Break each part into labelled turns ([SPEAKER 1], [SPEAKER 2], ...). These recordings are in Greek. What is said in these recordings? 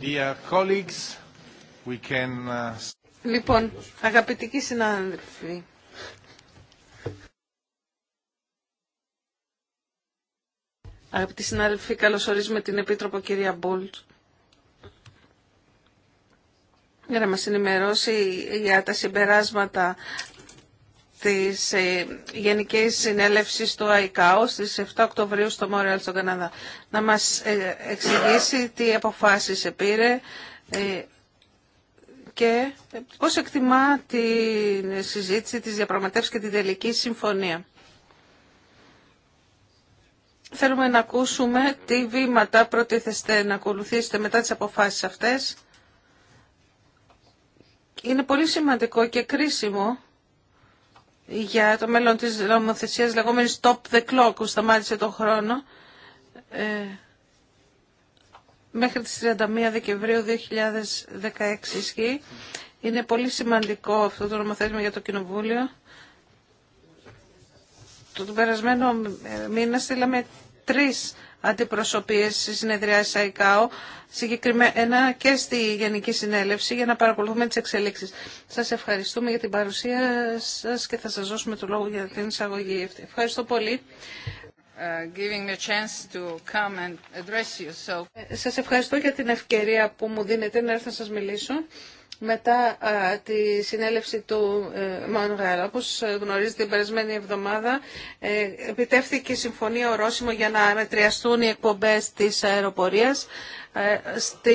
[SPEAKER 1] Uh,
[SPEAKER 2] λοιπόν, αγαπητικοί συνάδελφοι, αγαπητοί συνάδελφοι, καλωσορίζουμε την Επίτροπο κυρία Μπούλτ για να μας ενημερώσει για τα συμπεράσματα της ε, Γενικής Συνέλευσης του ΑΙΚΑΟ στις 7 Οκτωβρίου στο Μόριαλ στον Καναδά. Να μας ε, εξηγήσει τι αποφάσεις επήρε ε, και πώς εκτιμά τη συζήτηση της διαπραγματεύσεις και την τελική συμφωνία. Θέλουμε να ακούσουμε τι βήματα προτίθεστε να ακολουθήσετε μετά τις αποφάσεις αυτές. Είναι πολύ σημαντικό και κρίσιμο για το μέλλον της νομοθεσίας λεγόμενης Stop the Clock που σταμάτησε τον χρόνο ε, μέχρι τις 31 Δεκεμβρίου 2016 ισχύει. Είναι πολύ σημαντικό αυτό το νομοθέσμα για το Κοινοβούλιο. Το, το περασμένο μήνα στείλαμε τρεις αντιπροσωπείες στη συνεδρία ΑΙΚΑΟ συγκεκριμένα και στη Γενική Συνέλευση για να παρακολουθούμε τις εξελίξεις. Σας ευχαριστούμε για την παρουσία σας και θα σας δώσουμε το λόγο για την εισαγωγή αυτή. Ευχαριστώ πολύ. Uh, ε, σας ευχαριστώ για την ευκαιρία που μου δίνετε να έρθω να σας μιλήσω μετά τη συνέλευση του ε, Μανγκάρα, όπω γνωρίζετε την περασμένη εβδομάδα ε, επιτεύθηκε συμφωνία ορόσημο για να μετριαστούν οι εκπομπές της αεροπορίας ε, στη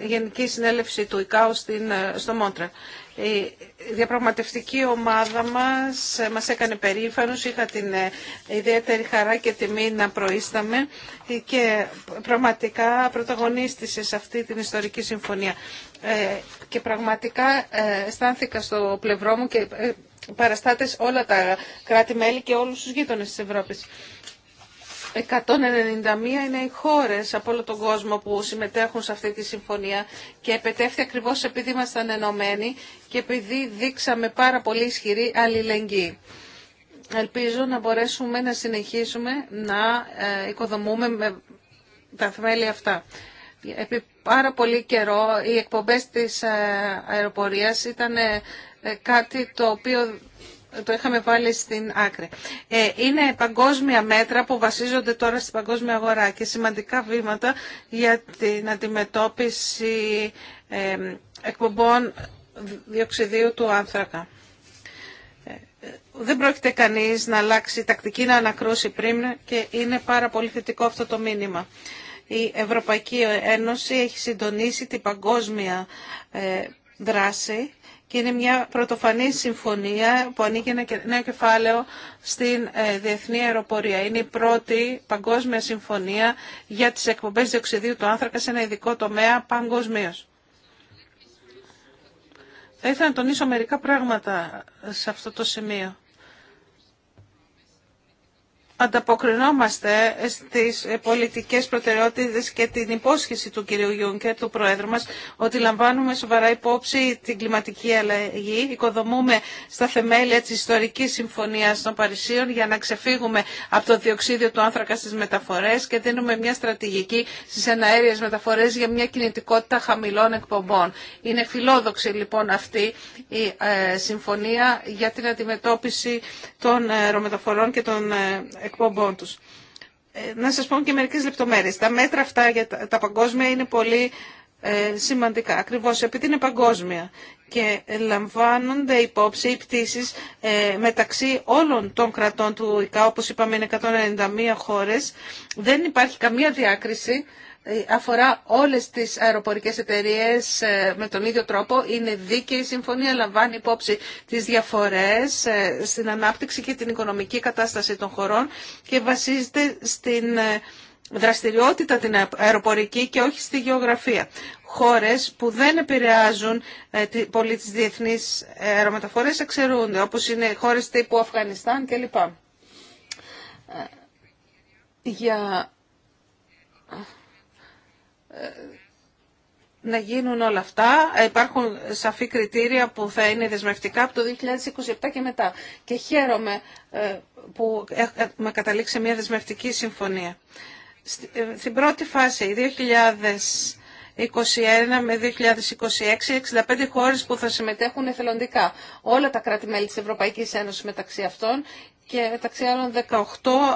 [SPEAKER 2] Γενική Συνέλευση του ΙΚΑΟ στην, στο Μόντρα. Η διαπραγματευτική ομάδα μας ε, μας έκανε περήφανος, είχα την ε, ιδιαίτερη χαρά και τιμή να προείσταμε και πραγματικά πρωταγωνίστησε σε αυτή την ιστορική συμφωνία. Ε, και πραγματικά αισθάνθηκα στο πλευρό μου και παραστάτες όλα τα κράτη-μέλη και όλους τους γείτονες της Ευρώπης. 191 είναι οι χώρες από όλο τον κόσμο που συμμετέχουν σε αυτή τη συμφωνία και επετέφθη ακριβώς επειδή ήμασταν ενωμένοι και επειδή δείξαμε πάρα πολύ ισχυρή αλληλεγγύη. Ελπίζω να μπορέσουμε να συνεχίσουμε να ε, οικοδομούμε με τα θεμέλια αυτά. Επί πάρα πολύ καιρό οι εκπομπές της ε, αεροπορίας ήταν ε, κάτι το οποίο το είχαμε βάλει στην άκρη. Ε, είναι παγκόσμια μέτρα που βασίζονται τώρα στην παγκόσμια αγορά και σημαντικά βήματα για την αντιμετώπιση ε, εκπομπών διοξιδίου του άνθρακα. Ε, δεν πρόκειται κανείς να αλλάξει τακτική, να ανακρούσει πριν και είναι πάρα πολύ θετικό αυτό το μήνυμα. Η Ευρωπαϊκή Ένωση έχει συντονίσει την παγκόσμια δράση και είναι μια πρωτοφανή συμφωνία που ανοίγει ένα νέο κεφάλαιο στην ε, διεθνή αεροπορία. Είναι η πρώτη παγκόσμια συμφωνία για τις εκπομπές διοξιδίου του άνθρακα σε ένα ειδικό τομέα παγκοσμίω. Θα ήθελα να τονίσω μερικά πράγματα σε αυτό το σημείο ανταποκρινόμαστε στις πολιτικές προτεραιότητες και την υπόσχεση του κυρίου Γιούνκερ, του Προέδρου μας, ότι λαμβάνουμε σοβαρά υπόψη την κλιματική αλλαγή, οικοδομούμε στα θεμέλια της ιστορικής συμφωνίας των Παρισίων για να ξεφύγουμε από το διοξίδιο του άνθρακα στις μεταφορές και δίνουμε μια στρατηγική στις εναέριες μεταφορές για μια κινητικότητα χαμηλών εκπομπών. Είναι φιλόδοξη λοιπόν αυτή η ε, συμφωνία για την αντιμετώπιση των ε, ρομεταφορών και των ε, εκπομπών τους. Ε, να σας πω και μερικές λεπτομέρειες. Τα μέτρα αυτά για τα παγκόσμια είναι πολύ ε, σημαντικά, ακριβώς επειδή είναι παγκόσμια και λαμβάνονται υπόψη οι πτήσεις ε, μεταξύ όλων των κρατών του ΙΚΑ, όπως είπαμε είναι 191 χώρες. Δεν υπάρχει καμία διάκριση ε, αφορά όλες τις αεροπορικές εταιρείες ε, με τον ίδιο τρόπο. Είναι δίκαιη η συμφωνία, λαμβάνει υπόψη τις διαφορές ε, στην ανάπτυξη και την οικονομική κατάσταση των χωρών και βασίζεται στην δραστηριότητα την αεροπορική και όχι στη γεωγραφία. Χώρες που δεν επηρεάζουν πολύ τις διεθνείς αερομεταφορές εξαιρούνται, όπως είναι χώρες τύπου Αφγανιστάν κλπ. Για ε, να γίνουν όλα αυτά. Ε, υπάρχουν σαφή κριτήρια που θα είναι δεσμευτικά από το 2027 και μετά. Και χαίρομαι ε, που έχουμε καταλήξει μια δεσμευτική συμφωνία. Στην πρώτη φάση, 2021 με 2026, 65 χώρες που θα συμμετέχουν εθελοντικά. Όλα τα κράτη-μέλη της Ευρωπαϊκής Ένωσης μεταξύ αυτών και μεταξύ άλλων 18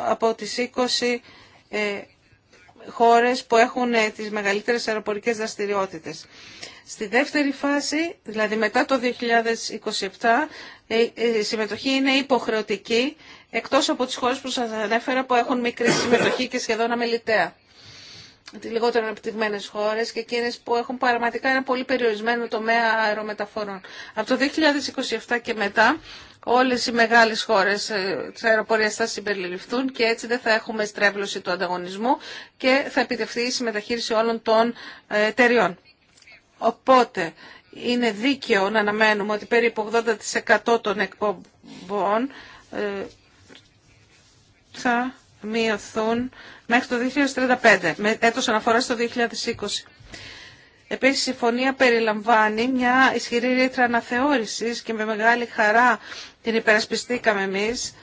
[SPEAKER 2] από τις 20 χώρες που έχουν ε, τις μεγαλύτερες αεροπορικές δραστηριότητες. Στη δεύτερη φάση, δηλαδή μετά το 2027, ε, ε, η συμμετοχή είναι υποχρεωτική, εκτός από τις χώρες που σας ανέφερα που έχουν μικρή συμμετοχή και σχεδόν αμεληταία. Τι λιγότερο αναπτυγμένε χώρε και εκείνες που έχουν πραγματικά ένα πολύ περιορισμένο τομέα αερομεταφορών. Από το 2027 και μετά όλες οι μεγάλες χώρες ε, της αεροπορίας θα συμπεριληφθούν και έτσι δεν θα έχουμε στρέβλωση του ανταγωνισμού και θα επιτευχθεί η συμμεταχείριση όλων των ε, εταιριών. Οπότε είναι δίκαιο να αναμένουμε ότι περίπου 80% των εκπομπών ε, θα μειωθούν μέχρι το 2035, με έτος αναφοράς το 2020. Επίσης, η συμφωνία περιλαμβάνει μια ισχυρή ρήτρα αναθεώρησης και με μεγάλη χαρά την υπερασπιστήκαμε εμείς,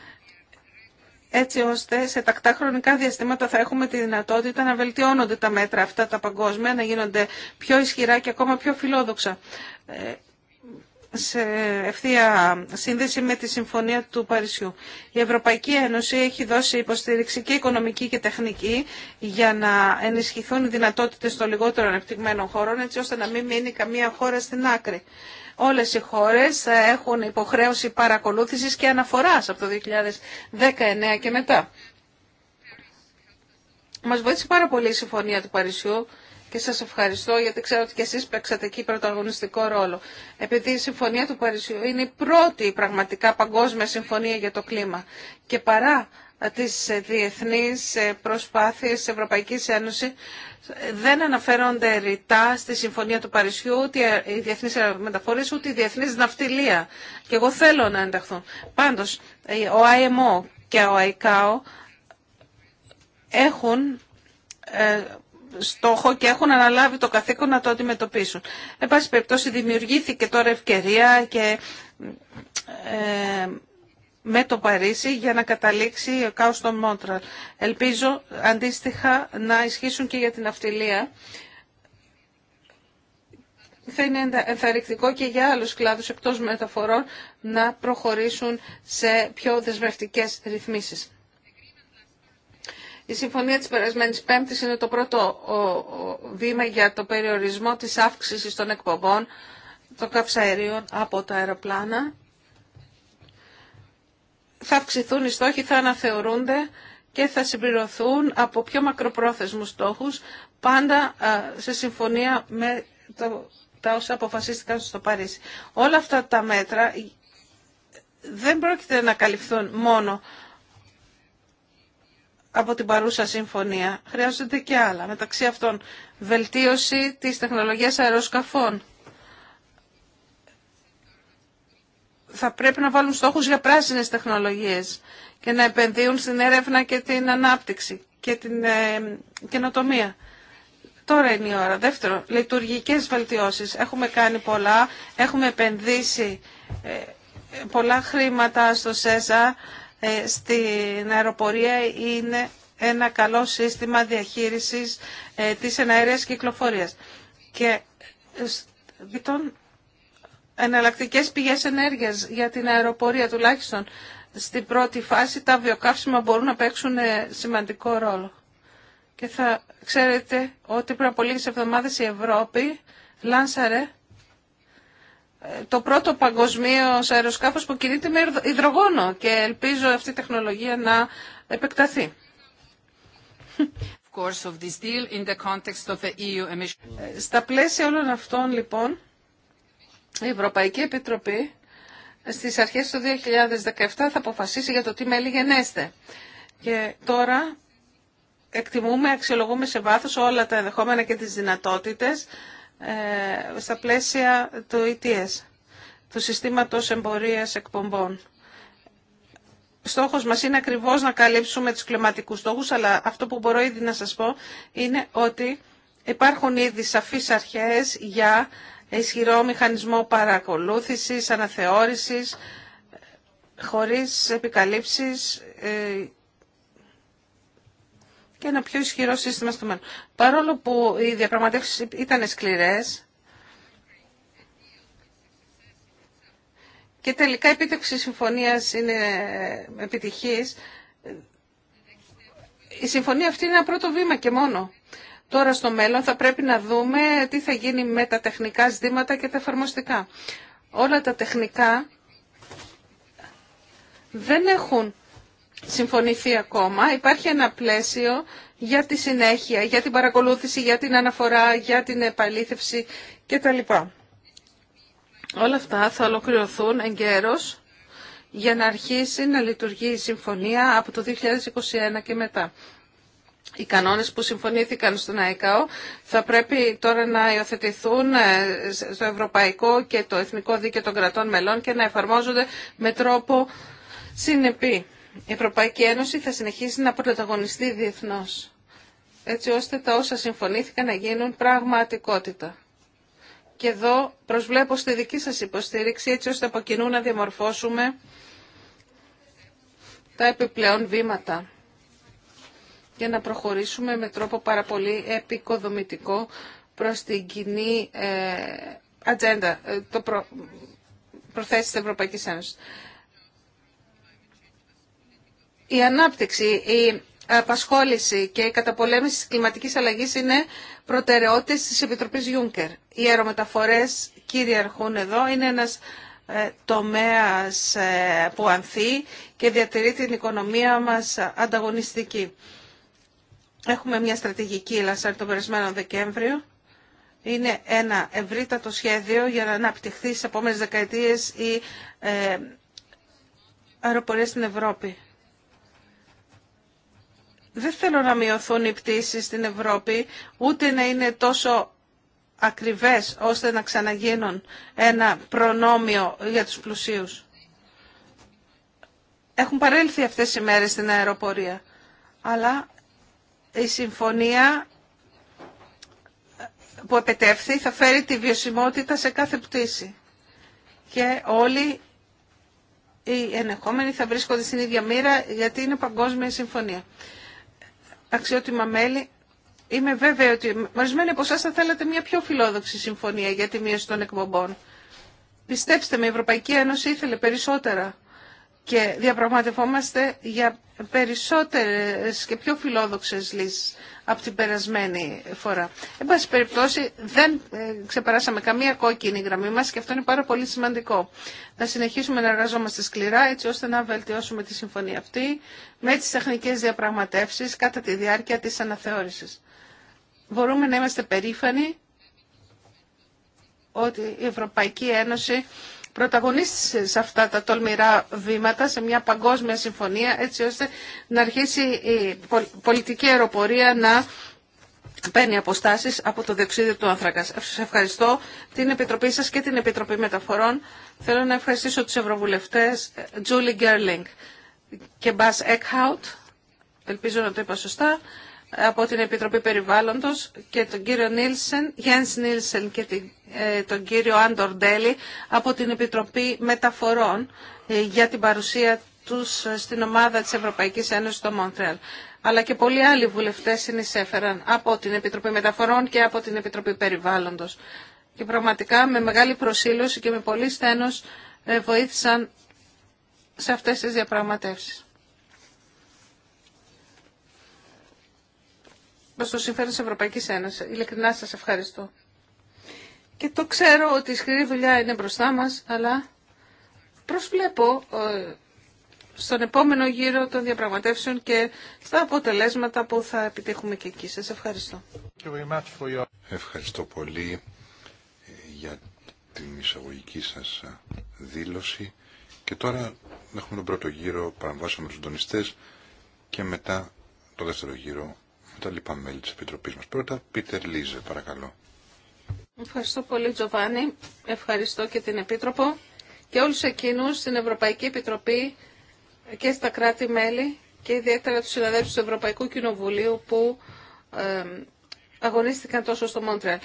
[SPEAKER 2] έτσι ώστε σε τακτά χρονικά διαστήματα θα έχουμε τη δυνατότητα να βελτιώνονται τα μέτρα αυτά τα παγκόσμια, να γίνονται πιο ισχυρά και ακόμα πιο φιλόδοξα. Ε, σε ευθεία σύνδεση με τη Συμφωνία του Παρισιού. Η Ευρωπαϊκή Ένωση έχει δώσει υποστήριξη και οικονομική και τεχνική για να ενισχυθούν οι δυνατότητες των λιγότερων ανεπτυγμένων χωρών, έτσι ώστε να μην μείνει καμία χώρα στην άκρη όλες οι χώρες θα έχουν υποχρέωση παρακολούθησης και αναφοράς από το 2019 και μετά. Μας βοήθησε πάρα πολύ η Συμφωνία του Παρισιού και σας ευχαριστώ γιατί ξέρω ότι και εσείς παίξατε εκεί πρωταγωνιστικό ρόλο. Επειδή η Συμφωνία του Παρισιού είναι η πρώτη πραγματικά παγκόσμια συμφωνία για το κλίμα και παρά τις ε, διεθνείς ε, προσπάθειες της Ευρωπαϊκής Ένωσης δεν αναφέρονται ρητά στη Συμφωνία του Παρισιού ούτε οι διεθνείς μεταφορές ούτε η διεθνής ναυτιλία. Και εγώ θέλω να ενταχθούν. Πάντως, ε, ο ΆΕΜΟ και ο ICAO έχουν στόχο και έχουν αναλάβει το καθήκον να το αντιμετωπίσουν. Εν πάση περιπτώσει δημιουργήθηκε τώρα ευκαιρία και με το Παρίσι για να καταλήξει ο κάο Μόντρα. Ελπίζω αντίστοιχα να ισχύσουν και για την αυτιλία. Θα είναι ενθαρρυκτικό και για άλλους κλάδους εκτός μεταφορών να προχωρήσουν σε πιο δεσμευτικές ρυθμίσεις. Η συμφωνία της περασμένης πέμπτης είναι το πρώτο βήμα για το περιορισμό της αύξησης των εκπομπών των καυσαερίων από τα αεροπλάνα θα αυξηθούν οι στόχοι, θα αναθεωρούνται και θα συμπληρωθούν από πιο μακροπρόθεσμους στόχους, πάντα σε συμφωνία με το, τα όσα αποφασίστηκαν στο Παρίσι. Όλα αυτά τα μέτρα ε, δεν πρόκειται να καλυφθούν μόνο από την παρούσα συμφωνία. Χρειάζονται και άλλα. Μεταξύ αυτών, βελτίωση της τεχνολογίας αεροσκαφών. θα πρέπει να βάλουν στόχους για πράσινες τεχνολογίες και να επενδύουν στην έρευνα και την ανάπτυξη και την ε, καινοτομία. Τώρα είναι η ώρα. Δεύτερο, λειτουργικές βελτιώσεις. Έχουμε κάνει πολλά, έχουμε επενδύσει ε, πολλά χρήματα στο ΣΕΖΑ, ε, στην αεροπορία είναι ένα καλό σύστημα διαχείρισης της εναέρειας κυκλοφορίας. Και Εναλλακτικέ πηγές ενέργειας για την αεροπορία τουλάχιστον στην πρώτη φάση τα βιοκαύσιμα μπορούν να παίξουν ε, σημαντικό ρόλο. Και θα ξέρετε ότι πριν από λίγες εβδομάδες η Ευρώπη λάνσαρε ε, το πρώτο παγκοσμίω αεροσκάφος που κινείται με υδρογόνο και ελπίζω αυτή η τεχνολογία να επεκταθεί. this deal in the context of the EU ε, Στα πλαίσια όλων αυτών, λοιπόν, η Ευρωπαϊκή Επιτροπή στις αρχές του 2017 θα αποφασίσει για το τι μέλη γενέστε. Και τώρα εκτιμούμε, αξιολογούμε σε βάθος όλα τα ενδεχόμενα και τις δυνατότητες ε, στα πλαίσια του ETS, του Συστήματος Εμπορίας Εκπομπών. Στόχος μας είναι ακριβώς να καλύψουμε τους κλιματικούς στόχους, αλλά αυτό που μπορώ ήδη να σας πω είναι ότι υπάρχουν ήδη σαφείς αρχές για ισχυρό μηχανισμό παρακολούθησης, αναθεώρησης, χωρίς επικαλύψεις ε, και ένα πιο ισχυρό σύστημα στο μέλλον. Παρόλο που οι διαπραγματεύσεις ήταν σκληρές και τελικά η επίτευξη συμφωνίας είναι επιτυχής, ε, η συμφωνία αυτή είναι ένα πρώτο βήμα και μόνο. Τώρα στο μέλλον θα πρέπει να δούμε τι θα γίνει με τα τεχνικά ζητήματα και τα εφαρμοστικά. Όλα τα τεχνικά δεν έχουν συμφωνηθεί ακόμα. Υπάρχει ένα πλαίσιο για τη συνέχεια, για την παρακολούθηση, για την αναφορά, για την επαλήθευση κτλ. Όλα αυτά θα ολοκληρωθούν εγκαίρως για να αρχίσει να λειτουργεί η συμφωνία από το 2021 και μετά οι κανόνες που συμφωνήθηκαν στον ΑΕΚΑΟ θα πρέπει τώρα να υιοθετηθούν ε, στο ευρωπαϊκό και το εθνικό δίκαιο των κρατών μελών και να εφαρμόζονται με τρόπο συνεπή. Η Ευρωπαϊκή Ένωση θα συνεχίσει να πρωταγωνιστεί διεθνώς, έτσι ώστε τα όσα συμφωνήθηκαν να γίνουν πραγματικότητα. Και εδώ προσβλέπω στη δική σας υποστήριξη, έτσι ώστε από κοινού να διαμορφώσουμε τα επιπλέον βήματα για να προχωρήσουμε με τρόπο πάρα πολύ επικοδομητικό προς την κοινή ε, ατζέντα, ε, το προ... προθέσεις της Ευρωπαϊκής Ένωσης. Η ανάπτυξη, η απασχόληση και η καταπολέμηση της κλιματικής αλλαγής είναι προτεραιότητες της Επιτροπής Juncker. Οι αερομεταφορές κυριαρχούν εδώ, είναι ένας ε, τομέας που ανθεί και διατηρεί την οικονομία μας ανταγωνιστική. Έχουμε μια στρατηγική Λασάρ τον περασμένο Δεκέμβριο. Είναι ένα ευρύτατο σχέδιο για να αναπτυχθεί στις επόμενες δεκαετίες η ε, αεροπορία στην Ευρώπη. Δεν θέλω να μειωθούν οι πτήσεις στην Ευρώπη, ούτε να είναι τόσο ακριβές ώστε να ξαναγίνουν ένα προνόμιο για τους πλουσίους. Έχουν παρέλθει αυτές οι μέρες στην αεροπορία, αλλά η συμφωνία που επετεύθη θα φέρει τη βιωσιμότητα σε κάθε πτήση. Και όλοι οι ενεχόμενοι θα βρίσκονται στην ίδια μοίρα γιατί είναι παγκόσμια συμφωνία. Αξιότιμα μέλη, είμαι βέβαιη ότι ορισμένοι από εσά θα θέλατε μια πιο φιλόδοξη συμφωνία για τη μείωση των εκπομπών. Πιστέψτε με, η Ευρωπαϊκή Ένωση ήθελε περισσότερα και διαπραγματευόμαστε για περισσότερες και πιο φιλόδοξες λύσεις από την περασμένη φορά. Εν πάση περιπτώσει δεν ε, ξεπεράσαμε καμία κόκκινη γραμμή μας και αυτό είναι πάρα πολύ σημαντικό. Να συνεχίσουμε να εργαζόμαστε σκληρά έτσι ώστε να βελτιώσουμε τη συμφωνία αυτή με τις τεχνικές διαπραγματεύσεις κατά τη διάρκεια της αναθεώρησης. Μπορούμε να είμαστε περήφανοι ότι η Ευρωπαϊκή Ένωση πρωταγωνίστησε σε αυτά τα τολμηρά βήματα, σε μια παγκόσμια συμφωνία, έτσι ώστε να αρχίσει η πολιτική αεροπορία να παίρνει αποστάσει από το διοξείδιο του άνθρακα. Ε, Σα ευχαριστώ την Επιτροπή σας και την Επιτροπή Μεταφορών. Θέλω να ευχαριστήσω του Ευρωβουλευτές Τζούλι ε, Γκέρλινγκ και Μπα Έκχαουτ, Ελπίζω να το είπα σωστά από την Επιτροπή Περιβάλλοντος και τον κύριο Νίλσεν, Γιάννης Νίλσεν και ε, τον κύριο Άντορ Ντέλη από την Επιτροπή Μεταφορών ε, για την παρουσία τους ε, στην ομάδα της Ευρωπαϊκής Ένωσης στο Μοντρέαλ. Αλλά και πολλοί άλλοι βουλευτές συνεισέφεραν από την Επιτροπή Μεταφορών και από την Επιτροπή Περιβάλλοντος. Και πραγματικά με μεγάλη προσήλωση και με πολύ στένος βοήθησαν σε αυτές τις διαπραγματεύσεις. προς το συμφέρον τη Ευρωπαϊκής Ένωσης. Ειλικρινά σα ευχαριστώ. Και το ξέρω ότι η σκληρή δουλειά είναι μπροστά μας, αλλά προσβλέπω ε, στον επόμενο γύρο των διαπραγματεύσεων και στα αποτελέσματα που θα επιτύχουμε και εκεί. Σας ευχαριστώ.
[SPEAKER 3] Ευχαριστώ πολύ ε, για την εισαγωγική σας ε, δήλωση. Και τώρα έχουμε τον πρώτο γύρο παραμβάσεων με τους συντονιστές και μετά το δεύτερο γύρο τα λοιπά μέλη της Επιτροπής μας. Πρώτα, Πίτερ Λίζε, παρακαλώ.
[SPEAKER 2] Ευχαριστώ πολύ, Τζοβάνι. Ευχαριστώ και την Επίτροπο και όλους εκείνους στην Ευρωπαϊκή Επιτροπή και στα κράτη-μέλη και ιδιαίτερα τους συναδέλφους του Ευρωπαϊκού Κοινοβουλίου που αγωνίστηκαν τόσο στο Μόντρεαλ.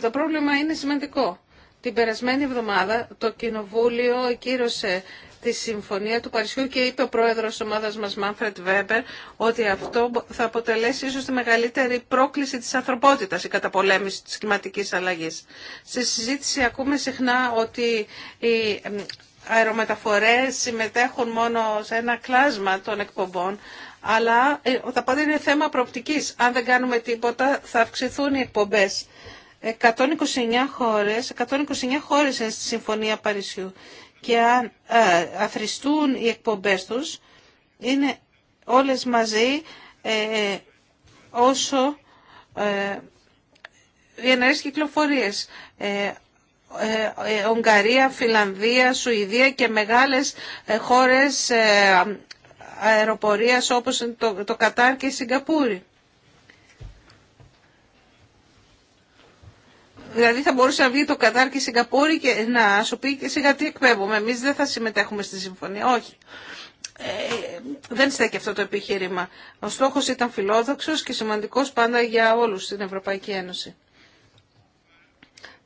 [SPEAKER 2] το πρόβλημα είναι σημαντικό. Την περασμένη εβδομάδα το Κοινοβούλιο κύρωσε τη Συμφωνία του Παρισιού και είπε ο πρόεδρο της ομάδας μας Μάνφρετ Βέμπερ ότι αυτό θα αποτελέσει ίσω τη μεγαλύτερη πρόκληση τη ανθρωπότητα η καταπολέμηση τη κλιματικής αλλαγή. Στη συζήτηση ακούμε συχνά ότι οι αερομεταφορέ συμμετέχουν μόνο σε ένα κλάσμα των εκπομπών αλλά ε, τα πάντα είναι θέμα προοπτικής. Αν δεν κάνουμε τίποτα θα αυξηθούν οι εκπομπές. 129 χώρες, 129 χώρες είναι στη Συμφωνία Παρισιού και αν ε, αφριστούν οι εκπομπές τους, είναι όλες μαζί ε, όσο ε, οι κυκλοφορίες. Ε, Ουγγαρία, Φιλανδία, Σουηδία και μεγάλες χώρες αεροπορίας όπως το, το Κατάρ και η Σιγκαπούρη. Δηλαδή θα μπορούσε να βγει το Κατάρ και η Σιγκαπούρη και να σου πει και σιγά τι εκπέμπουμε. Εμεί δεν θα συμμετέχουμε στη συμφωνία. Όχι. Ε, δεν στέκει αυτό το επιχείρημα. Ο στόχο ήταν φιλόδοξο και σημαντικό πάντα για όλου στην Ευρωπαϊκή Ένωση.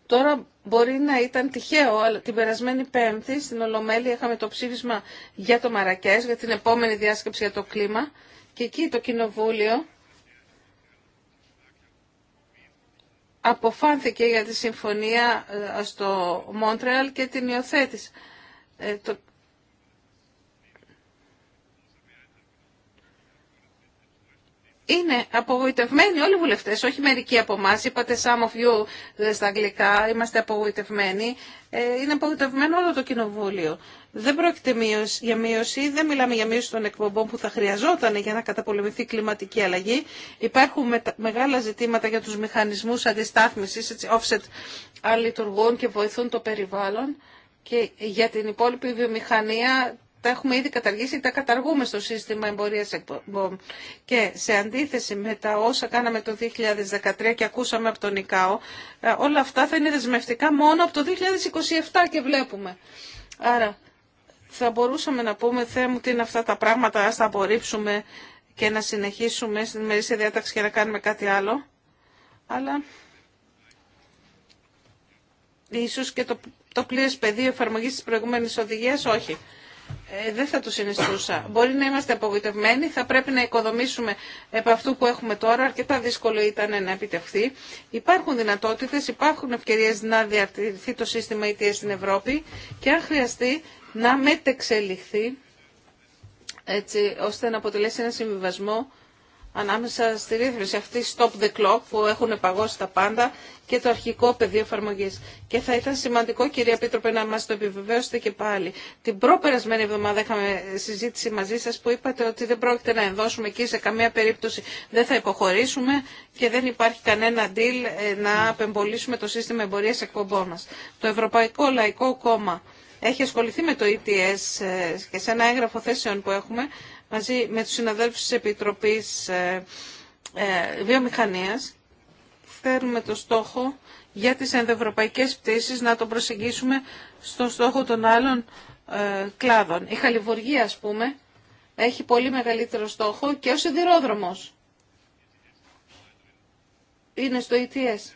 [SPEAKER 2] Τώρα μπορεί να ήταν τυχαίο, αλλά την περασμένη Πέμπτη στην Ολομέλη είχαμε το ψήφισμα για το Μαρακές, για την επόμενη διάσκεψη για το κλίμα και εκεί το Κοινοβούλιο αποφάνθηκε για τη συμφωνία ε, στο Μόντρεαλ και την υιοθέτησε. Ε, είναι απογοητευμένοι όλοι οι βουλευτέ, όχι μερικοί από εμά. Είπατε some of you ε, στα αγγλικά, είμαστε απογοητευμένοι. Ε, είναι απογοητευμένο όλο το κοινοβούλιο. Δεν πρόκειται για μείωση, δεν μιλάμε για μείωση των εκπομπών που θα χρειαζόταν για να καταπολεμηθεί η κλιματική αλλαγή. Υπάρχουν μεγάλα ζητήματα για του μηχανισμού αντισταθμιση έτσι, offset, αν λειτουργούν και βοηθούν το περιβάλλον και για την υπόλοιπη βιομηχανία τα έχουμε ήδη καταργήσει τα καταργούμε στο σύστημα εμπορίας εκπομπών. Και σε αντίθεση με τα όσα κάναμε το 2013 και ακούσαμε από τον ΙΚΑΟ, ε, όλα αυτά θα είναι δεσμευτικά μόνο από το 2027 και βλέπουμε. Άρα θα μπορούσαμε να πούμε, Θεέ μου, τι είναι αυτά τα πράγματα, ας τα απορρίψουμε και να συνεχίσουμε στην μερίσια διάταξη και να κάνουμε κάτι άλλο. Αλλά ίσως και το, το πλήρες πεδίο εφαρμογής της προηγούμενης οδηγίας, όχι. Ε, δεν θα το συνιστούσα. Μπορεί να είμαστε απογοητευμένοι, θα πρέπει να οικοδομήσουμε από αυτού που έχουμε τώρα. Αρκετά δύσκολο ήταν να επιτευχθεί. Υπάρχουν δυνατότητες, υπάρχουν ευκαιρίε να διατηρηθεί το σύστημα ETS στην Ευρώπη και αν χρειαστεί να μετεξελιχθεί έτσι ώστε να αποτελέσει ένα συμβιβασμό ανάμεσα στη ρύθμιση αυτή stop the clock που έχουν παγώσει τα πάντα και το αρχικό πεδίο εφαρμογή. Και θα ήταν σημαντικό, κυρία Επίτροπε, να μα το επιβεβαίωσετε και πάλι. Την προπερασμένη εβδομάδα είχαμε συζήτηση μαζί σα που είπατε ότι δεν πρόκειται να ενδώσουμε εκεί σε καμία περίπτωση. Δεν θα υποχωρήσουμε και δεν υπάρχει κανένα deal ε, να απεμπολίσουμε το σύστημα εμπορία εκπομπών μα. Το Ευρωπαϊκό Λαϊκό Κόμμα έχει ασχοληθεί με το ETS ε, και σε ένα έγγραφο θέσεων που έχουμε μαζί με τους συναδέλφους της Επιτροπής ε, ε, Βιομηχανίας φέρνουμε το στόχο για τις ενδευρωπαϊκές πτήσεις να το προσεγγίσουμε στον στόχο των άλλων ε, κλάδων. Η χαλιβουργία, ας πούμε, έχει πολύ μεγαλύτερο στόχο και ο σιδηρόδρομος. Είναι στο ETS.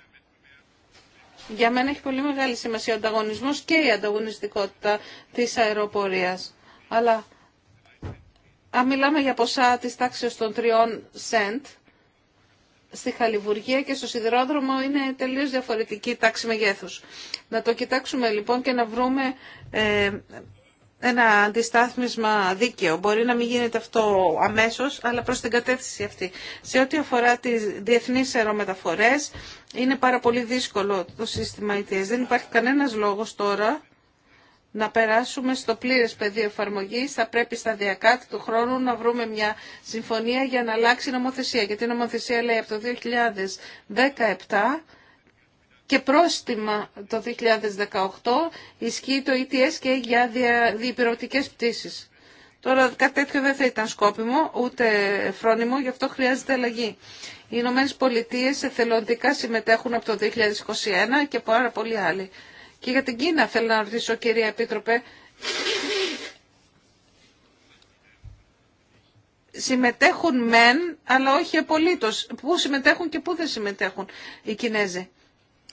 [SPEAKER 2] Για μένα έχει πολύ μεγάλη σημασία ο ανταγωνισμός και η ανταγωνιστικότητα της αεροπορίας. Αλλά αν μιλάμε για ποσά της τάξης των 3 σεντ, στη Χαλιβουργία και στο Σιδηρόδρομο είναι τελείως διαφορετική τάξη μεγέθους. Να το κοιτάξουμε λοιπόν και να βρούμε ε, ένα αντιστάθμισμα δίκαιο. Μπορεί να μην γίνεται αυτό αμέσως, αλλά προς την κατεύθυνση αυτή. Σε ό,τι αφορά τις διεθνείς αερομεταφορές, είναι πάρα πολύ δύσκολο το σύστημα ITS. Δεν υπάρχει κανένας λόγος τώρα να περάσουμε στο πλήρες πεδίο εφαρμογής, θα πρέπει σταδιακά του χρόνου να βρούμε μια συμφωνία για να αλλάξει η νομοθεσία. Γιατί η νομοθεσία λέει από το 2017 και πρόστιμα το 2018 ισχύει το ETS και για διπυρωτικές πτήσεις. Τώρα κάτι τέτοιο δεν θα ήταν σκόπιμο, ούτε φρόνιμο, γι' αυτό χρειάζεται αλλαγή. Οι Ηνωμένε Πολιτείε εθελοντικά συμμετέχουν από το 2021 και πάρα πολλοί άλλοι. Και για την Κίνα θέλω να ρωτήσω, κυρία Επίτροπε, συμμετέχουν μεν, αλλά όχι απολύτως. Πού συμμετέχουν και πού δεν συμμετέχουν οι Κινέζοι.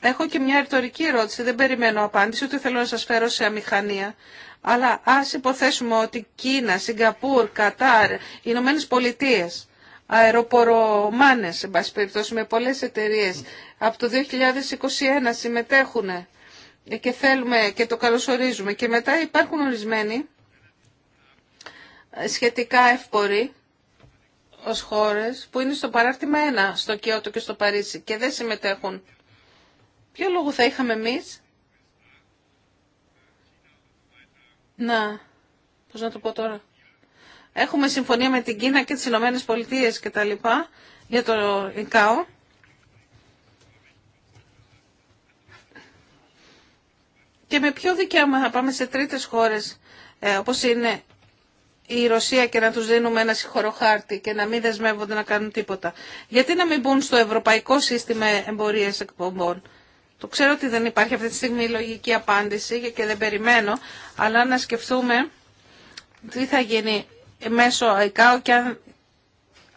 [SPEAKER 2] Έχω και μια ρητορική ερώτηση, δεν περιμένω απάντηση, ούτε θέλω να σας φέρω σε αμηχανία. Αλλά ας υποθέσουμε ότι Κίνα, Σιγκαπούρ, Κατάρ, Ηνωμένε Πολιτείε, αεροπορομάνες, εν περιπτώσει, με πολλές εταιρείες, από το 2021 συμμετέχουν και θέλουμε και το καλωσορίζουμε. Και μετά υπάρχουν ορισμένοι σχετικά εύποροι ως χώρες που είναι στο παράρτημα 1 στο Κιώτο και στο Παρίσι και δεν συμμετέχουν. Ποιο λόγο θα είχαμε εμείς να, πώς να το πω τώρα, έχουμε συμφωνία με την Κίνα και τις Ηνωμένες Πολιτείες και τα λοιπά για το ΙΚΑΟ Και με ποιο δικαίωμα θα πάμε σε τρίτες χώρες ε, όπως είναι η Ρωσία και να τους δίνουμε ένα συγχωροχάρτη και να μην δεσμεύονται να κάνουν τίποτα. Γιατί να μην μπουν στο ευρωπαϊκό σύστημα εμπορίας εκπομπών. Το ξέρω ότι δεν υπάρχει αυτή τη στιγμή λογική απάντηση και δεν περιμένω, αλλά να σκεφτούμε τι θα γίνει μέσω ΑΙΚΑΟ και αν,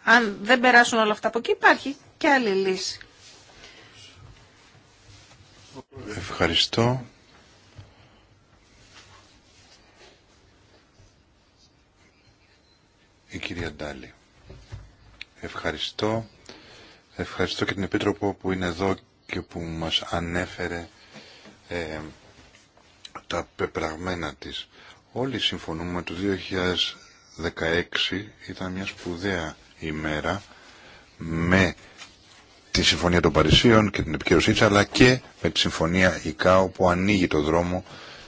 [SPEAKER 2] αν δεν περάσουν όλα αυτά από εκεί υπάρχει και άλλη λύση.
[SPEAKER 3] Ευχαριστώ. η κυρία Ντάλη. Ευχαριστώ. Ευχαριστώ και την Επίτροπο που είναι εδώ και που μας ανέφερε ε, τα πεπραγμένα της. Όλοι συμφωνούμε το 2016 ήταν μια σπουδαία ημέρα με τη Συμφωνία των Παρισίων και την επικαιρωσή αλλά και με τη Συμφωνία ΙΚΑΟ που ανοίγει το δρόμο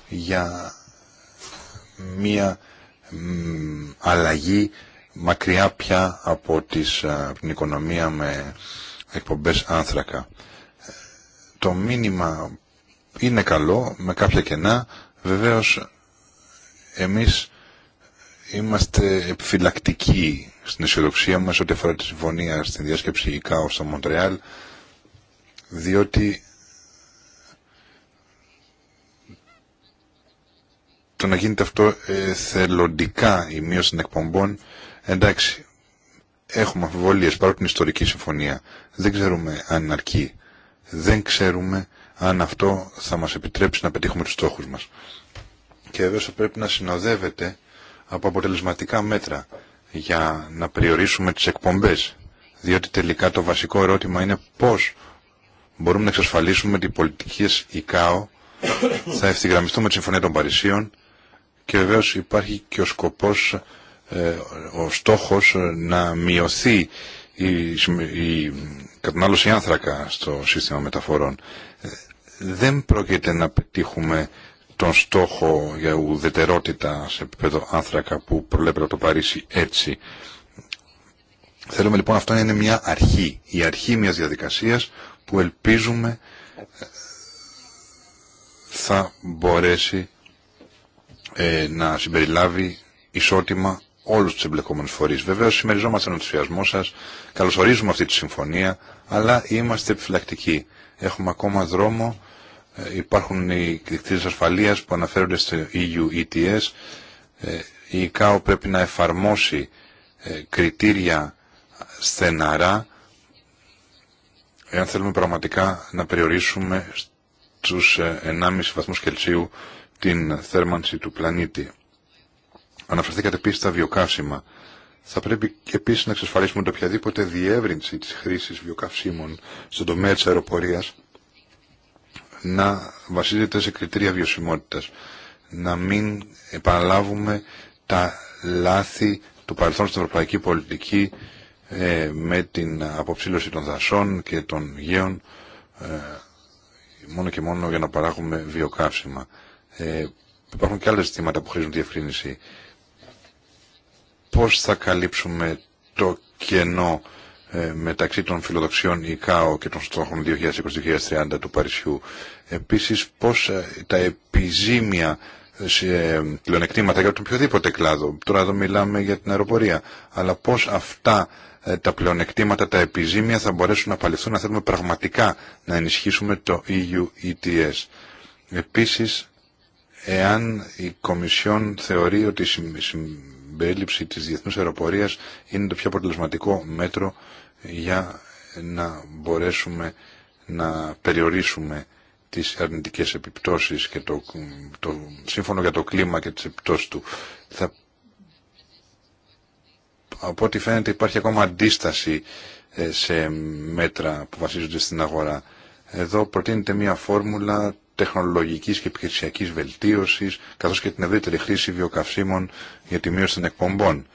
[SPEAKER 3] για μια αλλαγή μακριά πια από, τις, από την οικονομία με εκπομπές άνθρακα. Ε, το μήνυμα είναι καλό, με κάποια κενά. Βεβαίως, εμείς είμαστε επιφυλακτικοί στην αισιοδοξία μας ό,τι αφορά τη συμφωνία στην διάσκεψη ΙΚΑΟ στο Μοντρεάλ, διότι το να γίνεται αυτό ε, θελοντικά η μείωση των εκπομπών, εντάξει, έχουμε αμφιβολίες παρότι την ιστορική συμφωνία. Δεν ξέρουμε αν αρκεί. Δεν ξέρουμε αν αυτό θα μας επιτρέψει να πετύχουμε τους στόχους μας. Και βέβαια θα πρέπει να συνοδεύεται από αποτελεσματικά μέτρα για να περιορίσουμε τις εκπομπές. Διότι τελικά το βασικό ερώτημα είναι πώς μπορούμε να εξασφαλίσουμε ότι οι πολιτικές ΙΚΑΟ θα ευθυγραμμιστούν με τη Συμφωνία των Παρισίων και βεβαίω υπάρχει και ο σκοπός, ε, ο στόχος να μειωθεί η κατανάλωση άνθρακα στο σύστημα μεταφορών. Ε, δεν πρόκειται να πετύχουμε τον στόχο για ουδετερότητα σε επίπεδο άνθρακα που προλέπεται το Παρίσι έτσι. Θέλουμε λοιπόν αυτό να είναι μια αρχή, η αρχή μιας διαδικασίας που ελπίζουμε ε, θα μπορέσει ε, να συμπεριλάβει ισότιμα όλους τους εμπλεκόμενους φορείς. Βεβαίως συμμεριζόμαστε τον ενθουσιασμό σας, καλωσορίζουμε αυτή τη συμφωνία, αλλά είμαστε επιφυλακτικοί. Έχουμε ακόμα δρόμο, ε, υπάρχουν οι δικτύες ασφαλείας που αναφέρονται στο EU ETS, ε, η ΚΑΟ πρέπει να εφαρμόσει ε, κριτήρια στεναρά, εάν θέλουμε πραγματικά να περιορίσουμε στους 1,5 βαθμούς Κελσίου την θέρμανση του πλανήτη. Αναφερθήκατε επίση στα βιοκαύσιμα. Θα πρέπει επίση να εξασφαλίσουμε ότι οποιαδήποτε διεύρυνση τη χρήση βιοκαυσίμων στον τομέα τη αεροπορία να βασίζεται σε κριτήρια βιωσιμότητα. Να μην επαναλάβουμε τα λάθη του παρελθόν στην ευρωπαϊκή πολιτική ε, με την αποψήλωση των δασών και των γέων ε, μόνο και μόνο για να παράγουμε βιοκαύσιμα. Ε, υπάρχουν και άλλες ζητήματα που χρήζουν διευκρίνηση. Πώς θα καλύψουμε το κενό ε, μεταξύ των φιλοδοξιών ΙΚΑΟ και των στόχων 2020-2030 του Παρισιού. Επίσης, πώς ε, τα επιζήμια ε, σε πλεονεκτήματα για τον οποιοδήποτε κλάδο. Τώρα εδώ μιλάμε για την αεροπορία. Αλλά πώς αυτά τα πλεονεκτήματα, τα επιζήμια θα μπορέσουν να παληθούν να θέλουμε πραγματικά να ενισχύσουμε το EU ETS. Επίσης, εάν η Κομισιόν θεωρεί ότι η συμπέληψη της διεθνούς αεροπορίας είναι το πιο αποτελεσματικό μέτρο για να μπορέσουμε να περιορίσουμε τις αρνητικές επιπτώσεις και το, σύμφωνο για το κλίμα και τις επιπτώσεις του. Θα, από ό,τι φαίνεται υπάρχει ακόμα αντίσταση ε, σε μέτρα που βασίζονται στην αγορά. Εδώ προτείνεται μια φόρμουλα τεχνολογικής και επιχειρησιακής βελτίωσης, καθώς και την ευρύτερη χρήση βιοκαυσίμων για τη μείωση των εκπομπών.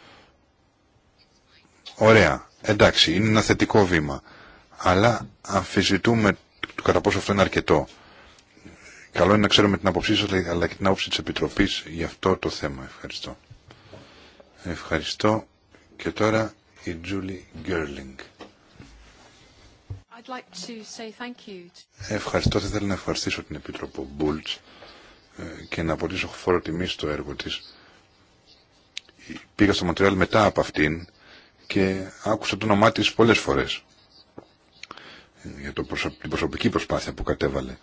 [SPEAKER 3] Ωραία, εντάξει, είναι ένα θετικό βήμα, αλλά αμφισβητούμε κατά πόσο αυτό είναι αρκετό. Καλό είναι να ξέρουμε την άποψή σας, αλλά και την άποψη της Επιτροπής για αυτό το θέμα. Ευχαριστώ. Ευχαριστώ. Και τώρα η Julie Gerling. Ευχαριστώ. Θα ήθελα να ευχαριστήσω την Επίτροπο Μπούλτς ε, και να αποτίσω φόρο τιμή στο έργο της. Πήγα στο Μοντρεάλ μετά από αυτήν και άκουσα το όνομά της πολλές φορές ε, για το την προσωπική προσπάθεια που κατέβαλε.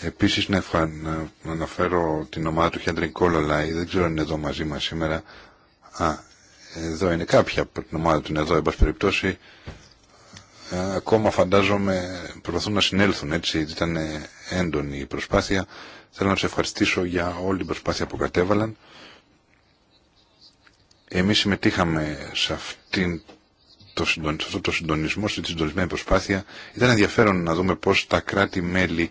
[SPEAKER 3] Επίσης να, ευχα... να αναφέρω την ομάδα του Χέντριν Κόλολάι, δεν ξέρω αν είναι εδώ μαζί μας σήμερα. Α, εδώ είναι κάποια, από την ομάδα του εδώ, εν πάση περιπτώσει. Ε, ακόμα φαντάζομαι προσπαθούν να συνέλθουν έτσι, ήταν έντονη η προσπάθεια. Θέλω να σε ευχαριστήσω για όλη την προσπάθεια που κατέβαλαν. Εμείς συμμετείχαμε σε αυτήν το αυτό το συντονισμό, σε συντονισμένη προσπάθεια. Ήταν ενδιαφέρον να δούμε πώς τα κράτη-μέλη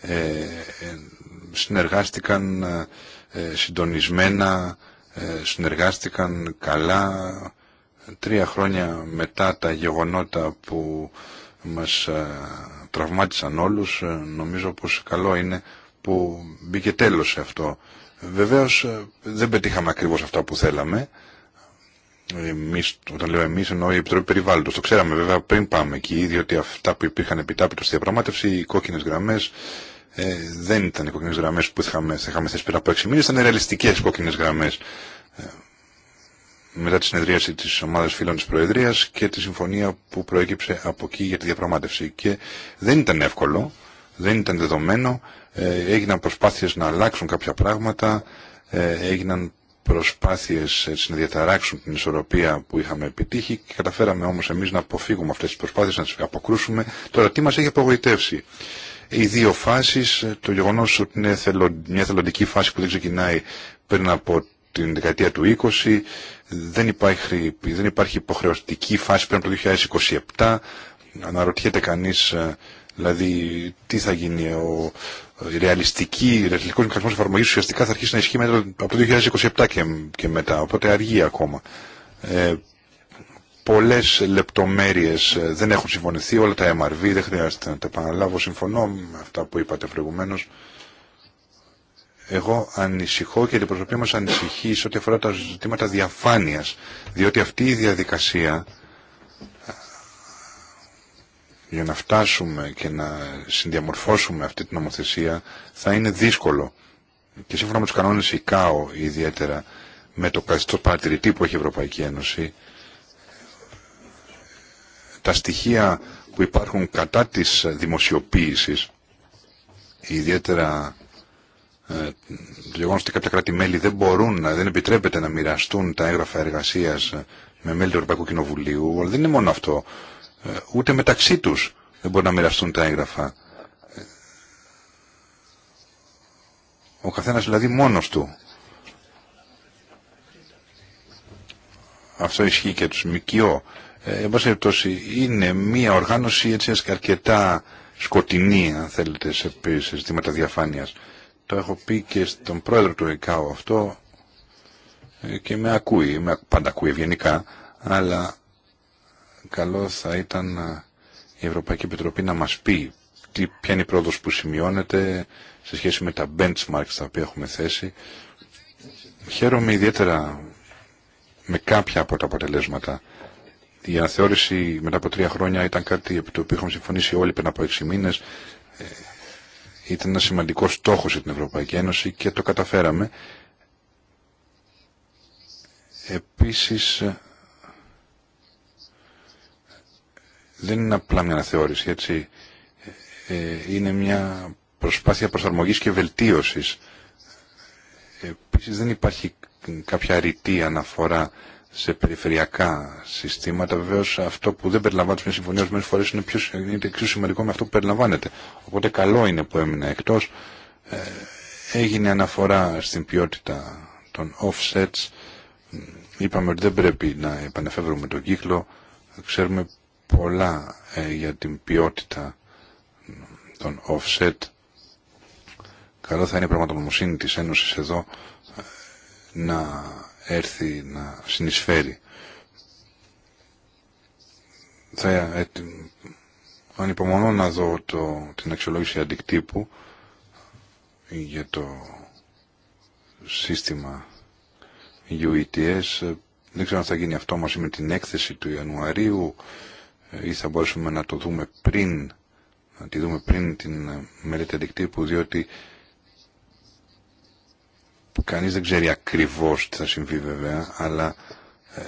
[SPEAKER 3] ε, ε συνεργάστηκαν ε, συντονισμένα, συνεργάστηκαν καλά, τρία χρόνια μετά τα γεγονότα που μας ε, τραυμάτισαν όλους, ε, νομίζω πως καλό είναι που μπήκε τέλος σε αυτό. Βεβαίως ε, δεν πετύχαμε ακριβώς αυτά που θέλαμε. Εμείς, όταν λέω εμείς εννοώ η Επιτροπή Περιβάλλοντος. Το ξέραμε βέβαια πριν πάμε εκεί, διότι αυτά που υπήρχαν επιτάπητο στη διαπραγμάτευση, οι κόκκινες γραμμές, δεν ήταν οι κόκκινες γραμμές που είχαμε, είχαμε θέσει πριν από 6 μήνες, ήταν ρεαλιστικές κόκκινες γραμμές μετά τη συνεδρίαση τη ομάδα φίλων τη Προεδρία και τη συμφωνία που προέκυψε από εκεί για τη διαπραγμάτευση. Και δεν ήταν εύκολο, δεν ήταν δεδομένο, ε, έγιναν προσπάθειε να αλλάξουν κάποια πράγματα, ε, έγιναν προσπάθειε ε, να διαταράξουν την ισορροπία που είχαμε επιτύχει και καταφέραμε όμω εμεί να αποφύγουμε αυτέ τι προσπάθειε να τι αποκρούσουμε. Τώρα τι μα έχει απογοητεύσει. Οι δύο φάσει. το γεγονό ότι είναι μια θελοντική φάση που δεν ξεκινάει πριν από την δεκαετία του 20, δεν υπάρχει, δεν υπάρχει υποχρεωτική φάση πριν από το 2027. Αναρωτιέται κανείς ε, δηλαδή τι θα γίνει. Ο ρεαλιστική, ρεαλιστικός μηχανισμός εφαρμογής ουσιαστικά θα αρχίσει να ισχύει από το 2027 και, και μετά. Οπότε αργεί ακόμα. Ε, πολλές λεπτομέρειες ε, δεν έχουν συμφωνηθεί, όλα τα MRV, δεν χρειάζεται να τα επαναλάβω, συμφωνώ με αυτά που είπατε προηγουμένως εγώ ανησυχώ και την προσωπή μας ανησυχεί σε ό,τι αφορά τα ζητήματα διαφάνειας, διότι αυτή η διαδικασία για να φτάσουμε και να συνδιαμορφώσουμε αυτή την νομοθεσία θα είναι δύσκολο και σύμφωνα με τους κανόνες ΙΚΑΟ ιδιαίτερα με το καθιστό παρατηρητή που έχει η Ευρωπαϊκή Ένωση τα στοιχεία που υπάρχουν κατά της δημοσιοποίησης ιδιαίτερα το ε, γεγονό ότι κάποια κράτη-μέλη δεν μπορούν, δεν επιτρέπεται να μοιραστούν τα έγγραφα εργασία ε, με μέλη του Ευρωπαϊκού Κοινοβουλίου, αλλά δεν είναι μόνο αυτό. Ε, ούτε μεταξύ του δεν μπορούν να μοιραστούν τα έγγραφα. Ο καθένα δηλαδή μόνο του. Αυτό ισχύει και του ΜΚΙΟ είναι μια οργάνωση έτσι αρκετά σκοτεινή, αν θέλετε, σε ζητήματα διαφάνεια. Το έχω πει και στον πρόεδρο του ΕΚΑΟ αυτό ε, και με ακούει, με, πάντα ακούει ευγενικά, αλλά καλό θα ήταν ε, η Ευρωπαϊκή Επιτροπή να μας πει τι, ποια είναι η πρόοδος που σημειώνεται σε σχέση με τα benchmarks τα οποία έχουμε θέσει. Χαίρομαι ιδιαίτερα με κάποια από τα αποτελέσματα. Η αναθεώρηση μετά από τρία χρόνια ήταν κάτι επί το οποίο είχαμε συμφωνήσει όλοι πριν από έξι μήνες ήταν ένα σημαντικό στόχος για την Ευρωπαϊκή Ένωση και το καταφέραμε. Επίσης, δεν είναι απλά μια αναθεώρηση, έτσι. Ε, είναι μια προσπάθεια προσαρμογής και βελτίωσης. Επίσης, δεν υπάρχει κάποια ρητή αναφορά σε περιφερειακά συστήματα. Βεβαίω αυτό που δεν περιλαμβάνεται στην συμφωνία ορισμένε φορέ είναι, πιο είναι εξίσου σημαντικό με αυτό που περιλαμβάνεται. Οπότε καλό είναι που έμεινε εκτό. Ε, έγινε αναφορά στην ποιότητα των offsets. Είπαμε ότι δεν πρέπει να επανεφεύρουμε τον κύκλο. Ξέρουμε πολλά ε, για την ποιότητα των offset. Καλό θα είναι η πραγματογνωμοσύνη της Ένωσης εδώ ε, να έρθει να συνεισφέρει. Θα ε, ανυπομονώ να δω το, την αξιολόγηση αντικτύπου για το σύστημα UETS. Δεν ξέρω αν θα γίνει αυτό μαζί με την έκθεση του Ιανουαρίου ή θα μπορέσουμε να το δούμε πριν, να τη δούμε πριν την μελέτη αντικτύπου, διότι Κανείς δεν ξέρει ακριβώς τι θα συμβεί βέβαια, αλλά ε,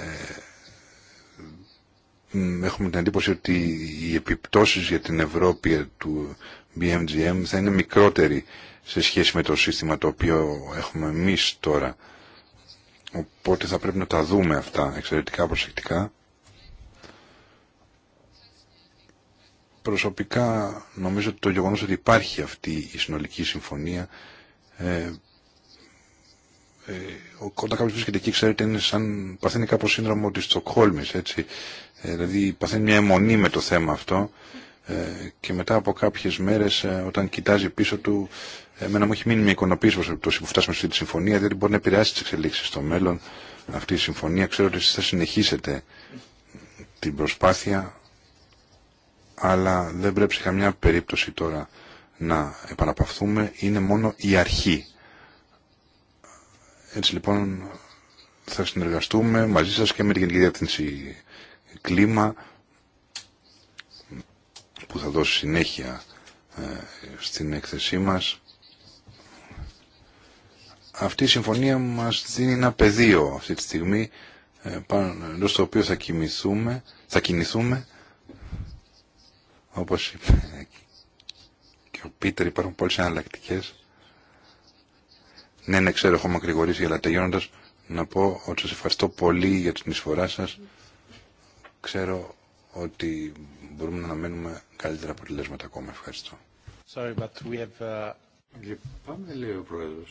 [SPEAKER 3] έχουμε την εντύπωση ότι οι επιπτώσεις για την Ευρώπη ε, του BMGM θα είναι μικρότεροι σε σχέση με το σύστημα το οποίο έχουμε εμείς τώρα. Οπότε θα πρέπει να τα δούμε αυτά εξαιρετικά προσεκτικά. Προσωπικά νομίζω ότι το γεγονός ότι υπάρχει αυτή η συνολική συμφωνία ε, ε, όταν κάποιος βρίσκεται εκεί ξέρετε είναι σαν παθαίνει κάποιο σύνδρομο της Στοκχόλμης έτσι ε, δηλαδή παθαίνει μια αιμονή με το θέμα αυτό ε, και μετά από κάποιες μέρες ε, όταν κοιτάζει πίσω του εμένα μου έχει μείνει μια εικονοποίηση που φτάσουμε στη συμφωνία διότι μπορεί να επηρεάσει τις εξελίξεις στο μέλλον αυτή η συμφωνία ξέρω ότι εσείς θα συνεχίσετε την προσπάθεια αλλά δεν πρέπει σε καμιά περίπτωση τώρα να επαναπαυθούμε είναι μόνο η αρχή έτσι λοιπόν θα συνεργαστούμε μαζί σας και με την Γενική Διεύθυνση Κλίμα που θα δώσει συνέχεια ε, στην έκθεσή μας. Αυτή η συμφωνία μας δίνει ένα πεδίο αυτή τη στιγμή ε, πάνω στο οποίο θα, κοιμηθούμε, θα κινηθούμε όπως είπε και ο Πίτερ υπάρχουν πολλές εναλλακτικές ναι, ναι, ξέρω, έχω μακρηγορήσει, αλλά τελειώνοντα να πω ότι σα ευχαριστώ πολύ για την εισφορά σα. Ξέρω ότι μπορούμε να αναμένουμε καλύτερα αποτελέσματα ακόμα. Ευχαριστώ.
[SPEAKER 1] Sorry, but we have... Λυπάμαι, uh, λέει ο πρόεδρο.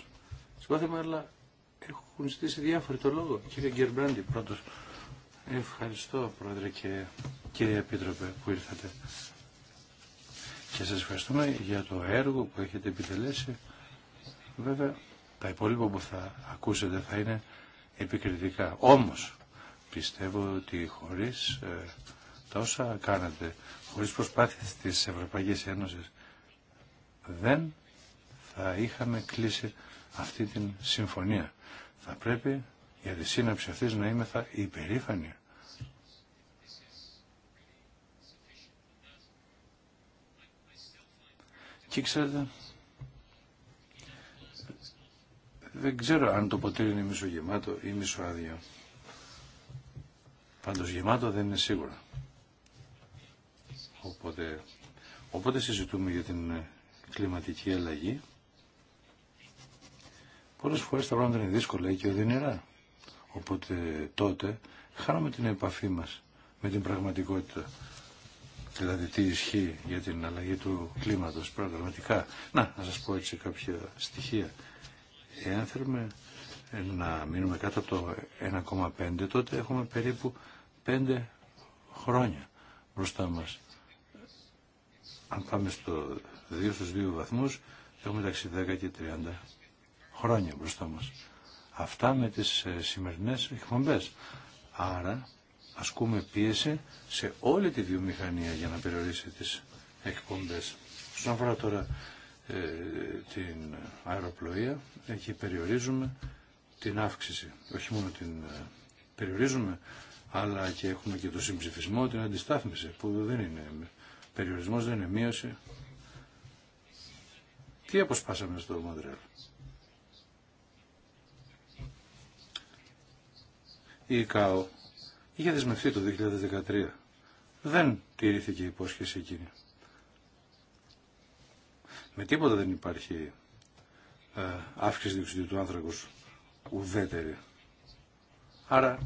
[SPEAKER 1] Συμπάθημα, αλλά έχουν ζητήσει διάφοροι το λόγο. Κύριε Γκερμπράντι, πρώτο. Ευχαριστώ, πρόεδρε και κύριε επίτροπε που ήρθατε. Και σας ευχαριστούμε για το έργο που έχετε επιτελέσει. Βέβαια, τα υπόλοιπα που θα ακούσετε θα είναι επικριτικά. Όμως πιστεύω ότι χωρίς ε, τα όσα κάνατε, χωρίς προσπάθειες της Ευρωπαϊκής Ένωσης, δεν θα είχαμε κλείσει αυτή την συμφωνία. Θα πρέπει για τη σύναψη αυτή να είμαι θα υπερήφανη. Και ξέρετε, δεν ξέρω αν το ποτήρι είναι μισογεμάτο ή μισοάδιο. Πάντως γεμάτο δεν είναι σίγουρα. Οπότε, οπότε συζητούμε για την ε, κλιματική αλλαγή. Πολλές φορές τα πράγματα είναι δύσκολα και οδυνηρά. Οπότε τότε χάνουμε την επαφή μας με την πραγματικότητα. Δηλαδή τι ισχύει για την αλλαγή του κλίματος πραγματικά. Να, να σας πω έτσι κάποια στοιχεία Εάν θέλουμε να μείνουμε κάτω από το 1,5 τότε έχουμε περίπου 5 χρόνια μπροστά μας. Αν πάμε στο 2 στους 2 βαθμούς έχουμε μεταξύ 10 και 30 χρόνια μπροστά μας. Αυτά με τις ε, σημερινές εκπομπές. Άρα ασκούμε πίεση σε όλη τη βιομηχανία για να περιορίσει τις εκπομπές. Στον αφορά τώρα ε, την αεροπλοεία, και περιορίζουμε την αύξηση. Όχι μόνο την ε, περιορίζουμε, αλλά και έχουμε και το συμψηφισμό, την αντιστάθμιση, που δεν είναι περιορισμός, δεν είναι μείωση. Τι αποσπάσαμε στο Μοντρέλ. Η ΚΑΟ είχε δεσμευτεί το 2013. Δεν τηρήθηκε η υπόσχεση εκείνη. Με τίποτα δεν υπάρχει ε, αύξηση διοξιδίου του άνθρακος ουδέτερη. Άρα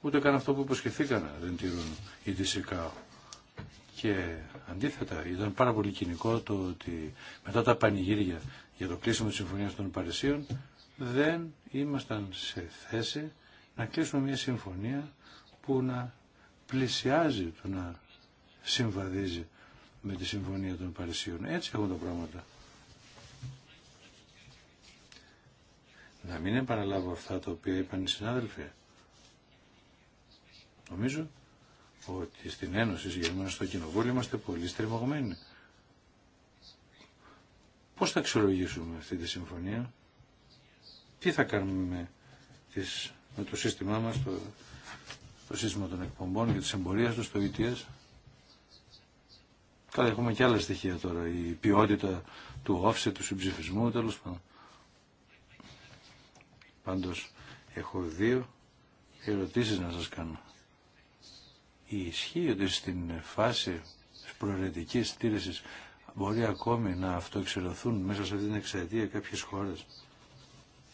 [SPEAKER 1] ούτε καν αυτό που υποσχεθήκανα δεν τηρούν οι δυσικά. Και αντίθετα ήταν πάρα πολύ κοινικό το ότι μετά τα πανηγύρια για το κλείσιμο της Συμφωνίας των Παρισίων δεν ήμασταν σε θέση να κλείσουμε μια συμφωνία που να πλησιάζει, το να συμβαδίζει με τη Συμφωνία των Παρισίων. Έτσι έχουν τα πράγματα. Να μην επαναλάβω αυτά τα οποία είπαν οι συνάδελφοι. Νομίζω ότι στην Ένωση, συγκεκριμένα στο Κοινοβούλιο, είμαστε πολύ στριμωγμένοι. Πώς θα αξιολογήσουμε αυτή τη συμφωνία, τι θα κάνουμε με, τις, το σύστημά μας, το, το σύστημα των εκπομπών και της εμπορίας του, στο ETS. Καλά, έχουμε και άλλα στοιχεία τώρα. Η ποιότητα του offset, του συμψηφισμού, τέλος πάντων. Πάντως, έχω δύο ερωτήσεις να σας κάνω. Η ισχύ ότι στην φάση τη προαιρετική μπορεί ακόμη να αυτοεξαιρεθούν μέσα σε αυτήν την εξαετία κάποιες χώρε.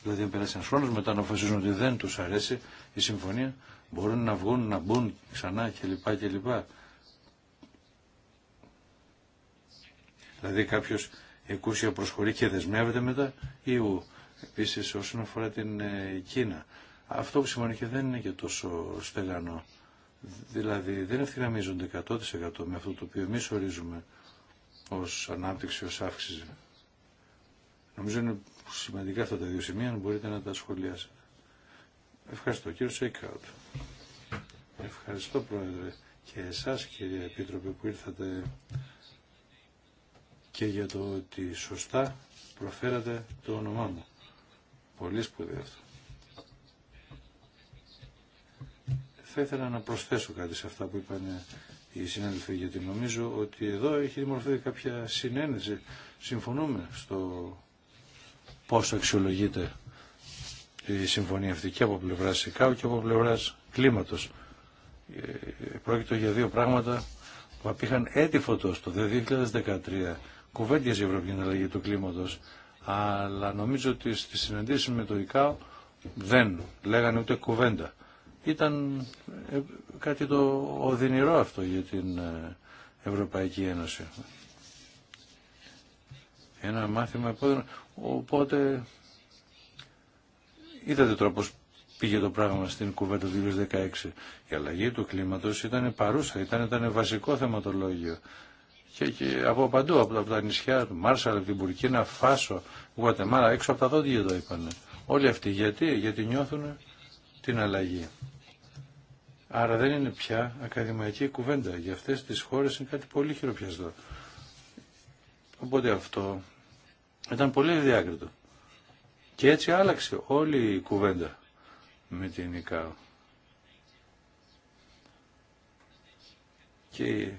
[SPEAKER 1] Δηλαδή, αν περάσει ένα χρόνο, μετά να αποφασίζουν ότι δεν του αρέσει η συμφωνία, μπορούν να βγουν, να μπουν ξανά κλπ. κλπ. Δηλαδή κάποιο εκούσια προσχωρεί και δεσμεύεται μετά ή ου. Επίσης όσον αφορά την ε, Κίνα. Αυτό που σημαίνει και δεν είναι και τόσο στεγανό. Δηλαδή δεν ευθυγραμμίζονται 100% με αυτό το οποίο εμεί ορίζουμε ω ανάπτυξη, ω αύξηση. Νομίζω είναι σημαντικά αυτά τα δύο σημεία, αν μπορείτε να τα σχολιάσετε. Ευχαριστώ κύριε Σέικαουτ. Ευχαριστώ πρόεδρε και εσάς κύριε Επίτροπε που ήρθατε και για το ότι σωστά προφέρατε το όνομά μου. Πολύ σπουδαίο αυτό. Θα ήθελα να προσθέσω κάτι σε αυτά που είπαν οι συνάδελφοι, γιατί νομίζω ότι εδώ έχει δημορφωθεί κάποια συνένεση. Συμφωνούμε στο πώς αξιολογείται η συμφωνία αυτή και από πλευρά ΣΥΚΑΟ και από πλευρά κλίματος. Ε, πρόκειται για δύο πράγματα που απήχαν έτη φωτό το 2013 κουβέντια η Ευρωπαϊκή για αλλαγή του κλίματο, αλλά νομίζω ότι στι συναντήσει με το ΙΚΑΟ δεν λέγανε ούτε κουβέντα. Ήταν ε, κάτι το οδυνηρό αυτό για την ε, Ευρωπαϊκή Ένωση. Ένα μάθημα επόδυνα. Οπότε είδατε τρόπος πήγε το πράγμα στην κουβέντα του 2016. Η αλλαγή του κλίματος ήταν παρούσα, ήταν, ήταν βασικό θεματολόγιο και, από παντού, από, τα νησιά του Μάρσαλ, από την Μπουρκίνα, Φάσο, Γουατεμάλα, έξω από τα δόντια το είπαν. Όλοι αυτοί γιατί, γιατί νιώθουν την αλλαγή. Άρα δεν είναι πια ακαδημαϊκή κουβέντα. Για αυτές τις χώρες είναι κάτι πολύ χειροπιαστό. Οπότε αυτό ήταν πολύ διάκριτο. Και έτσι άλλαξε όλη η κουβέντα με την ΙΚΑΟ. Και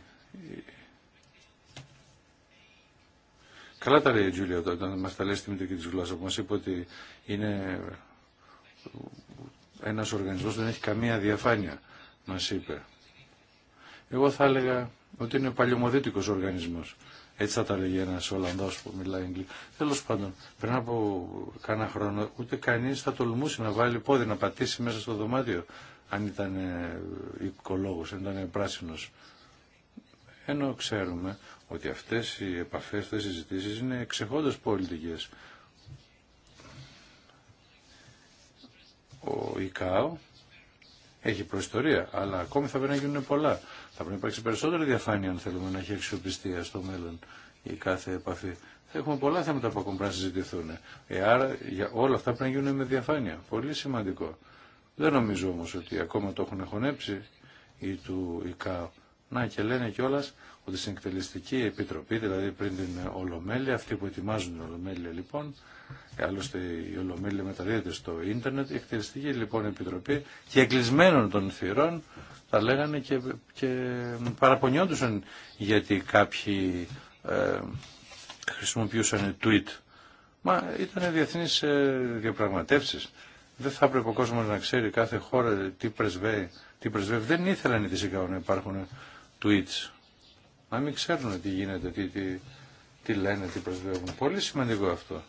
[SPEAKER 1] Καλά τα λέει η Τζούλια όταν μα τα λέει στη μητρική τη γλώσσα που μα είπε ότι είναι ένα οργανισμό που δεν έχει καμία διαφάνεια, μα είπε. Εγώ θα έλεγα ότι είναι παλιωμοδίτικος οργανισμό. Έτσι θα τα λέγει ένα Ολλανδό που μιλάει Αγγλικά. Τέλο πάντων, πριν από κάνα χρόνο ούτε κανεί θα τολμούσε να βάλει πόδι, να πατήσει μέσα στο δωμάτιο αν ήταν ε, οικολόγος, αν ήταν πράσινο, Ενώ ξέρουμε ότι αυτές οι επαφές, αυτές οι συζητήσεις είναι εξεχόντως πολιτικές. Ο ΙΚΑΟ έχει προϊστορία, αλλά ακόμη θα πρέπει να γίνουν πολλά. Θα πρέπει να υπάρξει περισσότερη διαφάνεια αν θέλουμε να έχει αξιοπιστία στο μέλλον η κάθε επαφή. Θα έχουμε πολλά θέματα που ακόμα πρέπει να συζητηθούν. Ε, άρα για όλα αυτά πρέπει να γίνουν με διαφάνεια. Πολύ σημαντικό. Δεν νομίζω όμως ότι ακόμα το έχουν χωνέψει ή του ΙΚΑΟ. Να και λένε κιόλα από τη Συνεκτελεστική Επιτροπή, δηλαδή πριν την Ολομέλεια, αυτοί που ετοιμάζουν την Ολομέλεια λοιπόν, άλλωστε η Ολομέλεια μεταδίδεται στο ίντερνετ, η Εκτελεστική λοιπόν Επιτροπή και εγκλεισμένων των θυρών τα λέγανε και, και παραπονιόντουσαν γιατί κάποιοι ε, χρησιμοποιούσαν tweet. Μα ήταν διεθνείς ε, διαπραγματεύσεις. Δεν θα έπρεπε ο κόσμος να ξέρει κάθε χώρα τι πρεσβεύει. Τι πρεσβεύει. Δεν ήθελαν οι να υπάρχουν tweets να μην ξέρουν τι γίνεται, τι, τι, τι λένε, τι προσβεύουν. Πολύ σημαντικό αυτό.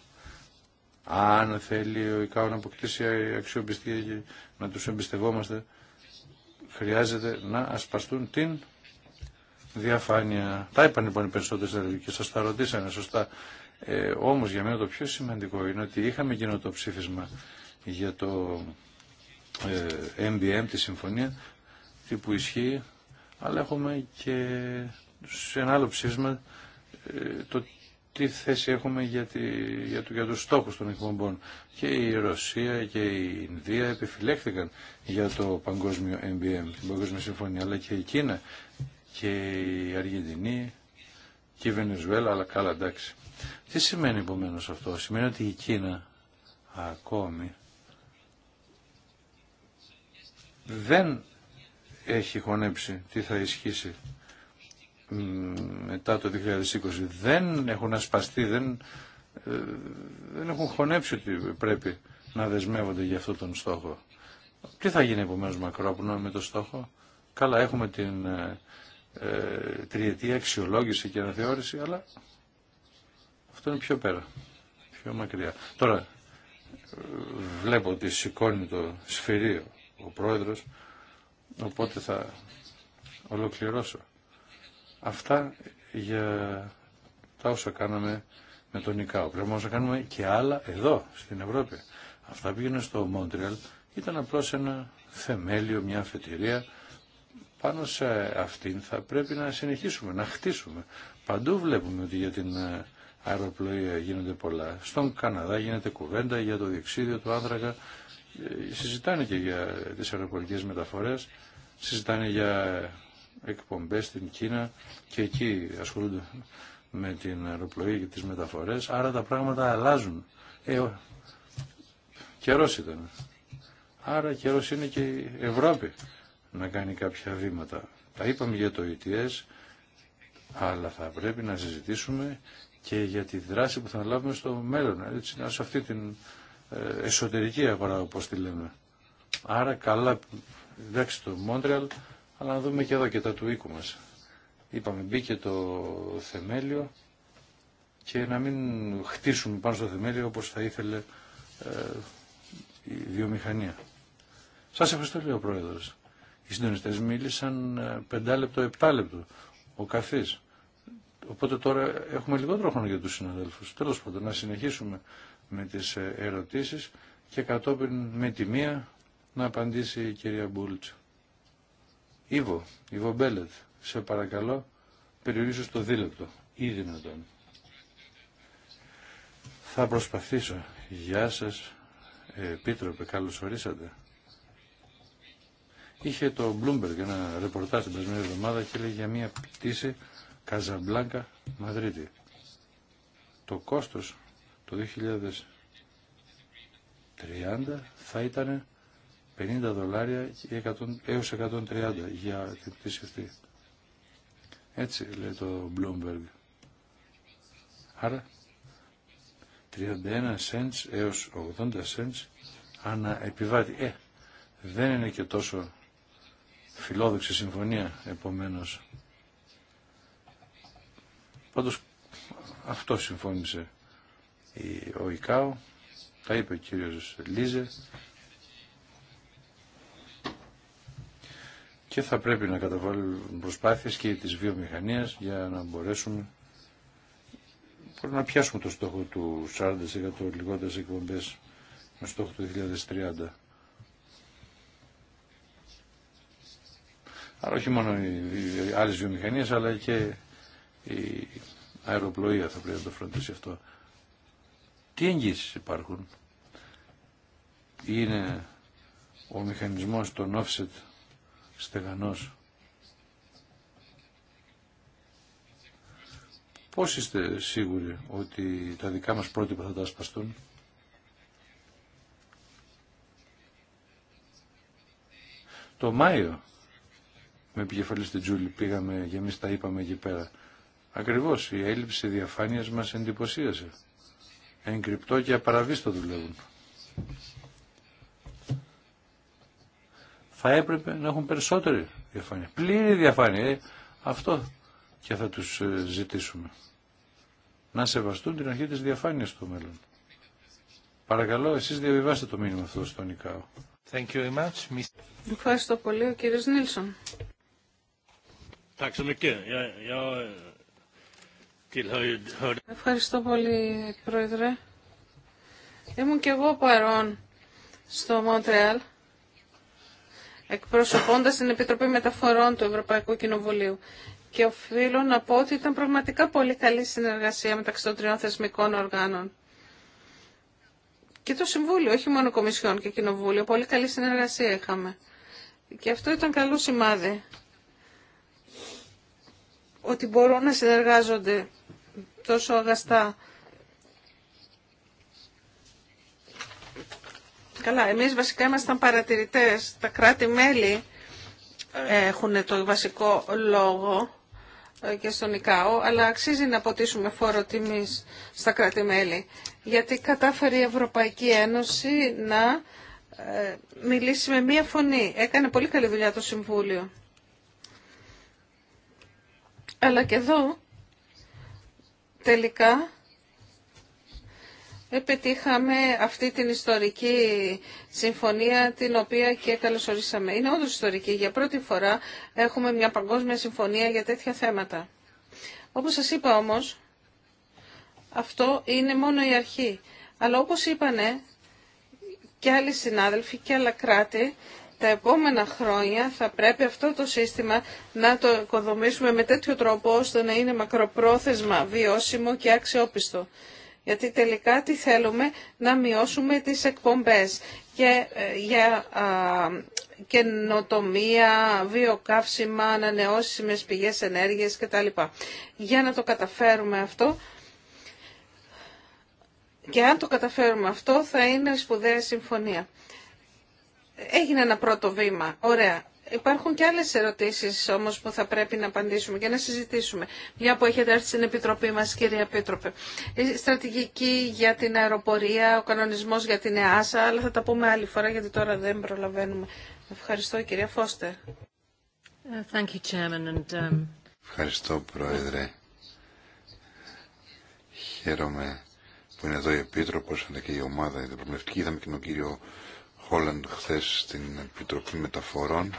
[SPEAKER 1] Αν θέλει ο ΙΚΑΟ να αποκτήσει αξιοπιστία και να τους εμπιστευόμαστε, χρειάζεται να ασπαστούν την διαφάνεια. Τα είπαν λοιπόν οι περισσότερες και σας τα ρωτήσανε σωστά. Ε, όμως για μένα το πιο σημαντικό είναι ότι είχαμε εκείνο το ψήφισμα για το ε, MBM, τη συμφωνία, τι που ισχύει, αλλά έχουμε και σε ένα άλλο ψήφισμα ε, το τι θέση έχουμε για, τη, για, το, για τους στόχους των εκπομπών. Και η Ρωσία και η Ινδία επιφυλέχθηκαν για το παγκόσμιο MBM, την Παγκόσμια Συμφωνία, αλλά και η Κίνα και η Αργεντινή και η Βενεζουέλα, αλλά καλά εντάξει. Τι σημαίνει επομένω αυτό, σημαίνει ότι η Κίνα ακόμη δεν έχει χωνέψει τι θα ισχύσει μετά το 2020 δεν έχουν ασπαστεί, δεν, ε, δεν έχουν χωνέψει ότι πρέπει να δεσμεύονται για αυτόν τον στόχο. Τι θα γίνει επομένως μακρόπνο με το στόχο. Καλά έχουμε την ε, ε, τριετή αξιολόγηση και αναθεώρηση, αλλά αυτό είναι πιο πέρα, πιο μακριά. Τώρα, ε, βλέπω ότι σηκώνει το σφυρί ο πρόεδρος, οπότε θα ολοκληρώσω. Αυτά για τα όσα κάναμε με τον ΙΚΑΟ. Πρέπει να κάνουμε και άλλα εδώ, στην Ευρώπη. Αυτά πήγαινε στο Μόντρελ ήταν απλώς ένα θεμέλιο, μια αφετηρία. Πάνω σε αυτήν θα πρέπει να συνεχίσουμε, να χτίσουμε. Παντού βλέπουμε ότι για την ε, αεροπλοεία γίνονται πολλά. Στον Καναδά γίνεται κουβέντα για το διεξίδιο του άνθρακα. Ε, συζητάνε και για τις αεροπορικές μεταφορές. Συζητάνε για εκπομπές στην Κίνα και εκεί ασχολούνται με την αεροπλοή και τις μεταφορές, άρα τα πράγματα αλλάζουν. Ε, καιρός ήταν. Άρα καιρός είναι και η Ευρώπη να κάνει κάποια βήματα. Τα είπαμε για το ETS, αλλά θα πρέπει να συζητήσουμε και για τη δράση που θα λάβουμε στο μέλλον, έτσι, σε αυτή την ε, εσωτερική αγορά όπως τη λέμε. Άρα καλά, εντάξει το Μόντρεαλ, αλλά να δούμε και εδώ και τα του οίκου μας. Είπαμε μπήκε το θεμέλιο και να μην χτίσουμε πάνω στο θεμέλιο όπως θα ήθελε ε, η βιομηχανία. Σας ευχαριστώ λέει ο Πρόεδρος. Οι συντονιστές μίλησαν ε, πεντάλεπτο, επτάλεπτο ο καθής. Οπότε τώρα έχουμε λιγότερο χρόνο για τους συναδέλφους. Τέλος πάντων, να συνεχίσουμε με τις ε, ερωτήσεις και κατόπιν με τη να απαντήσει η κυρία Μπούλτσα. Ήβο, Ήβο Μπέλετ, σε παρακαλώ, περιορίζω στο δίλεπτο ή δυνατόν. Θα προσπαθήσω. Γεια σας, Επίτροπε, καλώς ορίσατε. Είχε το Bloomberg ένα ρεπορτάζ την περσμένη εβδομάδα και έλεγε για μια πτήση Καζαμπλάνκα Μαδρίτη. Το κόστος το 2030 θα ήταν 50 δολάρια έως 130 για την πτήση αυτή. Έτσι λέει το Bloomberg. Άρα 31 cents έως 80 cents ανά επιβάτη. Ε, δεν είναι και τόσο φιλόδοξη συμφωνία επομένως. Πάντως αυτό συμφώνησε ο ΙΚΑΟ, τα είπε ο κύριος Λίζε και θα πρέπει να καταβάλουν προσπάθειες και της βιομηχανίας για να μπορέσουμε να πιάσουμε το στόχο του 40% λιγότερες εκπομπές με στόχο του 2030. Αλλά όχι μόνο οι άλλες βιομηχανίες αλλά και η αεροπλοεία θα πρέπει να το φροντίσει αυτό. Τι εγγύσεις υπάρχουν. Είναι ο μηχανισμός των offset στεγανός. Πώς είστε σίγουροι ότι τα δικά μας πρότυπα θα τα ασπαστούν. Το Μάιο με επικεφαλή στην Τζούλη πήγαμε και εμείς τα είπαμε εκεί πέρα. Ακριβώς η έλλειψη διαφάνειας μας εντυπωσίασε. Εγκρυπτό και απαραβίστο δουλεύουν θα έπρεπε να έχουν περισσότερη διαφάνεια. Πλήρη διαφάνεια. Ε, αυτό και θα τους ε, ζητήσουμε. Να σεβαστούν την αρχή της διαφάνειας στο μέλλον. Παρακαλώ, εσείς διαβιβάστε το μήνυμα αυτό στον ΙΚΑΟ. Thank you very much.
[SPEAKER 2] Ευχαριστώ πολύ, ο κύριος Νίλσον.
[SPEAKER 1] Ε,
[SPEAKER 2] Ευχαριστώ πολύ, Πρόεδρε. Ήμουν και εγώ παρόν στο Μοντρεάλ εκπροσωπώντας την Επιτροπή Μεταφορών του Ευρωπαϊκού Κοινοβουλίου. Και οφείλω να πω ότι ήταν πραγματικά πολύ καλή συνεργασία μεταξύ των τριών θεσμικών οργάνων. Και το Συμβούλιο, όχι μόνο Κομισιόν και Κοινοβούλιο, πολύ καλή συνεργασία είχαμε. Και αυτό ήταν καλό σημάδι. Ότι μπορούν να συνεργάζονται τόσο αγαστά Καλά, εμείς βασικά ήμασταν παρατηρητές. Τα κράτη-μέλη ε, έχουν το βασικό λόγο ε, και στον ΙΚΑΟ, αλλά αξίζει να ποτίσουμε φόρο τιμής στα κράτη-μέλη. Γιατί κατάφερε η Ευρωπαϊκή Ένωση να ε, μιλήσει με μία φωνή. Έκανε πολύ καλή δουλειά το Συμβούλιο. Αλλά και εδώ τελικά επετύχαμε αυτή την ιστορική συμφωνία την οποία και καλωσορίσαμε. Είναι όντως ιστορική. Για πρώτη φορά έχουμε μια παγκόσμια συμφωνία για τέτοια θέματα. Όπως σας είπα όμως, αυτό είναι μόνο η αρχή. Αλλά όπως είπανε και άλλοι συνάδελφοι και άλλα κράτη, τα επόμενα χρόνια θα πρέπει αυτό το σύστημα να το οικοδομήσουμε με τέτοιο τρόπο ώστε να είναι μακροπρόθεσμα, βιώσιμο και αξιόπιστο γιατί τελικά τι θέλουμε να μειώσουμε τις εκπομπές και ε, για καινοτομία, βιοκαύσιμα, ανανεώσιμες πηγές ενέργειας κτλ. Για να το καταφέρουμε αυτό, και αν το καταφέρουμε αυτό θα είναι σπουδαία συμφωνία. Έγινε ένα πρώτο βήμα. Ωραία. Υπάρχουν και άλλες ερωτήσεις όμως που θα πρέπει να απαντήσουμε και να συζητήσουμε. Μια που έχετε έρθει στην Επιτροπή μας, κύριε Επίτροπε. Η στρατηγική για την αεροπορία, ο κανονισμός για την ΕΑΣΑ, αλλά θα τα πούμε άλλη φορά γιατί τώρα δεν προλαβαίνουμε. Ευχαριστώ, κυρία Φώστερ. Um,
[SPEAKER 3] Ευχαριστώ, Πρόεδρε. Χαίρομαι που είναι εδώ η Επίτροπος, αλλά και η ομάδα, η Είδαμε και τον κύριο Χόλαντ χθε στην Επιτροπή Μεταφορών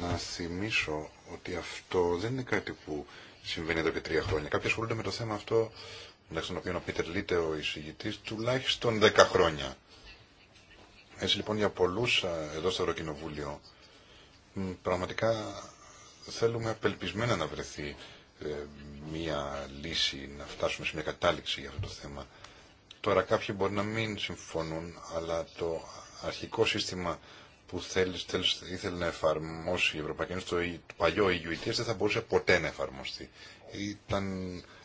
[SPEAKER 3] να θυμίσω ότι αυτό δεν είναι κάτι που συμβαίνει εδώ και τρία χρόνια. Κάποιοι ασχολούνται με το θέμα αυτό, μεταξύ των οποίων ο Πίτερ Λίτε, ο εισηγητή, τουλάχιστον δέκα χρόνια. Έτσι λοιπόν για πολλού εδώ στο Ευρωκοινοβούλιο πραγματικά θέλουμε απελπισμένα να βρεθεί ε, μία λύση, να φτάσουμε σε μια κατάληξη για αυτό το θέμα. Τώρα κάποιοι μπορεί να μην συμφωνούν, αλλά το αρχικό σύστημα που ήθελε να εφαρμόσει η Ευρωπαϊκή Ένωση το, παλιό EUTS δεν θα μπορούσε ποτέ να εφαρμοστεί. Ήταν,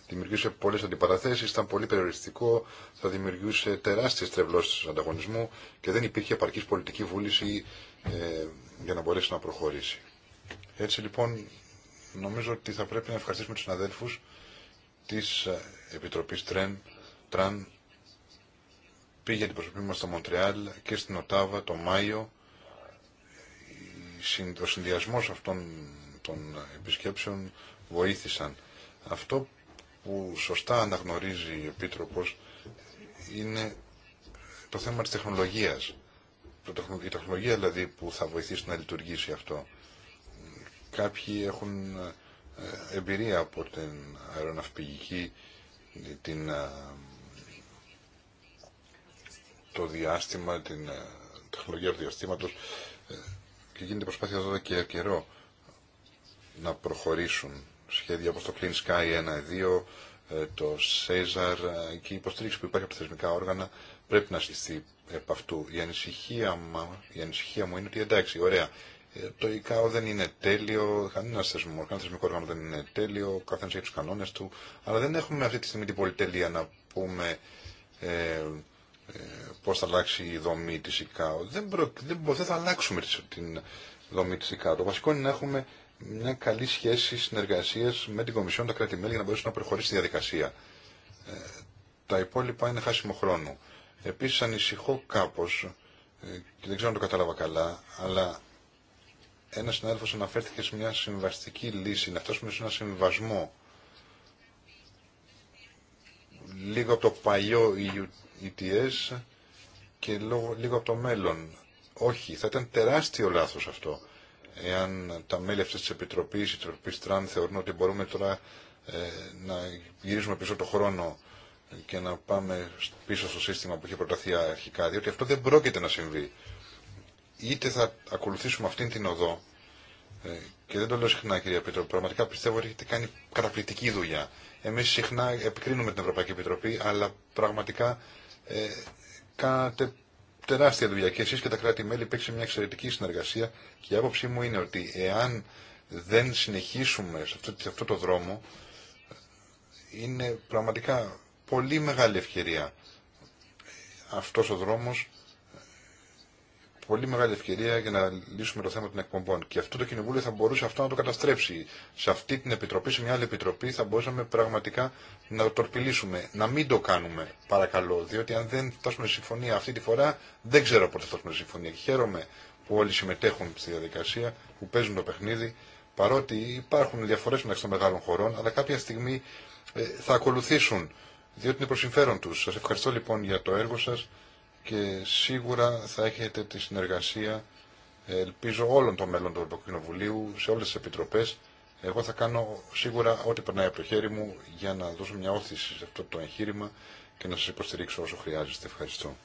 [SPEAKER 3] δημιουργούσε πολλές αντιπαραθέσεις, ήταν πολύ περιοριστικό, θα δημιουργούσε τεράστιες τρευλώσεις ανταγωνισμού και δεν υπήρχε επαρκή πολιτική βούληση ε, για να μπορέσει να προχωρήσει. Έτσι λοιπόν νομίζω ότι θα πρέπει να ευχαριστήσουμε τους συναδέλφους της ε, Επιτροπής Τρεν, Τραν πήγε την προσωπή μας στο Μοντρεάλ και στην Οτάβα το Μάιο ο συνδυασμός αυτών των επισκέψεων βοήθησαν. Αυτό που σωστά αναγνωρίζει ο επίτροπο είναι το θέμα της τεχνολογίας. Η τεχνολογία δηλαδή που θα βοηθήσει να λειτουργήσει αυτό. Κάποιοι έχουν ε, εμπειρία από την αεροναυπηγική, την, ε, το διάστημα, την ε, τεχνολογία του διαστήματος και γίνεται προσπάθεια εδώ και καιρό να προχωρήσουν σχέδια όπως το Clean Sky 1-2, ε, το Cesar ε, και η υποστήριξη που υπάρχει από τα θεσμικά όργανα πρέπει να συστηθεί επ' αυτού. Η ανησυχία, μου, η ανησυχία μου είναι ότι εντάξει, ωραία, ε, το ΙΚΑΟ δεν είναι τέλειο, κανένα θεσμό, κανένα θεσμικό όργανο δεν είναι τέλειο, ο καθένα έχει του κανόνε του, αλλά δεν έχουμε αυτή τη στιγμή την πολυτέλεια να πούμε ε, ε, πώς θα αλλάξει η δομή της ΙΚΑΟ. Δεν, προ, δεν, δεν θα αλλάξουμε την δομή της ΙΚΑΟ. Το βασικό είναι να έχουμε μια καλή σχέση συνεργασίας με την Κομισιόν, τα κράτη-μέλη, για να μπορέσουν να προχωρήσει τη διαδικασία. Ε, τα υπόλοιπα είναι χάσιμο χρόνο. Επίσης ανησυχώ κάπως, ε, και δεν ξέρω αν το κατάλαβα καλά, αλλά ένας συνάδελφος αναφέρθηκε σε μια συμβαστική λύση, να φτάσουμε σε ένα συμβασμό λίγο από το παλιό EU ETS ε και λίγο, από το μέλλον. Όχι, θα ήταν τεράστιο λάθος αυτό εάν τα μέλη αυτής της Επιτροπής, η Επιτροπής Τραν, θεωρούν ότι μπορούμε τώρα ε, να γυρίζουμε πίσω το χρόνο και να πάμε πίσω στο σύστημα που είχε προταθεί αρχικά, διότι αυτό δεν πρόκειται να συμβεί. Είτε θα ακολουθήσουμε αυτήν την οδό, ε, και δεν το λέω συχνά κυρία Πίτρο, πραγματικά πιστεύω ότι έχετε κάνει καταπληκτική δουλειά. Εμείς συχνά επικρίνουμε την Ευρωπαϊκή Επιτροπή, αλλά πραγματικά ε, κάνατε τεράστια δουλειά και εσείς και τα κράτη-μέλη υπήρξε μια εξαιρετική συνεργασία και η άποψή μου είναι ότι εάν δεν συνεχίσουμε σε αυτό, σε αυτό το δρόμο είναι πραγματικά πολύ μεγάλη ευκαιρία αυτός ο δρόμος πολύ μεγάλη ευκαιρία για να λύσουμε το θέμα των εκπομπών. Και αυτό το κοινοβούλιο θα μπορούσε αυτό να το καταστρέψει. Σε αυτή την επιτροπή, σε μια άλλη επιτροπή, θα μπορούσαμε πραγματικά να το τορπιλήσουμε. Να μην το κάνουμε, παρακαλώ. Διότι αν δεν φτάσουμε σε συμφωνία αυτή τη φορά, δεν ξέρω πότε θα φτάσουμε σε συμφωνία. Και χαίρομαι που όλοι συμμετέχουν στη διαδικασία, που παίζουν το παιχνίδι. Παρότι υπάρχουν διαφορέ μεταξύ των μεγάλων χωρών, αλλά κάποια στιγμή ε, θα ακολουθήσουν, διότι είναι προ συμφέρον του. Σα ευχαριστώ λοιπόν για το έργο σα και σίγουρα θα έχετε τη συνεργασία, ελπίζω, όλων των μέλων του Ευρωπαϊκού Κοινοβουλίου σε όλες τις επιτροπές. Εγώ θα κάνω σίγουρα ό,τι περνάει από το χέρι μου για να δώσω μια όθηση σε αυτό το εγχείρημα και να σας υποστηρίξω όσο χρειάζεστε. Ευχαριστώ.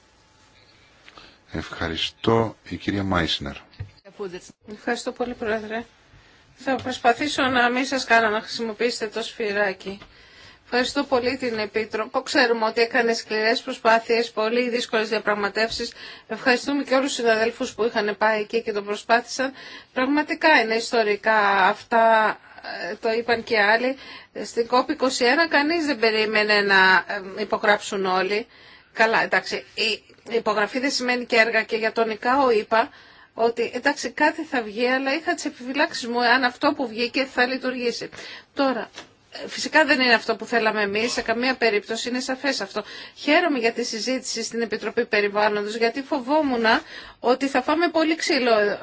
[SPEAKER 3] Ευχαριστώ η κυρία Μάισνερ.
[SPEAKER 2] Ευχαριστώ πολύ Πρόεδρε. Θα προσπαθήσω να μην σας κάνω να χρησιμοποιήσετε το σφυράκι. Ευχαριστώ πολύ την Επίτροπο. Ξέρουμε ότι έκανε σκληρέ προσπάθειε, πολύ δύσκολε διαπραγματεύσει. Ευχαριστούμε και όλου του συναδέλφου που είχαν πάει εκεί και τον προσπάθησαν. Πραγματικά είναι ιστορικά αυτά, ε, το είπαν και άλλοι. Στην COP21 κανεί δεν περίμενε να ε, υπογράψουν όλοι. Καλά, εντάξει. Η υπογραφή δεν σημαίνει και έργα και για τον ΙΚΑΟ είπα ότι εντάξει κάτι θα βγει, αλλά είχα τι επιφυλάξει μου αν αυτό που βγήκε θα λειτουργήσει. Τώρα, Φυσικά δεν είναι αυτό που θέλαμε εμείς, σε καμία περίπτωση είναι σαφές αυτό. Χαίρομαι για τη συζήτηση στην Επιτροπή Περιβάλλοντος, γιατί φοβόμουν ότι θα φάμε πολύ ξύλο, ε,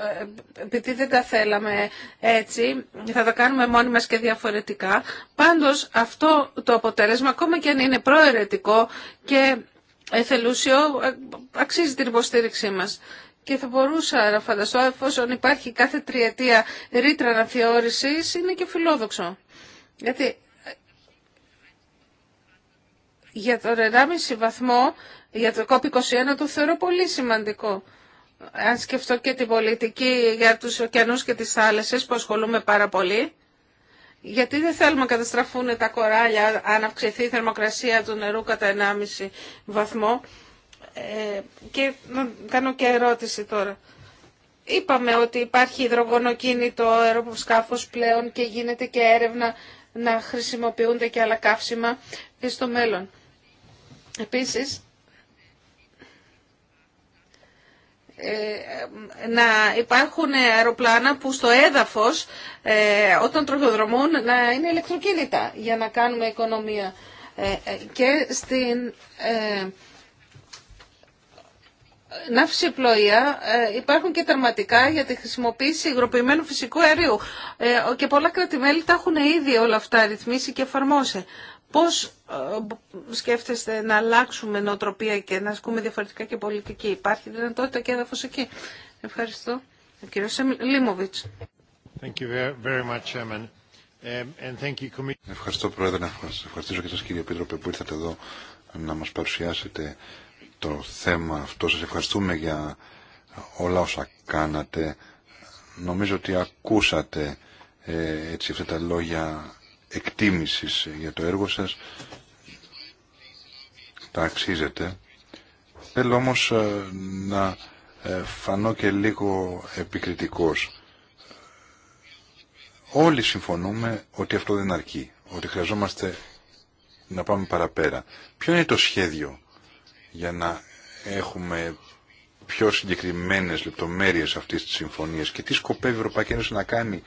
[SPEAKER 2] επειδή δεν τα θέλαμε έτσι, θα τα κάνουμε μόνοι μας και διαφορετικά. Πάντως αυτό το αποτέλεσμα, ακόμα και αν είναι προαιρετικό και εθελούσιο, ε, αξίζει την υποστήριξή μας. Και θα μπορούσα να φανταστώ, εφόσον υπάρχει κάθε τριετία ρήτρα αναθεώρησης, είναι και φιλόδοξο. Γιατί ε, για τον 1,5 βαθμό, για το COP21 το θεωρώ πολύ σημαντικό. Αν σκεφτώ και την πολιτική για τους ωκεανούς και τις θάλασσες που ασχολούμαι πάρα πολύ, γιατί δεν θέλουμε να καταστραφούν τα κοράλια αν αυξηθεί η θερμοκρασία του νερού κατά 1,5 βαθμό. Ε, και να κάνω και ερώτηση τώρα. Είπαμε ότι υπάρχει υδρογονοκίνητο αεροσκάφος πλέον και γίνεται και έρευνα να χρησιμοποιούνται και άλλα καύσιμα στο μέλλον. Επίσης, ε, να υπάρχουν αεροπλάνα που στο έδαφος ε, όταν τροχοδρομούν να είναι ηλεκτροκίνητα για να κάνουμε οικονομία. Ε, και στην ναύση πλοία ε, υπάρχουν και τερματικά για τη χρησιμοποίηση υγροποιημένου φυσικού αερίου. Ε, και πολλά κρατημέλη τα έχουν ήδη όλα αυτά ρυθμίσει και εφαρμόσει. Πώς ε, σκέφτεστε να αλλάξουμε νοοτροπία και να ασκούμε διαφορετικά και πολιτική. Υπάρχει δυνατότητα και έδαφο εκεί. Ευχαριστώ. Ο κύριος Λίμωβιτς.
[SPEAKER 3] Ευχαριστώ Πρόεδρε. Ευχαριστήσω και σα κύριε Επίτροπε που ήρθατε εδώ να μα παρουσιάσετε το θέμα αυτό. Σας ευχαριστούμε για όλα όσα κάνατε. Νομίζω ότι ακούσατε ε, έτσι αυτά τα λόγια εκτίμησης για το έργο σας. Τα αξίζετε. Θέλω όμως ε, να ε, φανώ και λίγο επικριτικός. Όλοι συμφωνούμε ότι αυτό δεν αρκεί, ότι χρειαζόμαστε να πάμε παραπέρα. Ποιο είναι το σχέδιο για να έχουμε πιο συγκεκριμένες λεπτομέρειες αυτής της συμφωνίας και τι σκοπεύει η Ευρωπαϊκή Ένωση να κάνει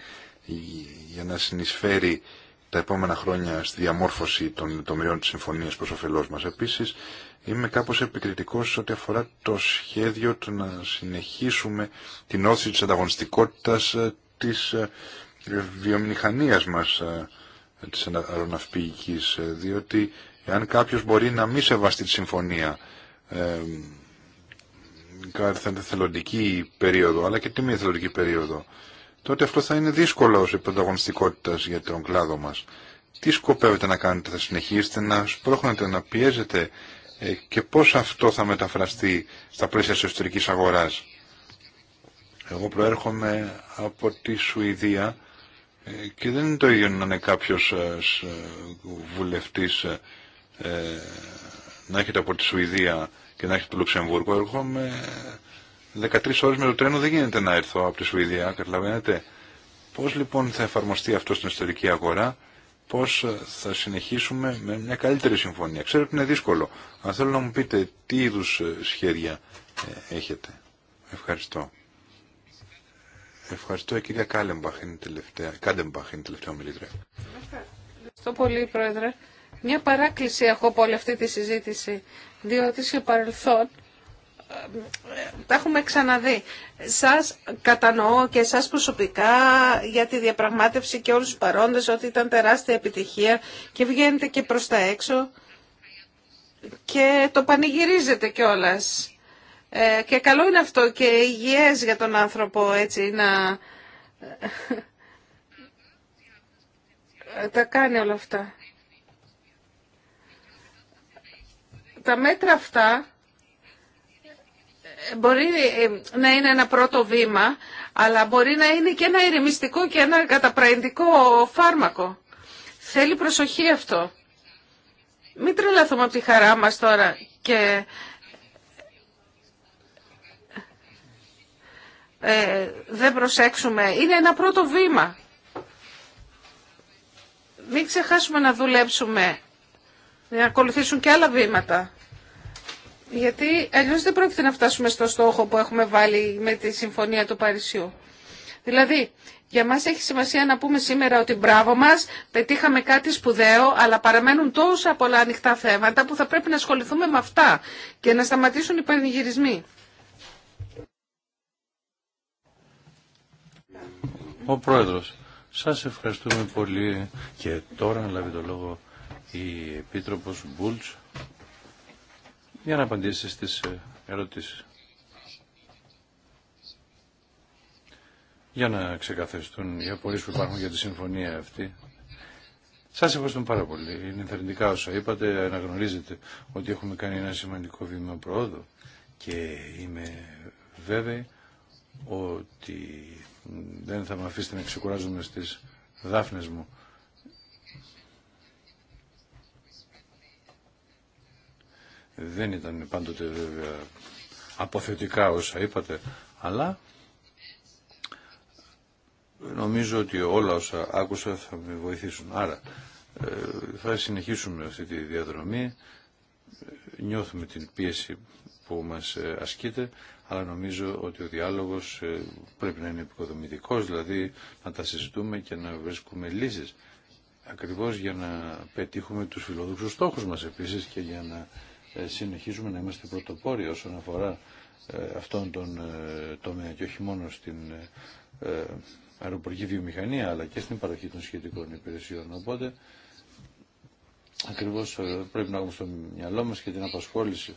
[SPEAKER 3] για να συνεισφέρει τα επόμενα χρόνια στη διαμόρφωση των λεπτομεριών της συμφωνίας προς ωφελός μας. Επίσης, είμαι κάπως επικριτικός ό,τι αφορά το σχέδιο του να συνεχίσουμε την όθηση της ανταγωνιστικότητας ε, της ε, βιομηχανίας μας ε, της αεροναυπηγικής, διότι αν κάποιος μπορεί να μη σεβαστεί τη συμφωνία κάθε θελοντική περίοδο, αλλά και τη μη θελοντική περίοδο, τότε αυτό θα είναι δύσκολο ως πρωταγωνιστικότητα για τον κλάδο μας. Τι σκοπεύετε να κάνετε, θα συνεχίσετε να σπρώχνετε, να πιέζετε ε, και πώς αυτό θα μεταφραστεί στα πλαίσια της εσωτερικής αγοράς. Εγώ προέρχομαι από τη Σουηδία ε, και δεν είναι το ίδιο να είναι κάποιος ε, βουλευτής να έχετε από τη Σουηδία και να έχετε το Λουξεμβούργο. Έρχομαι 13 ώρες με το τρένο, δεν γίνεται να έρθω από τη Σουηδία, καταλαβαίνετε. Πώς λοιπόν θα εφαρμοστεί αυτό στην εσωτερική αγορά, πώς θα συνεχίσουμε με μια καλύτερη συμφωνία. Ξέρω ότι είναι δύσκολο. Αν θέλω να μου πείτε τι είδους ε, σχέδια ε, έχετε. Ευχαριστώ. Ευχαριστώ, η κυρία Κάλεμπαχ είναι τελευταία, τελευταία ομιλήτρια.
[SPEAKER 2] Ευχαριστώ πολύ, Πρόεδρε. Μια παράκληση έχω από όλη αυτή τη συζήτηση, διότι σε παρελθόν ε, τα έχουμε ξαναδεί. Σας κατανοώ και σας προσωπικά για τη διαπραγμάτευση και όλους τους παρόντες ότι ήταν τεράστια επιτυχία και βγαίνετε και προς τα έξω και το πανηγυρίζετε Ε, και καλό είναι αυτό και υγιές για τον άνθρωπο έτσι να ε, τα κάνει όλα αυτά. τα μέτρα αυτά μπορεί να είναι ένα πρώτο βήμα, αλλά μπορεί να είναι και ένα ηρεμιστικό και ένα καταπραϊντικό φάρμακο. Θέλει προσοχή αυτό. Μην τρελαθούμε από τη χαρά μας τώρα και ε, δεν προσέξουμε. Είναι ένα πρώτο βήμα. Μην ξεχάσουμε να δουλέψουμε να ακολουθήσουν και άλλα βήματα. Γιατί αλλιώς δεν πρόκειται να φτάσουμε στο στόχο που έχουμε βάλει με τη Συμφωνία του Παρισιού. Δηλαδή, για μας έχει σημασία να πούμε σήμερα ότι μπράβο μας, πετύχαμε κάτι σπουδαίο, αλλά παραμένουν τόσα πολλά ανοιχτά θέματα που θα πρέπει να ασχοληθούμε με αυτά και να σταματήσουν οι πανηγυρισμοί.
[SPEAKER 1] Ο Πρόεδρος, σας ευχαριστούμε πολύ και τώρα να λάβει το λόγο η Επίτροπος Μπούλτς για να απαντήσει στις ε, ερωτήσεις. Για να ξεκαθαριστούν οι απορίες που υπάρχουν για τη συμφωνία αυτή. Σας ευχαριστούμε πάρα πολύ. Είναι ενθαρρυντικά όσα είπατε. Αναγνωρίζετε ότι έχουμε κάνει ένα σημαντικό βήμα προόδου και είμαι βέβαιη ότι δεν θα με αφήσετε να ξεκουράζομαι στις δάφνες μου. δεν ήταν πάντοτε βέβαια αποθετικά όσα είπατε, αλλά νομίζω ότι όλα όσα άκουσα θα με βοηθήσουν. Άρα ε, θα συνεχίσουμε αυτή τη διαδρομή, νιώθουμε την πίεση που μας ε, ασκείται, αλλά νομίζω ότι ο διάλογος ε, πρέπει να είναι επικοδομητικός, δηλαδή να τα συζητούμε και να βρίσκουμε λύσεις. Ακριβώς για να πετύχουμε τους φιλόδοξους στόχους μας επίσης και για να ε, συνεχίζουμε να είμαστε πρωτοπόροι όσον αφορά ε, αυτόν τον ε, τομέα και όχι μόνο στην αεροπορική βιομηχανία αλλά και στην παροχή των σχετικών υπηρεσιών. Οπότε ακριβώς πρέπει να έχουμε στο μυαλό μας και την απασχόληση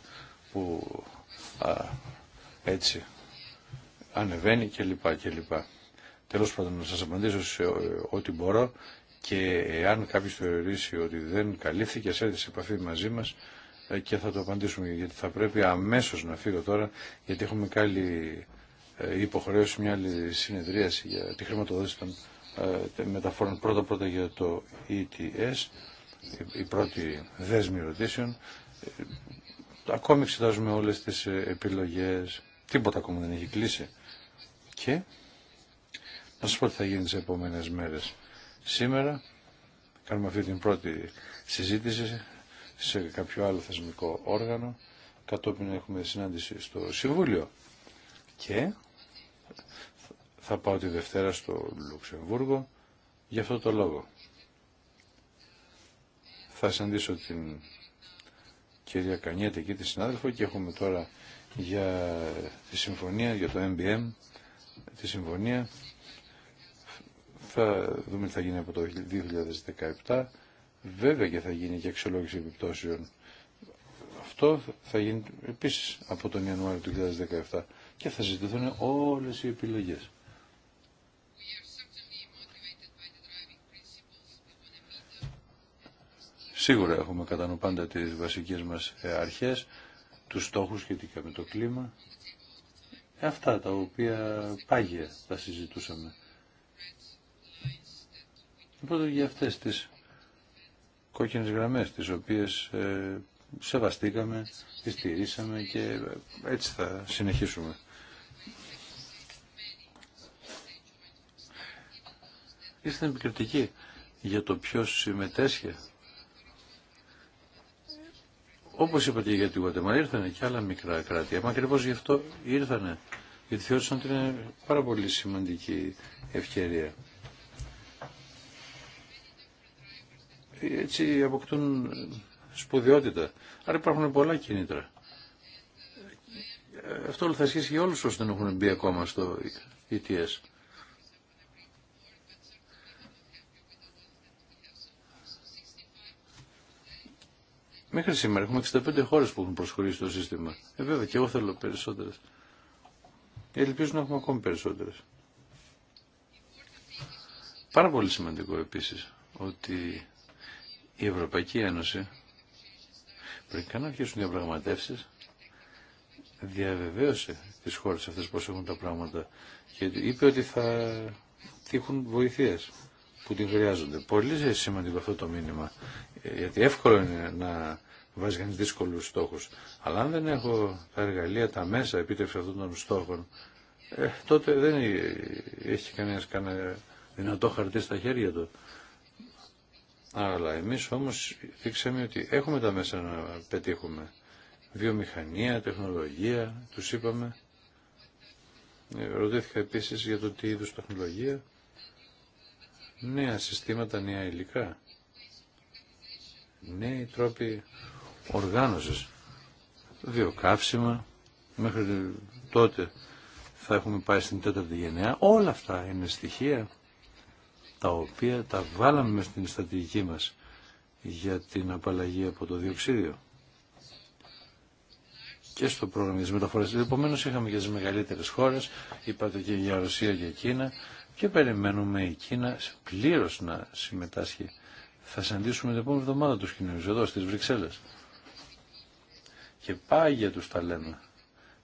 [SPEAKER 1] που έτσι ανεβαίνει και λοιπά και Τέλος πάντων να σας απαντήσω σε ό,τι μπορώ και αν κάποιος θεωρήσει ότι δεν καλύφθηκε, σε έρθει σε επαφή μαζί μας ε, και θα το απαντήσουμε γιατί θα πρέπει αμέσως να φύγω τώρα γιατί έχουμε κάλλη ε, υποχρέωση μια άλλη συνεδρίαση για τη χρηματοδότηση των ε, μεταφορών πρώτα πρώτα για το ETS η πρώτη δέσμη ερωτήσεων ακόμη εξετάζουμε όλες τις επιλογές τίποτα ακόμα δεν έχει κλείσει και να σας πω τι θα γίνει τις επόμενες μέρες σήμερα κάνουμε αυτή την πρώτη συζήτηση σε κάποιο άλλο θεσμικό όργανο, κατόπιν έχουμε συνάντηση στο Συμβούλιο. Και θα πάω τη Δευτέρα στο Λουξεμβούργο για αυτό το λόγο. Θα συναντήσω την κυρία Κανιέτη εκεί τη συνάδελφο και έχουμε τώρα για τη συμφωνία, για το MBM, τη συμφωνία. Θα δούμε τι θα γίνει από το 2017 Βέβαια και θα γίνει και αξιολόγηση επιπτώσεων. Αυτό θα γίνει επίσης από τον Ιανουάριο του 2017 και θα συζητηθούν όλες οι επιλογές. Σίγουρα έχουμε κατά νου πάντα τις βασικές μας ε, αρχές, τους στόχους σχετικά με το κλίμα. Ε, αυτά τα οποία πάγια θα συζητούσαμε. Οπότε για αυτές τις κόκκινες γραμμές τις οποίες ε, σεβαστήκαμε, τις στηρίσαμε και ε, έτσι θα συνεχίσουμε. Είστε επικριτικοί για το ποιος συμμετέσχε. Όπως είπατε για την Γουατεμάλα, ήρθαν και άλλα μικρά κράτη. Μα ακριβώ γι' αυτό ήρθανε. Γιατί θεώρησαν ότι είναι πάρα πολύ σημαντική ευκαιρία. έτσι αποκτούν σπουδιότητα. Άρα υπάρχουν πολλά κίνητρα. Αυτό θα ισχύσει για όλους όσοι δεν έχουν μπει ακόμα στο ETS. Μέχρι σήμερα έχουμε 65 χώρες που έχουν προσχωρήσει στο σύστημα. Ε, βέβαια και εγώ θέλω περισσότερες. Ε, ελπίζω να έχουμε ακόμη περισσότερες. Πάρα πολύ σημαντικό επίσης ότι η Ευρωπαϊκή Ένωση πριν καν αρχίσουν διαπραγματεύσει διαβεβαίωσε τις χώρες αυτές πώς έχουν τα πράγματα και είπε ότι θα τύχουν βοηθείες που την χρειάζονται. Πολύ σημαντικό αυτό το μήνυμα γιατί εύκολο είναι να βάζει κανεί δύσκολους στόχους αλλά αν δεν έχω τα εργαλεία, τα μέσα επίτευξη αυτών των στόχων ε, τότε δεν έχει κανένα κανένα δυνατό χαρτί στα χέρια του. Αλλά εμείς όμως δείξαμε ότι έχουμε τα μέσα να πετύχουμε. Βιομηχανία, τεχνολογία, τους είπαμε. Ε, ρωτήθηκα επίσης για το τι είδους τεχνολογία. Νέα συστήματα, νέα υλικά. Νέοι τρόποι οργάνωσης. Βιοκαύσιμα. Μέχρι τότε θα έχουμε πάει στην τέταρτη γενιά. Όλα αυτά είναι στοιχεία τα οποία τα βάλαμε στην στρατηγική μας για την απαλλαγή από το διοξίδιο και στο πρόγραμμα της μεταφοράς. Επομένω είχαμε και τις μεγαλύτερες χώρες, είπατε και για Ρωσία και Κίνα και περιμένουμε η Κίνα πλήρως να συμμετάσχει. Θα συναντήσουμε την επόμενη εβδομάδα τους Κινέζους εδώ στις Βρυξέλλες. Και πάγια τους τα λέμε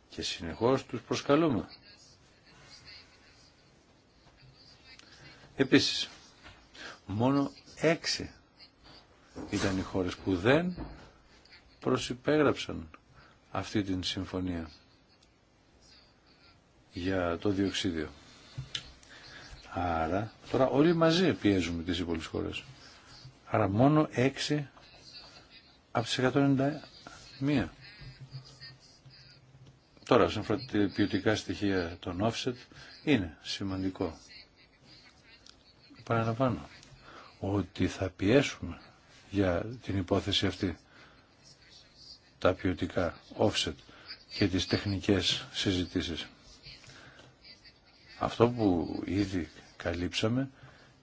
[SPEAKER 1] και συνεχώς τους προσκαλούμε. Επίσης, μόνο έξι ήταν οι χώρες που δεν προσυπέγραψαν αυτή την συμφωνία για το διοξίδιο. Άρα, τώρα όλοι μαζί πιέζουμε τις υπόλοιπες χώρες. Άρα μόνο έξι από τις 191. Τώρα, σαν αφορά ποιοτικά στοιχεία των offset, είναι σημαντικό Παραλαμβάνω ότι θα πιέσουμε για την υπόθεση αυτή τα ποιοτικά offset και τις τεχνικές συζητήσεις. Αυτό που ήδη καλύψαμε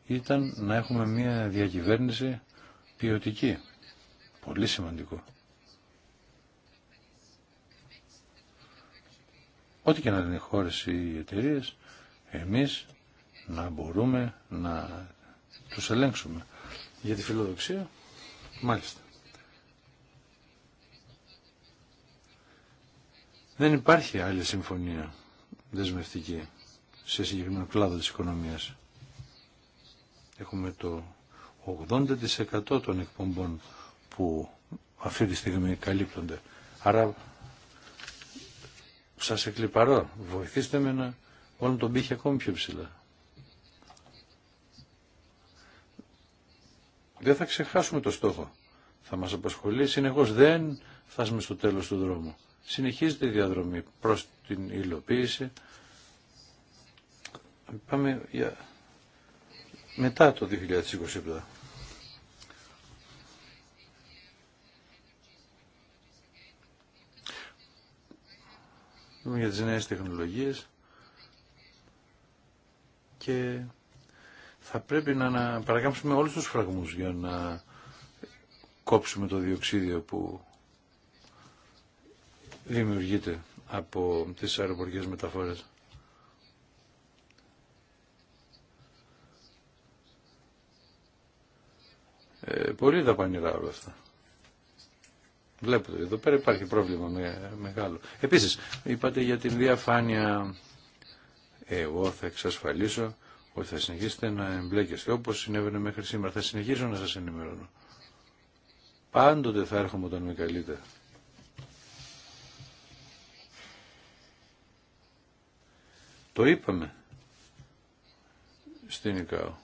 [SPEAKER 1] ήταν να έχουμε μια διακυβέρνηση ποιοτική. Πολύ σημαντικό. Ό,τι και να είναι οι χώρες ή οι εταιρείες, εμείς να μπορούμε να τους ελέγξουμε. Για τη φιλοδοξία, μάλιστα. Δεν υπάρχει άλλη συμφωνία δεσμευτική σε συγκεκριμένο κλάδο της οικονομίας. Έχουμε το 80% των εκπομπών που αυτή τη στιγμή καλύπτονται. Άρα σας εκλυπαρώ, βοηθήστε με να βάλουμε τον πύχη ακόμη πιο ψηλά. δεν θα ξεχάσουμε το στόχο. Θα μας απασχολεί συνεχώς. Δεν φτάσουμε στο τέλος του δρόμου. Συνεχίζεται η διαδρομή προς την υλοποίηση. Πάμε για... μετά το 2027. για τις νέες τεχνολογίες και θα πρέπει να, παρακάμψουμε όλους τους φραγμούς για να κόψουμε το διοξίδιο που δημιουργείται από τις αεροπορικές μεταφορές. Ε, πολύ δαπανηρά όλα αυτά. Βλέπετε, εδώ πέρα υπάρχει πρόβλημα με, μεγάλο. Επίσης, είπατε για την διαφάνεια. Εγώ θα εξασφαλίσω ότι θα συνεχίσετε να εμπλέκεστε όπως συνέβαινε μέχρι σήμερα. Θα συνεχίσω να σας ενημερώνω. Πάντοτε θα έρχομαι όταν με καλείτε. Το είπαμε στην ΙΚΑΟ.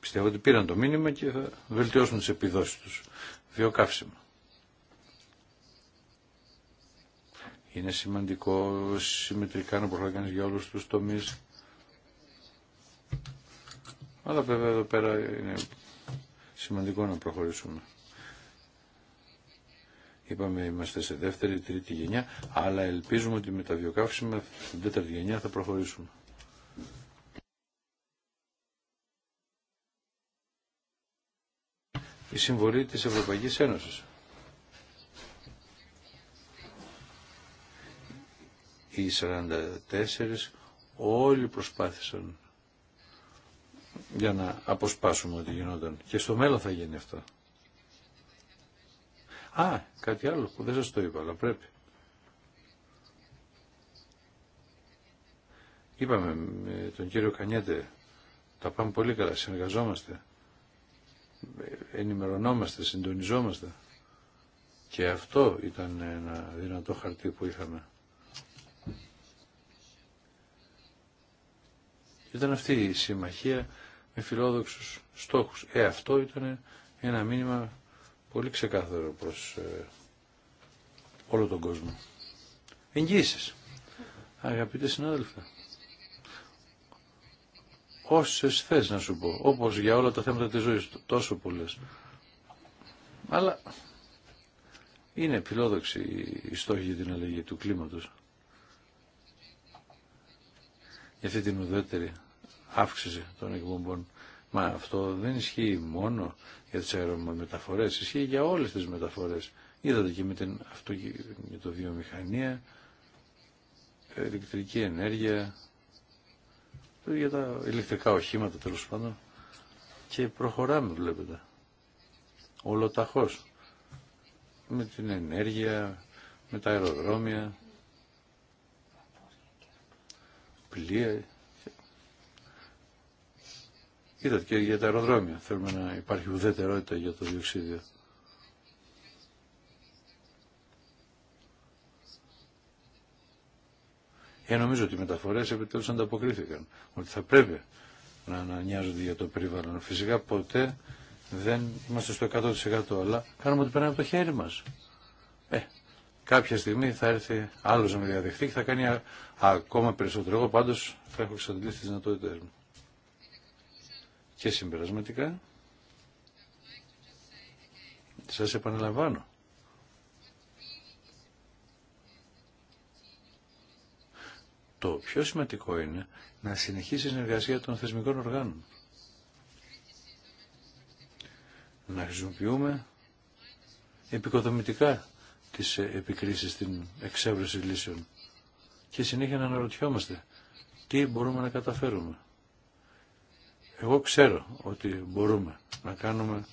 [SPEAKER 1] Πιστεύω ότι πήραν το μήνυμα και θα βελτιώσουν τις επιδόσεις τους. Βιοκαύσιμα. Είναι σημαντικό συμμετρικά να προχωράει κάνει για όλου τους τομείς. Αλλά βέβαια εδώ πέρα είναι σημαντικό να προχωρήσουμε. Είπαμε είμαστε σε δεύτερη, τρίτη γενιά, αλλά ελπίζουμε ότι με τα βιοκαύσιμα στην τέταρτη γενιά θα προχωρήσουμε. Η συμβολή της Ευρωπαϊκής Ένωσης. οι 44 όλοι προσπάθησαν για να αποσπάσουμε ό,τι γινόταν. Και στο μέλλον θα γίνει αυτό. Α, κάτι άλλο που δεν σας το είπα, αλλά πρέπει. Είπαμε με τον κύριο Κανιέτε, τα πάμε πολύ καλά, συνεργαζόμαστε, ενημερωνόμαστε, συντονιζόμαστε. Και αυτό ήταν ένα δυνατό χαρτί που είχαμε. Ήταν αυτή η συμμαχία με φιλόδοξους στόχους. Ε, αυτό ήταν ένα μήνυμα πολύ ξεκάθαρο προς ε, όλο τον κόσμο. Εγγύησες, Αγαπητέ συνάδελφε, όσες θες να σου πω, όπως για όλα τα θέματα της ζωής, τόσο πολλές. Αλλά είναι φιλόδοξη η στόχη για την αλλαγή του κλίματος για αυτή την ουδέτερη αύξηση των εκπομπών. Μα αυτό δεν ισχύει μόνο για τις αερομεταφορές, ισχύει για όλες τις μεταφορές. Είδατε και με την βιομηχανία, ηλεκτρική ενέργεια, για τα ηλεκτρικά οχήματα τέλος πάντων και προχωράμε βλέπετε ολοταχώς με την ενέργεια, με τα αεροδρόμια πλοία. Είδατε και για τα αεροδρόμια θέλουμε να υπάρχει ουδετερότητα για το διοξίδιο. Ε, νομίζω ότι οι μεταφορέ επιτέλου ανταποκρίθηκαν. Ότι θα πρέπει να ανανοιάζονται για το περιβάλλον. Φυσικά ποτέ δεν είμαστε στο 100% αλλά κάνουμε ότι περνάει από το χέρι μα. Ε, κάποια στιγμή θα έρθει άλλος να με διαδεχτεί και θα κάνει ακόμα περισσότερο. Εγώ πάντως θα έχω εξαντλήσει τις δυνατότητες μου. Και συμπερασματικά σας επαναλαμβάνω. Το πιο σημαντικό είναι να συνεχίσει η συνεργασία των θεσμικών οργάνων. Να χρησιμοποιούμε επικοδομητικά τις επικρίσεις, την εξέβρεση λύσεων. Και συνέχεια να αναρωτιόμαστε τι μπορούμε να καταφέρουμε. Εγώ ξέρω ότι μπορούμε να κάνουμε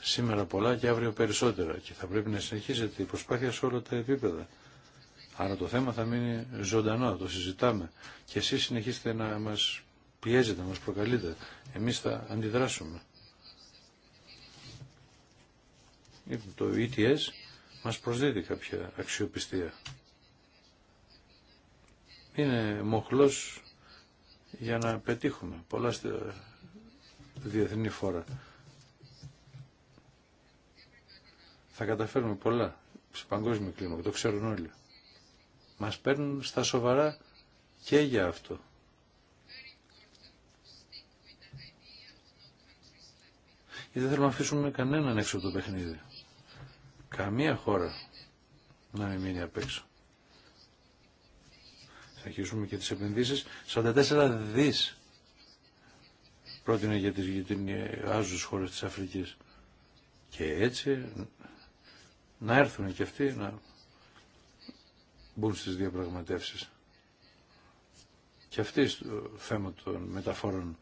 [SPEAKER 1] σήμερα πολλά και αύριο περισσότερα και θα πρέπει να συνεχίσετε η προσπάθεια σε όλα τα επίπεδα. Άρα το θέμα θα μείνει ζωντανό, το συζητάμε και εσείς συνεχίστε να μας πιέζετε, να μας προκαλείτε. Εμείς θα αντιδράσουμε. Το ETS μας προσδίδει κάποια αξιοπιστία. Είναι μοχλός για να πετύχουμε πολλά στη διεθνή φόρα. Θα καταφέρουμε πολλά σε παγκόσμιο κλίμα, το ξέρουν όλοι. Μας παίρνουν στα σοβαρά και για αυτό. Γιατί δεν θέλουμε να αφήσουμε κανέναν έξω από το παιχνίδι καμία χώρα να μην μείνει απ' έξω. Θα αρχίσουμε και τις επενδύσεις. 44 δις πρότεινε για τις γειτονιάζους χώρες της Αφρικής. Και έτσι να έρθουν και αυτοί να μπουν στις διαπραγματεύσεις. Και αυτοί στο θέμα των μεταφόρων.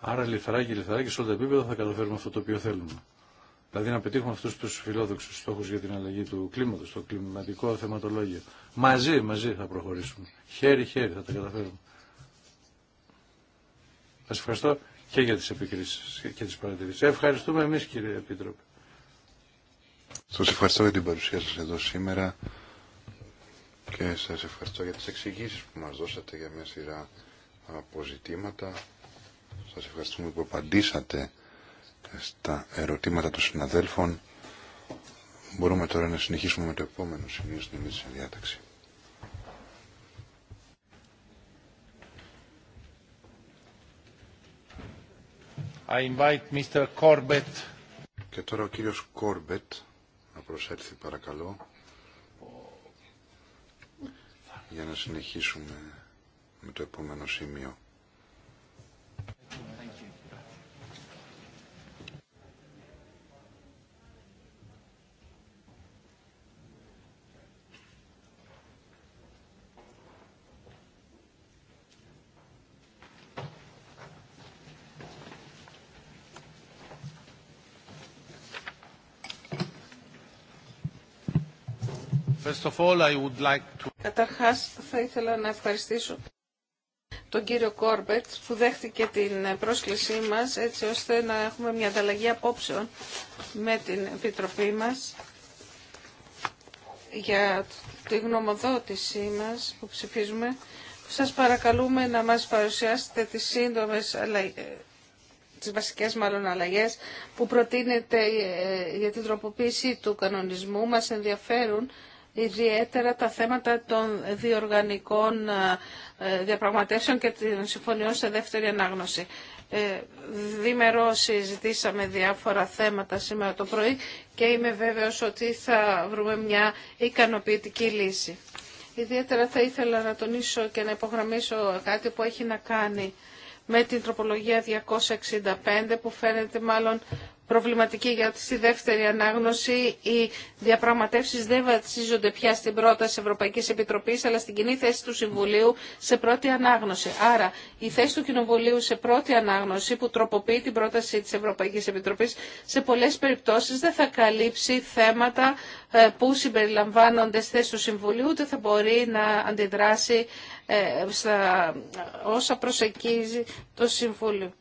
[SPEAKER 1] Άρα λιθαράκι, λιθαράκι, σε όλα τα επίπεδα θα καταφέρουμε αυτό το οποίο θέλουμε. Δηλαδή να πετύχουμε αυτού του φιλόδοξους στόχους για την αλλαγή του κλίματος, το κλιματικό θεματολόγιο. Μαζί, μαζί θα προχωρήσουμε. Χέρι-χέρι θα τα καταφέρουμε. Σα ευχαριστώ και για τις επικρίσεις και τις παρατηρήσεις. Ευχαριστούμε εμείς κύριε Επίτροπε.
[SPEAKER 3] Σας ευχαριστώ για την παρουσία σας εδώ σήμερα και σα ευχαριστώ για τι εξηγήσει που μα δώσατε για μια σειρά αποζητήματα. Σα ευχαριστούμε που απαντήσατε στα ερωτήματα των συναδέλφων. Μπορούμε τώρα να συνεχίσουμε με το επόμενο σημείο στην εμείς διάταξη. I invite Mr. Corbett. Και τώρα ο κύριος Κόρμπετ να προσέλθει παρακαλώ για να συνεχίσουμε με το επόμενο σημείο.
[SPEAKER 1] First
[SPEAKER 2] Καταρχάς, θα ήθελα να ευχαριστήσω τον κύριο Κόρμπετ που δέχτηκε την πρόσκλησή μας έτσι ώστε να έχουμε μια ανταλλαγή απόψεων με την Επιτροπή μας για τη γνωμοδότησή μας που ψηφίζουμε. Σας παρακαλούμε να μας παρουσιάσετε τις σύντομες αλλά τις βασικές μάλλον αλλαγές που προτείνεται ε, για την τροποποίηση του κανονισμού μας ενδιαφέρουν ιδιαίτερα τα θέματα των διοργανικών ε, διαπραγματεύσεων και των συμφωνιών σε δεύτερη ανάγνωση. Ε, Δήμερο συζητήσαμε διάφορα θέματα σήμερα το πρωί και είμαι βέβαιος ότι θα βρούμε μια ικανοποιητική λύση. Ιδιαίτερα θα ήθελα να τονίσω και να υπογραμμίσω κάτι που έχει να κάνει με την τροπολογία 265 που φαίνεται μάλλον προβληματική για τη δεύτερη ανάγνωση. Οι διαπραγματεύσεις δεν βασίζονται πια στην πρόταση Ευρωπαϊκής Επιτροπής, αλλά στην κοινή θέση του Συμβουλίου σε πρώτη ανάγνωση. Άρα, η θέση του Κοινοβουλίου σε πρώτη ανάγνωση, που τροποποιεί την πρόταση της Ευρωπαϊκής Επιτροπής, σε πολλές περιπτώσεις δεν θα καλύψει θέματα ε, που συμπεριλαμβάνονται στη θέση του Συμβουλίου, ούτε θα μπορεί να αντιδράσει ε, ε, όσα προσεγγίζει το Συμβούλιο.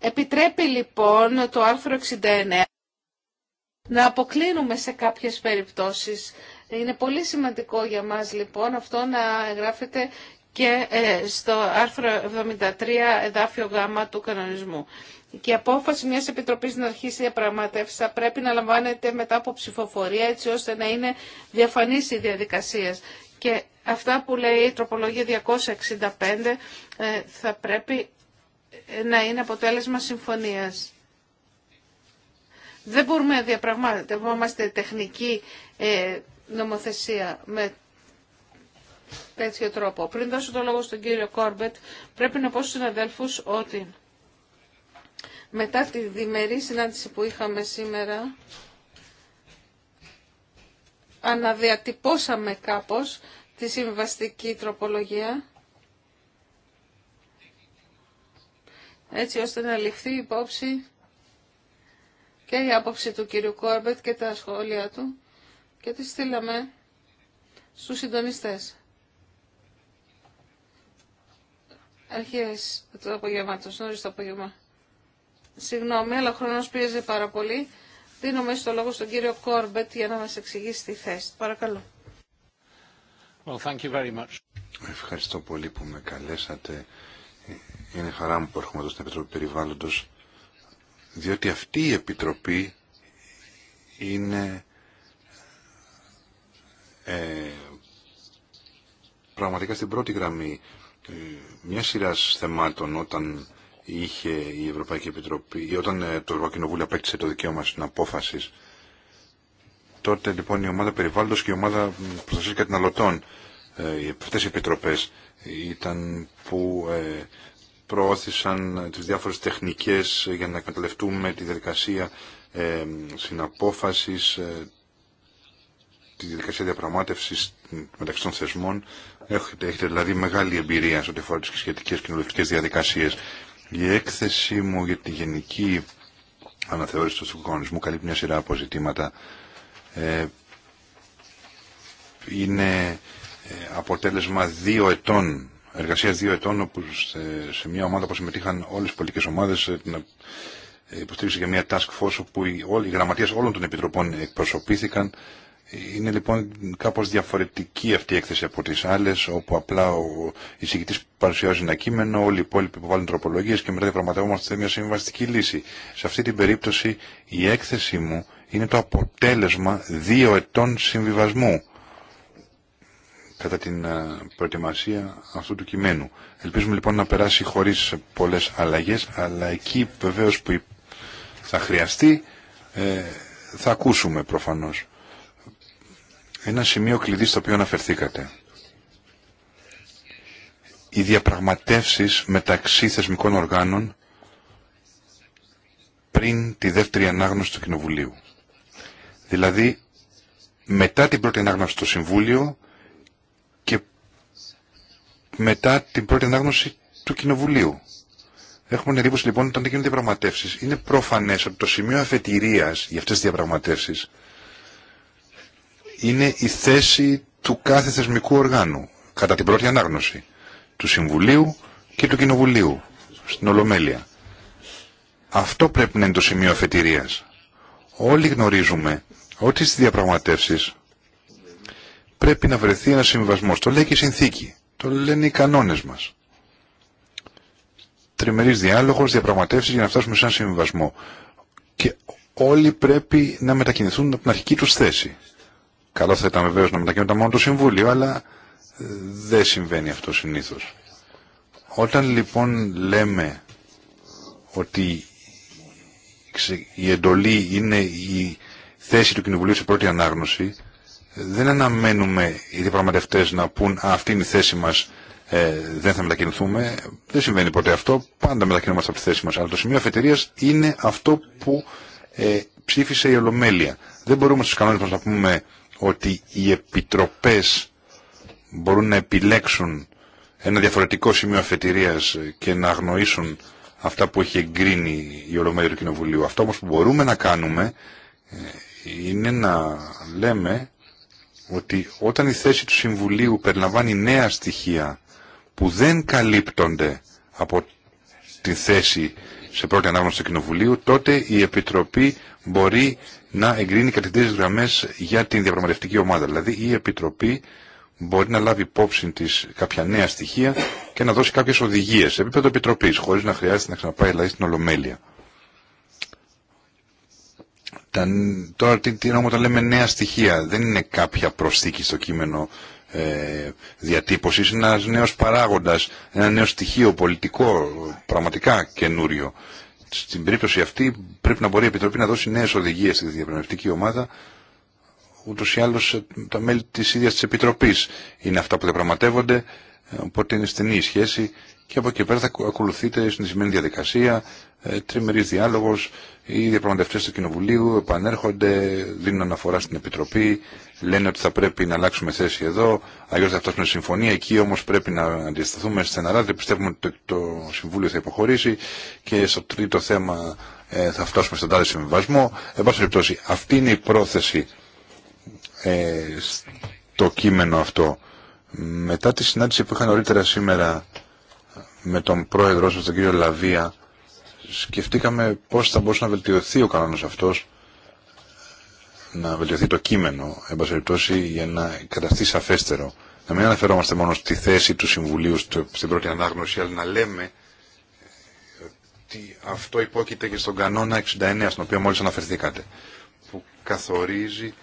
[SPEAKER 2] Επιτρέπει λοιπόν το άρθρο 69 να αποκλίνουμε σε κάποιες περιπτώσεις. Είναι πολύ σημαντικό για μας λοιπόν αυτό να γράφεται και ε, στο άρθρο 73 εδάφιο γ του κανονισμού. Και η απόφαση μιας επιτροπής να αρχίσει διαπραγματεύσει, θα πρέπει να λαμβάνεται μετά από ψηφοφορία έτσι ώστε να είναι διαφανής η διαδικασία. Και αυτά που λέει η τροπολογία 265 ε, θα πρέπει να είναι αποτέλεσμα συμφωνίας. Δεν μπορούμε να διαπραγματευόμαστε τεχνική ε, νομοθεσία με τέτοιο τρόπο. Πριν δώσω το λόγο στον κύριο Κόρμπετ, πρέπει να πω στους συναδέλφους ότι μετά τη διμερή συνάντηση που είχαμε σήμερα, αναδιατυπώσαμε κάπως τη συμβαστική τροπολογία έτσι ώστε να ληφθεί υπόψη και η άποψη του κύριου Κόρμπετ και τα σχόλια του και τη στείλαμε στους συντονιστές. Αρχές του απογεύματος, νωρίς το απόγευμα. Συγγνώμη, αλλά ο χρόνος πίεζε πάρα πολύ. Δίνω μέσα το λόγο στον κύριο Κόρμπετ για να μας εξηγήσει τη θέση. Παρακαλώ.
[SPEAKER 3] Ευχαριστώ πολύ που με καλέσατε είναι χαρά μου που έρχομαι εδώ στην Επιτροπή Περιβάλλοντος, διότι αυτή η Επιτροπή είναι ε, πραγματικά στην πρώτη γραμμή ε, μια σειρά θεμάτων όταν είχε η Ευρωπαϊκή Επιτροπή, όταν ε, το Ευρωκοινοβούλιο απέκτησε το δικαίωμα στην απόφαση, τότε λοιπόν η ομάδα περιβάλλοντος και η ομάδα προστασίας καταναλωτών ε, αυτές οι επιτροπές ήταν που ε, προώθησαν τις διάφορες τεχνικές για να εκμεταλλευτούμε τη διαδικασία ε, συναπόφασης, τη διαδικασία διαπραγμάτευσης μεταξύ των θεσμών. Έχετε, έχετε δηλαδή μεγάλη εμπειρία σε ό,τι αφορά τις σχετικές κοινοβουλευτικές διαδικασίες. Η έκθεση μου για τη γενική αναθεώρηση του οικονομισμού καλύπτει μια σειρά από είναι ε, αποτέλεσμα δύο ετών, εργασία δύο ετών, όπου σε, μια ομάδα που συμμετείχαν όλες οι πολιτικές ομάδες, ε, ε, υποστήριξε και μια task force όπου οι, γραμματείε όλων των επιτροπών εκπροσωπήθηκαν. Είναι λοιπόν κάπω διαφορετική αυτή η έκθεση από τι άλλε, όπου απλά ο εισηγητή παρουσιάζει ένα κείμενο, όλοι οι υπόλοιποι που βάλουν τροπολογίες και μετά διαπραγματευόμαστε μια συμβαστική λύση. Σε αυτή την περίπτωση η έκθεση μου είναι το αποτέλεσμα δύο ετών συμβιβασμού κατά την ε, προετοιμασία αυτού του κειμένου. Ελπίζουμε λοιπόν να περάσει χωρίς πολλές αλλαγές, αλλά εκεί βεβαίως που θα χρειαστεί ε, θα ακούσουμε προφανώς. Ένα σημείο κλειδί στο οποίο αναφερθήκατε. Οι διαπραγματεύσεις μεταξύ θεσμικών οργάνων πριν τη δεύτερη ανάγνωση του Κοινοβουλίου. Δηλαδή, μετά την πρώτη ανάγνωση στο Συμβούλιο, μετά την πρώτη ανάγνωση του Κοινοβουλίου. Έχουμε εντύπωση λοιπόν όταν γίνονται διαπραγματεύσει. Είναι προφανέ ότι το σημείο αφετηρία για αυτέ τι διαπραγματεύσει είναι η θέση του κάθε θεσμικού οργάνου κατά την πρώτη ανάγνωση του Συμβουλίου και του Κοινοβουλίου στην Ολομέλεια. Αυτό πρέπει να είναι το σημείο αφετηρία. Όλοι γνωρίζουμε ότι στι διαπραγματεύσει πρέπει να βρεθεί ένα συμβιβασμό. Το λέει και η συνθήκη. Το λένε οι κανόνες μας. Τριμερής διάλογος, διαπραγματεύσεις για να φτάσουμε σε ένα συμβιβασμό. Και όλοι πρέπει να μετακινηθούν από την αρχική τους θέση. Καλό θα ήταν βεβαίω να μετακινούνταν μόνο το Συμβούλιο, αλλά ε, δεν συμβαίνει αυτό συνήθω. Όταν λοιπόν λέμε ότι η εντολή είναι η θέση του Κοινοβουλίου σε πρώτη ανάγνωση, δεν αναμένουμε οι διαπραγματευτέ να πούν αυτή είναι η θέση μας, ε, δεν θα μετακινηθούμε». Δεν συμβαίνει ποτέ αυτό, πάντα μετακινούμαστε από τη θέση μας. Αλλά το σημείο αφετηρίας είναι αυτό που ε, ψήφισε η Ολομέλεια. Δεν μπορούμε στους κανόνες μας να πούμε ότι οι επιτροπές μπορούν να επιλέξουν ένα διαφορετικό σημείο αφετηρίας και να αγνοήσουν αυτά που έχει εγκρίνει η Ολομέλεια του Κοινοβουλίου. Αυτό όμως που μπορούμε να κάνουμε ε, είναι να λέμε ότι όταν η θέση του Συμβουλίου περιλαμβάνει νέα στοιχεία που δεν καλύπτονται από τη θέση σε πρώτη ανάγνωση του Κοινοβουλίου, τότε η Επιτροπή μπορεί να εγκρίνει κατευθυντήριες γραμμές για την διαπραγματευτική ομάδα. Δηλαδή η Επιτροπή μπορεί να λάβει υπόψη τη κάποια νέα στοιχεία και να δώσει κάποιες οδηγίες σε επίπεδο επιτροπή, χωρί να χρειάζεται να ξαναπάει δηλαδή στην Ολομέλεια τα, τώρα τι, τι όταν λέμε νέα στοιχεία, δεν είναι κάποια προσθήκη στο κείμενο ε, διατύπωσης, είναι ένα νέος παράγοντας, ένα νέο στοιχείο πολιτικό, πραγματικά καινούριο. Στην περίπτωση αυτή πρέπει να μπορεί η Επιτροπή να δώσει νέε οδηγίε στη διαπραγματευτική ομάδα, ούτως ή άλλως ε, τα μέλη της ίδιας της Επιτροπής είναι αυτά που διαπραγματεύονται. Ε, οπότε είναι στενή η αλλω τα μελη τη ίδια τη επιτροπης ειναι αυτα που διαπραγματευονται οποτε ειναι στενη η σχεση και από εκεί πέρα θα ακολουθείτε στην σημερινή διαδικασία, ε, τριμερή διάλογο, οι διαπραγματευτέ του Κοινοβουλίου επανέρχονται, δίνουν αναφορά στην Επιτροπή, λένε ότι θα πρέπει να αλλάξουμε θέση εδώ, αλλιώ θα φτάσουμε σε συμφωνία. Εκεί όμω πρέπει να αντισταθούμε στεναρά, δεν πιστεύουμε ότι το Συμβούλιο θα υποχωρήσει και στο τρίτο θέμα ε, θα φτάσουμε στον τάδε συμβιβασμό. Εν πάση περιπτώσει, αυτή είναι η πρόθεση ε, στο κείμενο αυτό. Μετά τη συνάντηση που είχα νωρίτερα σήμερα με τον πρόεδρό σα, τον κύριο Λαβία, σκεφτήκαμε πώς θα μπορούσε να βελτιωθεί ο κανόνας αυτός, να βελτιωθεί το κείμενο, εν πάση για να καταστεί σαφέστερο. Να μην αναφερόμαστε μόνο στη θέση του Συμβουλίου στην πρώτη ανάγνωση, αλλά να λέμε ότι αυτό υπόκειται και στον κανόνα 69, στον οποίο μόλις αναφερθήκατε, που καθορίζει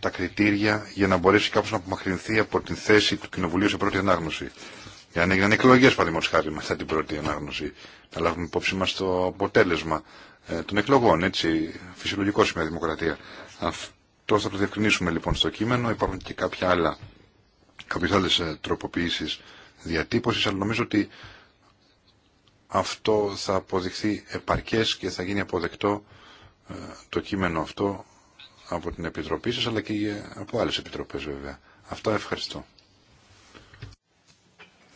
[SPEAKER 3] τα κριτήρια για να μπορέσει κάποιο να απομακρυνθεί από την θέση του Κοινοβουλίου σε πρώτη ανάγνωση. Εάν αν έγιναν εκλογέ παραδείγματο χάρη μετά την πρώτη ανάγνωση. Να λάβουμε υπόψη μα το αποτέλεσμα ε, των εκλογών, έτσι, φυσιολογικό σημαίνει δημοκρατία. Αυτό θα το διευκρινίσουμε λοιπόν στο κείμενο, υπάρχουν και κάποια άλλα, κάποιες άλλες ε, τροποποιήσεις διατύπωσης, αλλά νομίζω ότι αυτό θα αποδειχθεί επαρκέ και θα γίνει αποδεκτό ε, το κείμενο αυτό από την Επιτροπή σας, αλλά και από άλλες Επιτροπές βέβαια. Αυτά ευχαριστώ.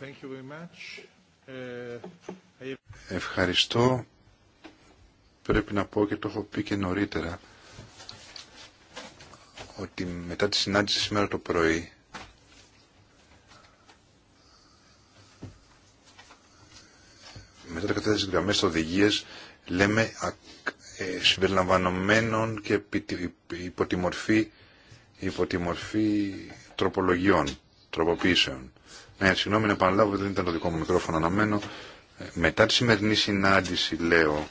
[SPEAKER 1] Uh,
[SPEAKER 3] Ευχαριστώ. Πρέπει να πω και το έχω πει και νωρίτερα ότι μετά τη συνάντηση σήμερα το πρωί μετά τα κατάσταση γραμμές οδηγίες λέμε ε, συμπεριλαμβανομένων και υπό τη υπό τη μορφή τροπολογιών, τροποποίησεων. Ναι, συγγνώμη να επαναλάβω, δεν ήταν το δικό μου μικρόφωνο αναμένο. Ε, μετά τη σημερινή συνάντηση, λέω,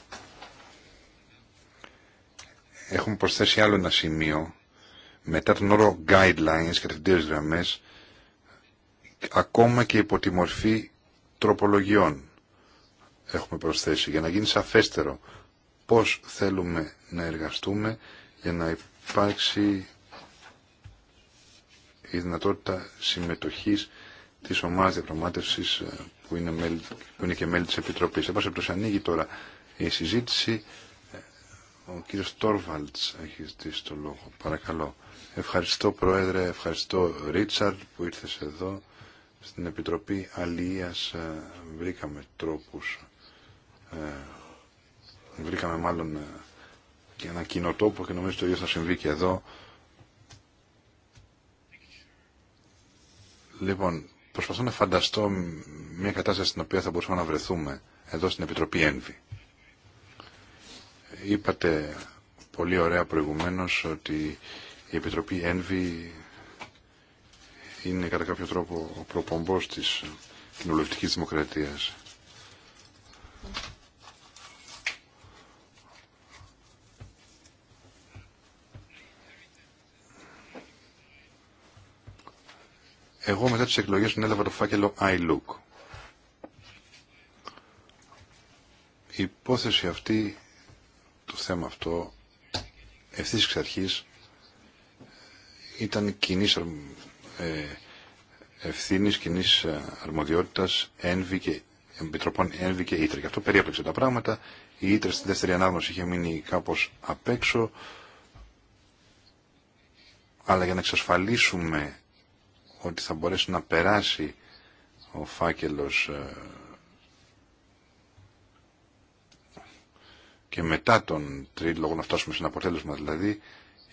[SPEAKER 3] έχουμε προσθέσει άλλο ένα σημείο. Μετά τον όρο guidelines, τι γραμμέ ακόμα και υπό τη μορφή τροπολογιών έχουμε προσθέσει για να γίνει σαφέστερο πώς θέλουμε να εργαστούμε για να υπάρξει η δυνατότητα συμμετοχής της ομάδας διαπραγμάτευσης ε, που είναι, και μέλη της Επιτροπής. Επάσε ανοίγει τώρα η συζήτηση. Ε, ο κύριος Τόρβαλτς έχει ζητήσει το λόγο. Παρακαλώ. Ευχαριστώ Πρόεδρε, ευχαριστώ Ρίτσαρντ που ήρθε εδώ. Στην Επιτροπή αλληλία. Ε, βρήκαμε τρόπους, βρήκαμε μάλλον και ένα κοινό τόπο και νομίζω το ίδιο θα συμβεί και εδώ. Λοιπόν, προσπαθώ να φανταστώ μια κατάσταση στην οποία θα μπορούσαμε να βρεθούμε εδώ στην Επιτροπή Ένβη. Είπατε πολύ ωραία προηγουμένως ότι η Επιτροπή Ένβη είναι κατά κάποιο τρόπο ο προπομπός της κοινοβουλευτικής δημοκρατίας. εγώ μετά τις εκλογές έλαβα το φάκελο iLook. Η υπόθεση αυτή, το θέμα αυτό, ευθύς εξ αρχής, ήταν κοινή ε, ευθύνη, κοινή ε, αρμοδιότητα ένβη και επιτροπών ένβη και Και αυτό περίπλεξε τα πράγματα. Η ήτρε στην δεύτερη ανάγνωση είχε μείνει κάπω απ' έξω. Αλλά για να εξασφαλίσουμε ότι θα μπορέσει να περάσει ο φάκελος ε, και μετά τον τρίλογο να φτάσουμε στην αποτέλεσμα δηλαδή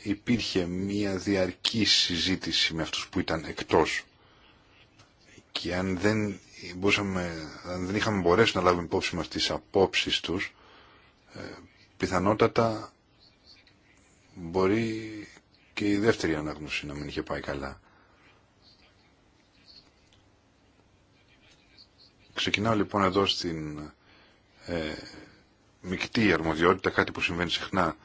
[SPEAKER 3] υπήρχε μια διαρκή συζήτηση με αυτούς που ήταν εκτός και αν δεν, μπορούσαμε, αν δεν είχαμε μπορέσει να λάβουμε υπόψη μας τις απόψεις τους ε, πιθανότατα μπορεί και η δεύτερη ανάγνωση να μην είχε πάει καλά. Ξεκινάω λοιπόν εδώ στην ε, μεικτή αρμοδιότητα, κάτι που συμβαίνει συχνά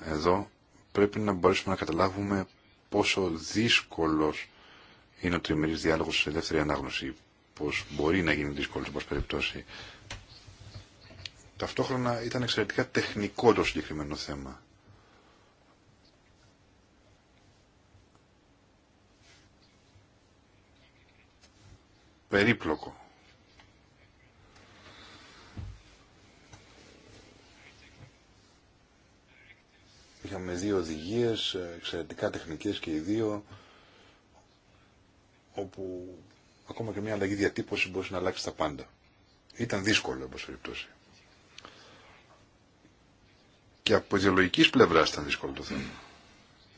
[SPEAKER 3] εδώ. Πρέπει να μπορέσουμε να καταλάβουμε πόσο δύσκολος είναι ο τριμερής διάλογος σε δεύτερη ανάγνωση. Πώς μπορεί να γίνει δύσκολος, όπως περιπτώσει. Ταυτόχρονα ήταν εξαιρετικά τεχνικό το συγκεκριμένο θέμα. Περίπλοκο. Είχαμε δύο οδηγίε εξαιρετικά τεχνικές και οι δύο, όπου ακόμα και μια αλλαγή διατύπωση μπορούσε να αλλάξει τα πάντα. Ήταν δύσκολο, όπω περιπτώσει. Και από ιδεολογική πλευρά ήταν δύσκολο το θέμα.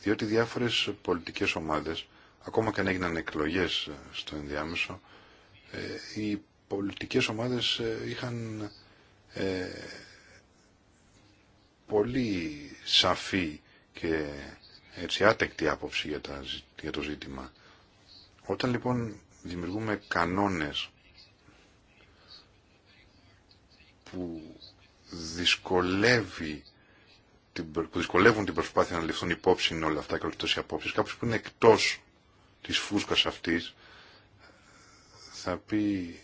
[SPEAKER 3] Διότι διάφορες πολιτικές ομάδες, ακόμα και αν έγιναν εκλογές ε, στο ενδιάμεσο, ε, οι πολιτικές ομάδες ε, είχαν πολύ σαφή και έτσι άτεκτη άποψη για, τα, για το ζήτημα. Όταν λοιπόν δημιουργούμε κανόνες που, δυσκολεύει, που δυσκολεύουν την προσπάθεια να ληφθούν υπόψη όλα αυτά και όλες οι απόψεις, κάποιος που είναι εκτός της φούσκας αυτής, θα πει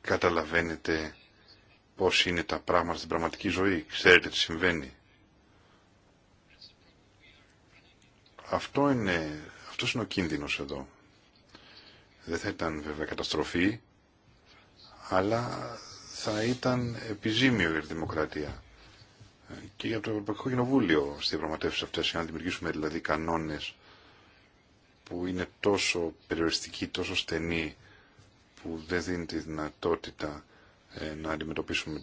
[SPEAKER 3] καταλαβαίνετε πώς είναι τα πράγματα στην πραγματική ζωή. Ξέρετε τι συμβαίνει. Αυτό είναι, αυτός είναι ο κίνδυνος εδώ. Δεν θα ήταν βέβαια καταστροφή, αλλά θα ήταν επιζήμιο για τη δημοκρατία και για το Ευρωπαϊκό Κοινοβούλιο στις διαπραγματεύσεις αυτές, να δημιουργήσουμε δηλαδή κανόνες που είναι τόσο περιοριστικοί, τόσο στενοί, που δεν δίνει τη δυνατότητα ε, να αντιμετωπίσουμε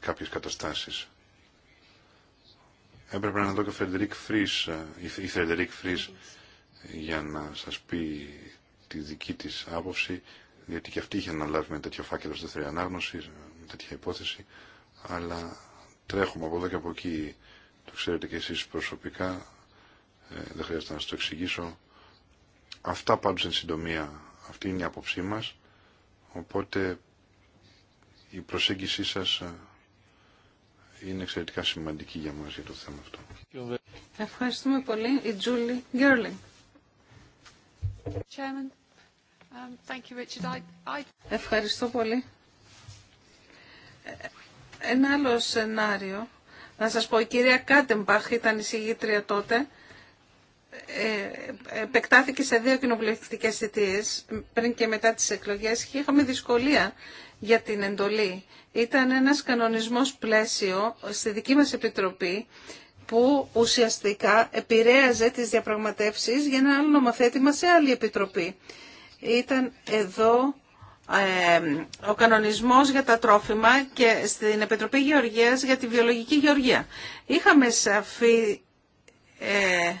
[SPEAKER 3] κάποιες καταστάσεις. Έπρεπε να δω και Φρεντερίκ Φρίς, ε, η Φρεντερίκ Φρίς για να σας πει τη δική της άποψη, γιατί και αυτή είχε αναλάβει με τέτοιο φάκελο στη δεύτερη ανάγνωση, με τέτοια υπόθεση, αλλά τρέχουμε από εδώ και από εκεί, το ξέρετε και εσείς προσωπικά, ε, δεν χρειάζεται να σας το εξηγήσω. Αυτά πάντως εν συντομία, αυτή είναι η άποψή μας, οπότε η προσέγγισή σας ε, είναι εξαιρετικά σημαντική για μας για το θέμα αυτό.
[SPEAKER 2] Ευχαριστούμε πολύ. Η Τζούλη Γκέρλιν. Um, Ευχαριστώ πολύ. Ε, ένα άλλο σενάριο. Να σας πω, η κυρία Κάτεμπαχ ήταν η συγγήτρια τότε. Ε, επεκτάθηκε σε δύο κοινοβουλευτικές θητείες πριν και μετά τις εκλογές και είχαμε δυσκολία για την εντολή. Ήταν ένας κανονισμός πλαίσιο στη δική μας Επιτροπή που ουσιαστικά επηρέαζε τις διαπραγματεύσεις για ένα άλλο νομοθέτημα σε άλλη Επιτροπή. Ήταν εδώ ε, ο κανονισμός για τα τρόφιμα και στην Επιτροπή Γεωργίας για τη βιολογική γεωργία. Είχαμε σαφή ε,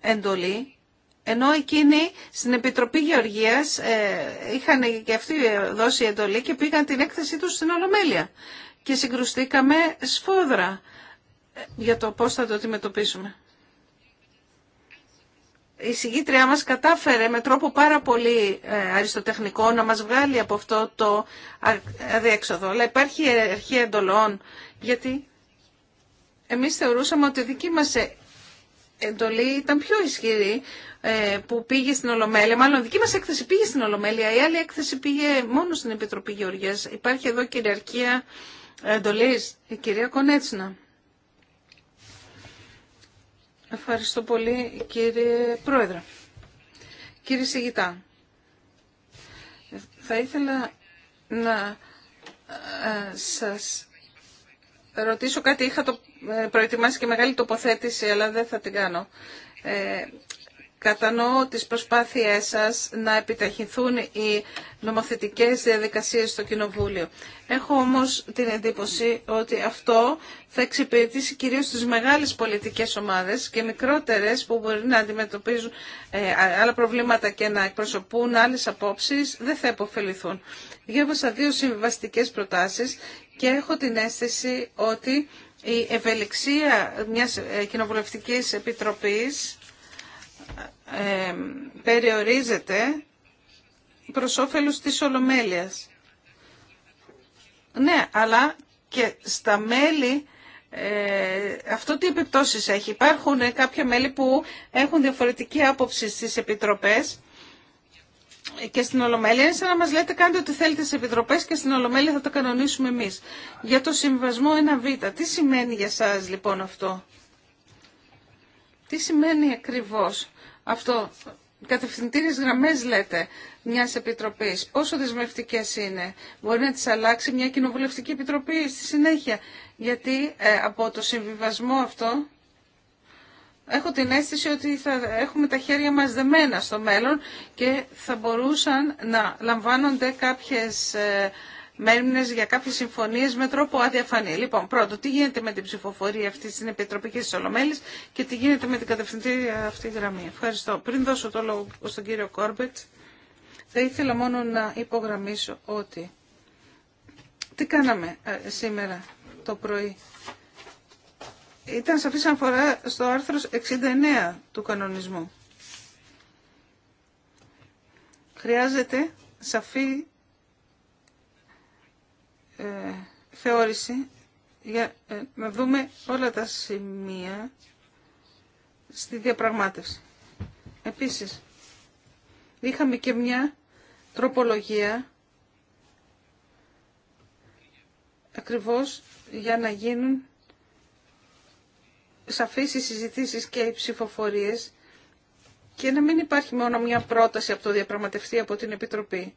[SPEAKER 2] εντολή ενώ εκείνοι στην Επιτροπή Γεωργίας ε, είχαν και αυτοί δώσει εντολή και πήγαν την έκθεσή τους στην Ολομέλεια. Και συγκρουστήκαμε σφόδρα ε, για το πώς θα το αντιμετωπίσουμε. Η συγγήτριά μας κατάφερε με τρόπο πάρα πολύ ε, αριστοτεχνικό να μας βγάλει από αυτό το αδιέξοδο. Αλλά υπάρχει αρχή εντολών γιατί εμείς θεωρούσαμε ότι η δική μας εντολή ήταν πιο ισχυρή ε, που πήγε στην Ολομέλεια, μάλλον δική μας έκθεση πήγε στην Ολομέλεια, η άλλη έκθεση πήγε μόνο στην Επιτροπή Γεωργίας. Υπάρχει εδώ κυριαρχία εντολή. η κυρία Κονέτσινα. Ευχαριστώ πολύ κύριε Πρόεδρε. Κύριε Σιγητά, θα ήθελα να ε, σας ρωτήσω κάτι. Είχα το ε, προετοιμάσει και μεγάλη τοποθέτηση, αλλά δεν θα την κάνω. Ε, Κατανοώ τις προσπάθειές σας να επιταχυνθούν οι νομοθετικές διαδικασίες στο Κοινοβούλιο. Έχω όμως την εντύπωση ότι αυτό θα εξυπηρετήσει κυρίως τις μεγάλες πολιτικές ομάδες και μικρότερες που μπορεί να αντιμετωπίζουν ε, άλλα προβλήματα και να εκπροσωπούν άλλες απόψεις, δεν θα υποφεληθούν. Διάβασα δύο συμβιβαστικές προτάσεις και έχω την αίσθηση ότι η ευελιξία μιας ε, κοινοβουλευτικής επιτροπής ε, περιορίζεται προς όφελος της Ολομέλειας. Ναι, αλλά και στα μέλη ε, αυτό τι επιπτώσεις έχει. Υπάρχουν κάποια μέλη που έχουν διαφορετική άποψη στις επιτροπές και στην Ολομέλεια. Είναι σαν να μας λέτε κάντε ό,τι θέλετε στις επιτροπές και στην Ολομέλεια θα το κανονίσουμε εμείς. Για το συμβασμό 1β, τι σημαίνει για σας λοιπόν αυτό. Τι σημαίνει ακριβώς αυτό. Κατευθυντήριε γραμμές λέτε μια επιτροπή. Πόσο δεσμευτικέ είναι. Μπορεί να τις αλλάξει μια κοινοβουλευτική επιτροπή στη συνέχεια. Γιατί ε, από το συμβιβασμό αυτό έχω την αίσθηση ότι θα έχουμε τα χέρια μας δεμένα στο μέλλον και θα μπορούσαν να λαμβάνονται κάποιες ε, μέρμηνε για κάποιες συμφωνίες με τρόπο αδιαφανή. Λοιπόν, πρώτο, τι γίνεται με την ψηφοφορία αυτή στην και στι Ολομέλειε και τι γίνεται με την κατευθυντήρια αυτή γραμμή. Ευχαριστώ. Πριν δώσω το λόγο στον κύριο Κόρμπετ, θα ήθελα μόνο να υπογραμμίσω ότι τι κάναμε ε, σήμερα το πρωί. Ήταν σαφής αναφορά στο άρθρο 69 του κανονισμού. Χρειάζεται σαφή ε, θεώρηση για ε, να δούμε όλα τα σημεία στη διαπραγμάτευση. Επίσης, είχαμε και μια τροπολογία ακριβώς για να γίνουν σαφείς οι συζητήσεις και οι ψηφοφορίες και να μην υπάρχει μόνο μια πρόταση από το διαπραγματευτή από την Επιτροπή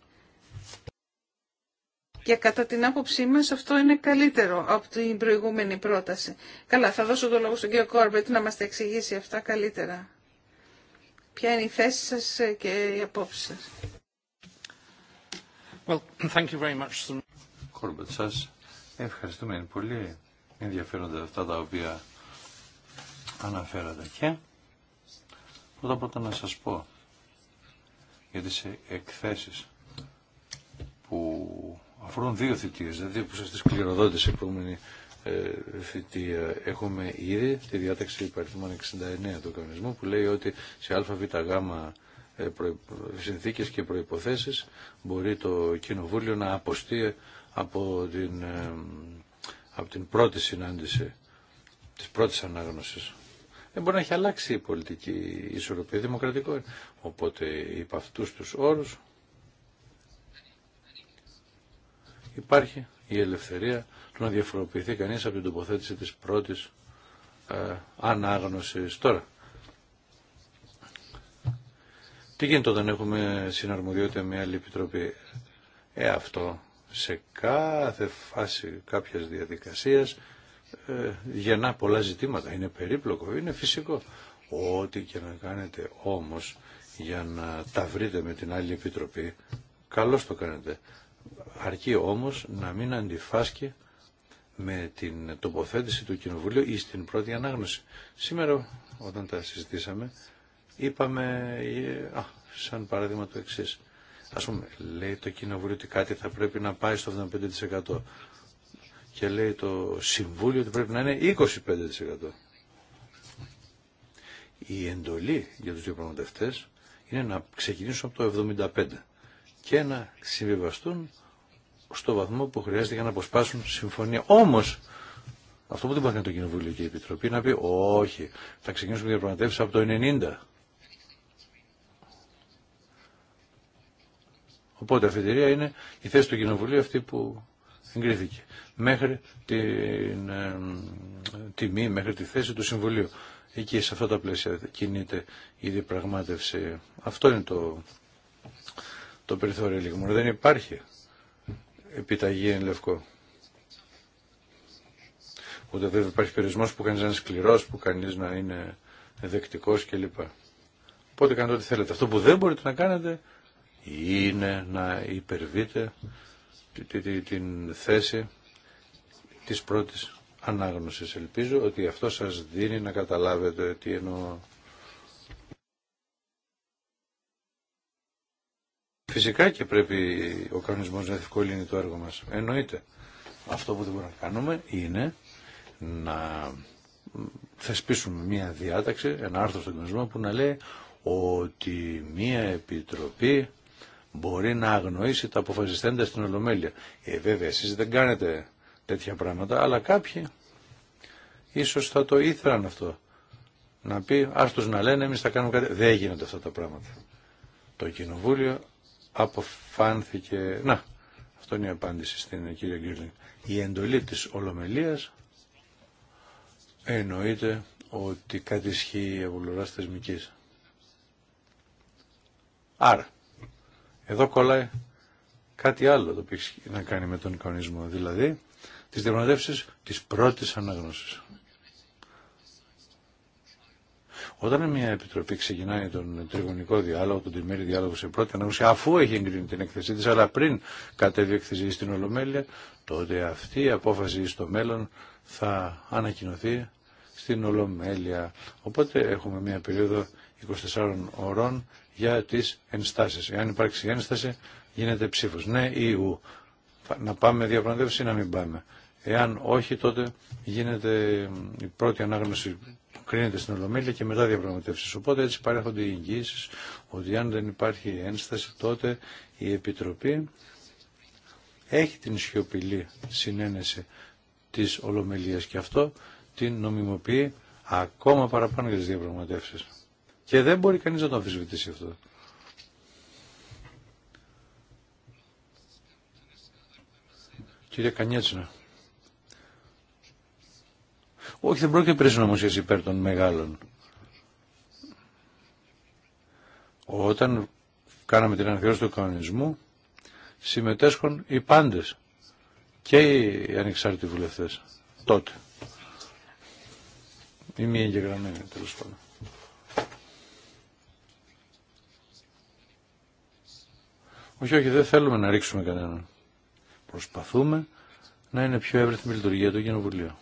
[SPEAKER 2] και κατά την άποψή μα αυτό είναι καλύτερο από την προηγούμενη πρόταση. Καλά, θα δώσω το λόγο στον κύριο Κόρμπετ να μας τα εξηγήσει αυτά καλύτερα. Ποια είναι η θέση σα και η απόψη σα. Well,
[SPEAKER 1] thank you very much. Κόρμπετ, σα ευχαριστούμε. Είναι πολύ ενδιαφέροντα αυτά τα οποία αναφέρατε. Και πρώτα πρώτα να σας πω για τι εκθέσεις που αφορούν δύο θητείε. δηλαδή που σας τις κληροδότησε η επόμενη ε, θητεία. Έχουμε ήδη τη διάταξη υπαριθμών 69 του κανονισμού που λέει ότι σε ΑΒΓ ε, συνθήκες και προϋποθέσεις μπορεί το Κοινοβούλιο να αποστεί από την, ε, από την πρώτη συνάντηση της πρώτης ανάγνωσης. Δεν μπορεί να έχει αλλάξει η πολιτική ισορροπία δημοκρατικό. Οπότε υπ' αυτούς τους όρους υπάρχει η ελευθερία του να διαφοροποιηθεί κανείς από την τοποθέτηση της πρώτης ε, ανάγνωσης. Τώρα, τι γίνεται όταν έχουμε συναρμοδιότητα με άλλη επιτροπή. Ε, αυτό σε κάθε φάση κάποιας διαδικασίας ε, γεννά πολλά ζητήματα. Είναι περίπλοκο, είναι φυσικό. Ό,τι και να κάνετε όμως για να τα βρείτε με την άλλη επιτροπή, καλώς το κάνετε αρκεί όμως να μην αντιφάσκει με την τοποθέτηση του Κοινοβουλίου ή στην πρώτη ανάγνωση. Σήμερα όταν τα συζητήσαμε είπαμε α, σαν παράδειγμα το εξή. Ας πούμε λέει το Κοινοβούλιο ότι κάτι θα πρέπει να πάει στο 75% και λέει το Συμβούλιο ότι πρέπει να είναι 25%. Η εντολή για τους διαπραγματευτέ είναι να ξεκινήσουν από το 75% και να συμβιβαστούν στο βαθμό που χρειάζεται για να αποσπάσουν συμφωνία. Όμως, αυτό που δεν μπορεί να το Κοινοβούλιο και η Επιτροπή να πει όχι, θα ξεκινήσουμε διαπραγματεύσει από το 90. Οπότε η αφετηρία είναι η θέση του Κοινοβουλίου αυτή που εγκρίθηκε. Μέχρι την ε, τιμή, μέχρι τη θέση του Συμβουλίου. Εκεί σε αυτά τα πλαίσια κινείται η διαπραγμάτευση. Αυτό είναι το το περιθώριο λίγο. Δεν υπάρχει επιταγή εν λευκό. Ούτε βέβαια υπάρχει περιορισμό που κανεί να είναι σκληρό, που κανεί να είναι δεκτικό κλπ. Οπότε κάνετε ό,τι θέλετε. Αυτό που δεν μπορείτε να κάνετε είναι να υπερβείτε την θέση της πρώτης ανάγνωσης. Ελπίζω ότι αυτό σας δίνει να καταλάβετε τι εννοώ. Φυσικά και πρέπει ο κανονισμός να διευκολύνει το έργο μας. Εννοείται. Αυτό που δεν μπορούμε να κάνουμε είναι να θεσπίσουμε μία διάταξη, ένα άρθρο στον κανονισμό που να λέει ότι μία επιτροπή μπορεί να αγνοήσει τα αποφασιστέντα στην Ολομέλεια. Ε, βέβαια, εσείς δεν κάνετε τέτοια πράγματα, αλλά κάποιοι ίσως θα το ήθελαν αυτό. Να πει, ας να λένε, εμείς θα κάνουμε κάτι. Δεν γίνονται αυτά τα πράγματα. Το Κοινοβούλιο αποφάνθηκε... Να, αυτό είναι η απάντηση στην κυρία Γκίρλινγκ. Η εντολή της Ολομελίας εννοείται ότι κάτι ισχύει από θεσμικής. Άρα, εδώ κολλάει κάτι άλλο το οποίο έχει να κάνει με τον κανονισμό, δηλαδή τις διαπραγματεύσεις της πρώτης αναγνώσης. Όταν μια επιτροπή ξεκινάει τον τριγωνικό διάλογο, τον τριμέρι διάλογο σε πρώτη ανάγνωση, αφού έχει εγκρίνει την έκθεσή τη, αλλά πριν κατέβει η έκθεση στην Ολομέλεια, τότε αυτή η απόφαση στο μέλλον θα ανακοινωθεί στην Ολομέλεια. Οπότε έχουμε μια περίοδο 24 ωρών για τις ενστάσεις. Εάν υπάρξει ένσταση, γίνεται ψήφο. Ναι ή ου. Να πάμε διαπραγματεύσει ή να μην πάμε. Εάν όχι, τότε γίνεται η πρώτη ανάγνωση κρίνεται στην Ολομέλεια και μετά διαπραγματεύσει. Οπότε έτσι παρέχονται οι εγγύησει ότι αν δεν υπάρχει ένσταση τότε η Επιτροπή έχει την σιωπηλή συνένεση της Ολομέλεια και αυτό την νομιμοποιεί ακόμα παραπάνω για τις διαπραγματεύσεις. Και δεν μπορεί κανεί να το αμφισβητήσει αυτό. Κύριε Κανιέτσινα. Όχι, δεν πρόκειται περί συνωμοσία υπέρ των μεγάλων. Όταν κάναμε την αναθεώρηση του κανονισμού, συμμετέσχουν οι πάντες και οι ανεξάρτητοι βουλευτές τότε. Ή μη εγγεγραμμένοι τέλος πάντων. Όχι, όχι, δεν θέλουμε να ρίξουμε κανέναν. Προσπαθούμε να είναι πιο εύρυθμη η μία εγγεγραμμένη τελο παντων οχι οχι δεν θελουμε να ριξουμε κανεναν προσπαθουμε να ειναι πιο εύρεθμη η λειτουργια του Κοινοβουλίου.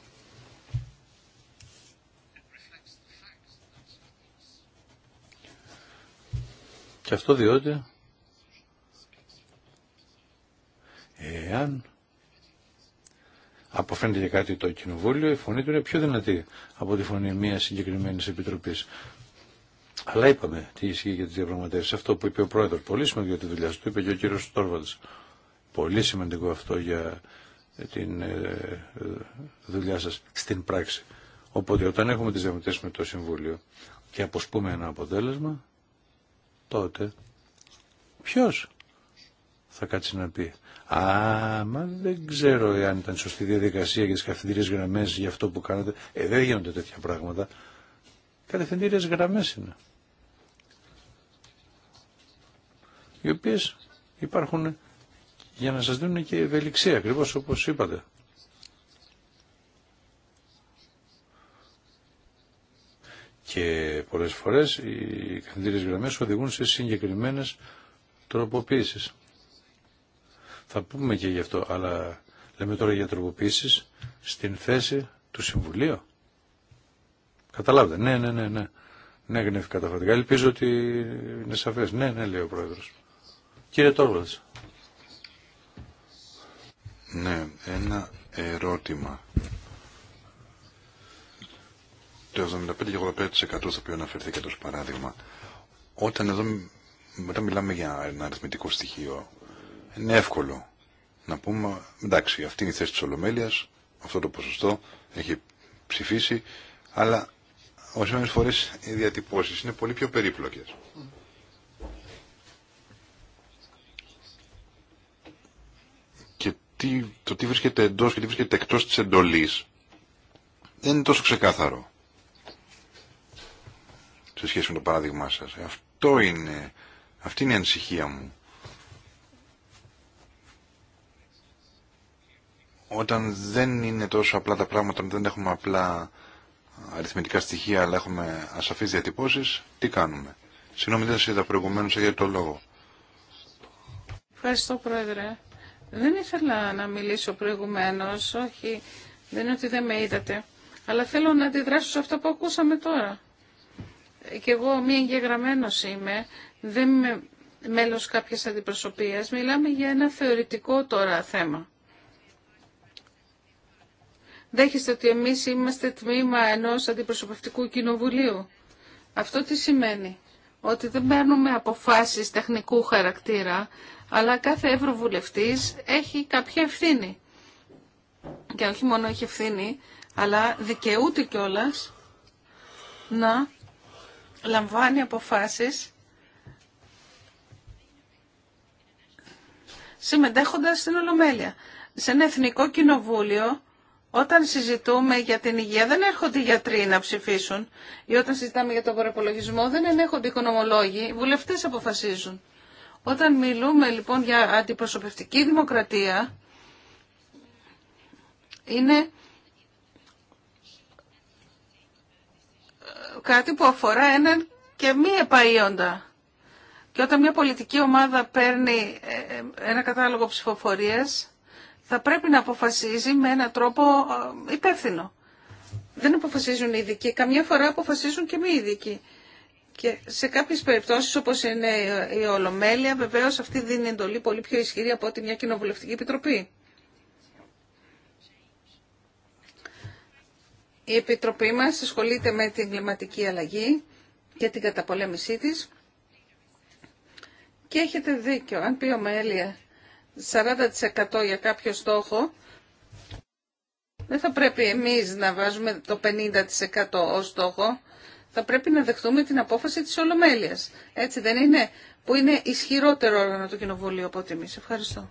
[SPEAKER 1] Και αυτό διότι εάν αποφαίνεται για κάτι το κοινοβούλιο, η φωνή του είναι πιο δυνατή από τη φωνή μιας συγκεκριμένης επιτροπής. Αλλά είπαμε τι ισχύει για τι διαπραγματεύσει. Αυτό που είπε ο πρόεδρο, πολύ σημαντικό για τη δουλειά το είπε και ο κύριο Τόρβαλτ. Πολύ σημαντικό αυτό για ε, την ε, ε, δουλειά σα στην πράξη. Οπότε όταν έχουμε τι διαπραγματεύσει με το Συμβούλιο και αποσπούμε ένα αποτέλεσμα, τότε ποιος θα κάτσει να πει «Α, μα δεν ξέρω αν ήταν σωστή διαδικασία για τις καθημερινές γραμμές για αυτό που κάνατε». Ε, δεν γίνονται τέτοια πράγματα. Κατευθυντήριες γραμμές είναι. Οι οποίες υπάρχουν για να σας δίνουν και ευελιξία, ακριβώς όπως είπατε. Και πολλές φορές οι καθημερινές γραμμές οδηγούν σε συγκεκριμένες τροποποίησεις. Θα πούμε και γι' αυτό, αλλά λέμε τώρα για τροποποίησεις στην θέση του Συμβουλίου. Καταλάβετε, ναι, ναι, ναι, ναι. Ναι, γνέφει καταφατικά. Ελπίζω ότι είναι σαφές. Ναι, ναι, λέει ο Πρόεδρος. Κύριε Τόρβαλτς.
[SPEAKER 3] Ναι, ένα ερώτημα το 75-85% στο οποίο αναφερθήκατε ως παράδειγμα. Όταν εδώ μετά μιλάμε για ένα αριθμητικό στοιχείο, είναι εύκολο να πούμε, εντάξει, αυτή είναι η θέση της Ολομέλειας, αυτό το ποσοστό έχει ψηφίσει, αλλά ορισμένες φορές οι διατυπώσεις είναι πολύ πιο περίπλοκες. Και το τι βρίσκεται εντός και τι βρίσκεται εκτός της εντολής δεν είναι τόσο ξεκάθαρο σε σχέση με το παράδειγμά σας. Αυτό είναι, αυτή είναι η ανησυχία μου. Όταν δεν είναι τόσο απλά τα πράγματα, όταν δεν έχουμε απλά αριθμητικά στοιχεία, αλλά έχουμε ασαφείς διατυπώσεις, τι κάνουμε. Συγγνώμη, δεν σας είδα προηγουμένως για το λόγο.
[SPEAKER 2] Ευχαριστώ, Πρόεδρε. Δεν ήθελα να μιλήσω προηγουμένως, όχι, δεν είναι ότι δεν με είδατε. Αλλά θέλω να αντιδράσω σε αυτό που ακούσαμε τώρα και εγώ μη εγγεγραμμένος είμαι, δεν είμαι μέλος κάποιας αντιπροσωπείας, μιλάμε για ένα θεωρητικό τώρα θέμα. Δέχεστε ότι εμείς είμαστε τμήμα ενός αντιπροσωπευτικού κοινοβουλίου. Αυτό τι σημαίνει. Ότι δεν παίρνουμε αποφάσεις τεχνικού χαρακτήρα, αλλά κάθε ευρωβουλευτής έχει κάποια ευθύνη. Και όχι μόνο έχει ευθύνη, αλλά δικαιούται κιόλας να λαμβάνει αποφάσεις συμμετέχοντας στην Ολομέλεια. Σε ένα εθνικό κοινοβούλιο, όταν συζητούμε για την υγεία, δεν έρχονται οι γιατροί να ψηφίσουν. Ή όταν συζητάμε για τον προπολογισμό, δεν ενέχονται οι οικονομολόγοι. Οι βουλευτές αποφασίζουν. Όταν μιλούμε λοιπόν για αντιπροσωπευτική δημοκρατία, είναι κάτι που αφορά έναν και μη επαΐοντα. Και όταν μια πολιτική ομάδα παίρνει ε, ε, ένα κατάλογο ψηφοφορίας, θα πρέπει να αποφασίζει με έναν τρόπο ε, υπεύθυνο. Δεν αποφασίζουν οι ειδικοί, καμιά φορά αποφασίζουν και μη ειδικοί. Και σε κάποιες περιπτώσεις όπως είναι η Ολομέλεια, βεβαίως αυτή δίνει εντολή πολύ πιο ισχυρή από ότι μια κοινοβουλευτική επιτροπή. Η Επιτροπή μας ασχολείται με την κλιματική αλλαγή και την καταπολέμησή της. Και έχετε δίκιο, αν πει Μέλια 40% για κάποιο στόχο, δεν θα πρέπει εμείς να βάζουμε το 50% ως στόχο, θα πρέπει να δεχτούμε την απόφαση της Ολομέλειας. Έτσι δεν είναι, που είναι ισχυρότερο όργανο του Κοινοβουλίου από ότι εμείς. Ευχαριστώ.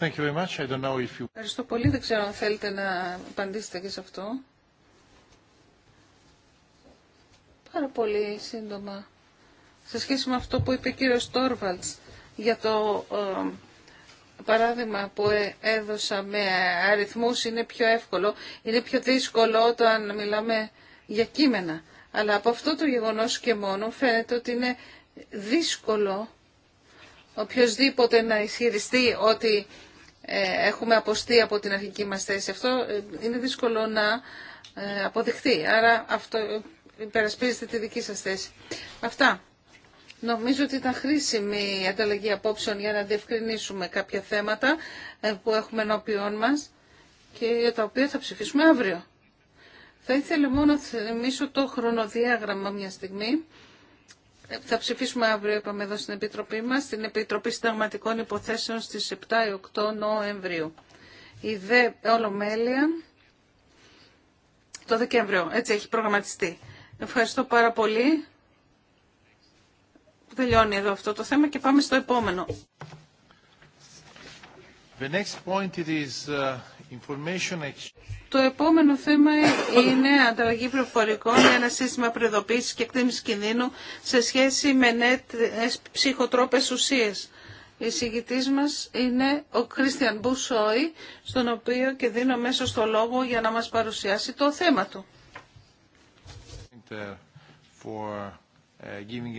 [SPEAKER 3] Thank you very much. I don't know if you...
[SPEAKER 2] Ευχαριστώ πολύ. Δεν ξέρω αν θέλετε να απαντήσετε και σε αυτό. Πάρα πολύ σύντομα. Σε σχέση με αυτό που είπε ο κύριος Τόρβαλτς για το ε, παράδειγμα που ε, έδωσα με αριθμούς είναι πιο εύκολο, είναι πιο δύσκολο όταν μιλάμε για κείμενα. Αλλά από αυτό το γεγονός και μόνο φαίνεται ότι είναι δύσκολο οποιοδήποτε να ισχυριστεί ότι ε, έχουμε αποστεί από την αρχική μας θέση. Αυτό είναι δύσκολο να αποδειχθεί. Άρα αυτό υπερασπίζετε τη δική σας θέση. Αυτά. Νομίζω ότι ήταν χρήσιμη η ανταλλαγή απόψεων για να διευκρινίσουμε κάποια θέματα ε, που έχουμε ενώπιόν μας και για τα οποία θα ψηφίσουμε αύριο. Θα ήθελα μόνο να θυμίσω το χρονοδιάγραμμα μια στιγμή. Ε, θα ψηφίσουμε αύριο, είπαμε εδώ στην Επιτροπή μας, στην Επιτροπή Συνταγματικών Υποθέσεων στις 7-8 Νοεμβρίου. Η ΔΕ Ολομέλεια το Δεκέμβριο, έτσι έχει προγραμματιστεί. Ευχαριστώ πάρα πολύ. Τελειώνει εδώ αυτό το θέμα και πάμε στο επόμενο.
[SPEAKER 1] Uh,
[SPEAKER 2] το επόμενο θέμα είναι ανταλλαγή πληροφορικών για ένα σύστημα προειδοποίηση και εκτίμηση κινδύνου σε σχέση με νέε ψυχοτρόπε ουσίε. Η συγκητή μα είναι ο Κρίστιαν Μπουσόη, στον οποίο και δίνω μέσω στο λόγο για να μα παρουσιάσει το θέμα του.
[SPEAKER 1] Uh, for uh, giving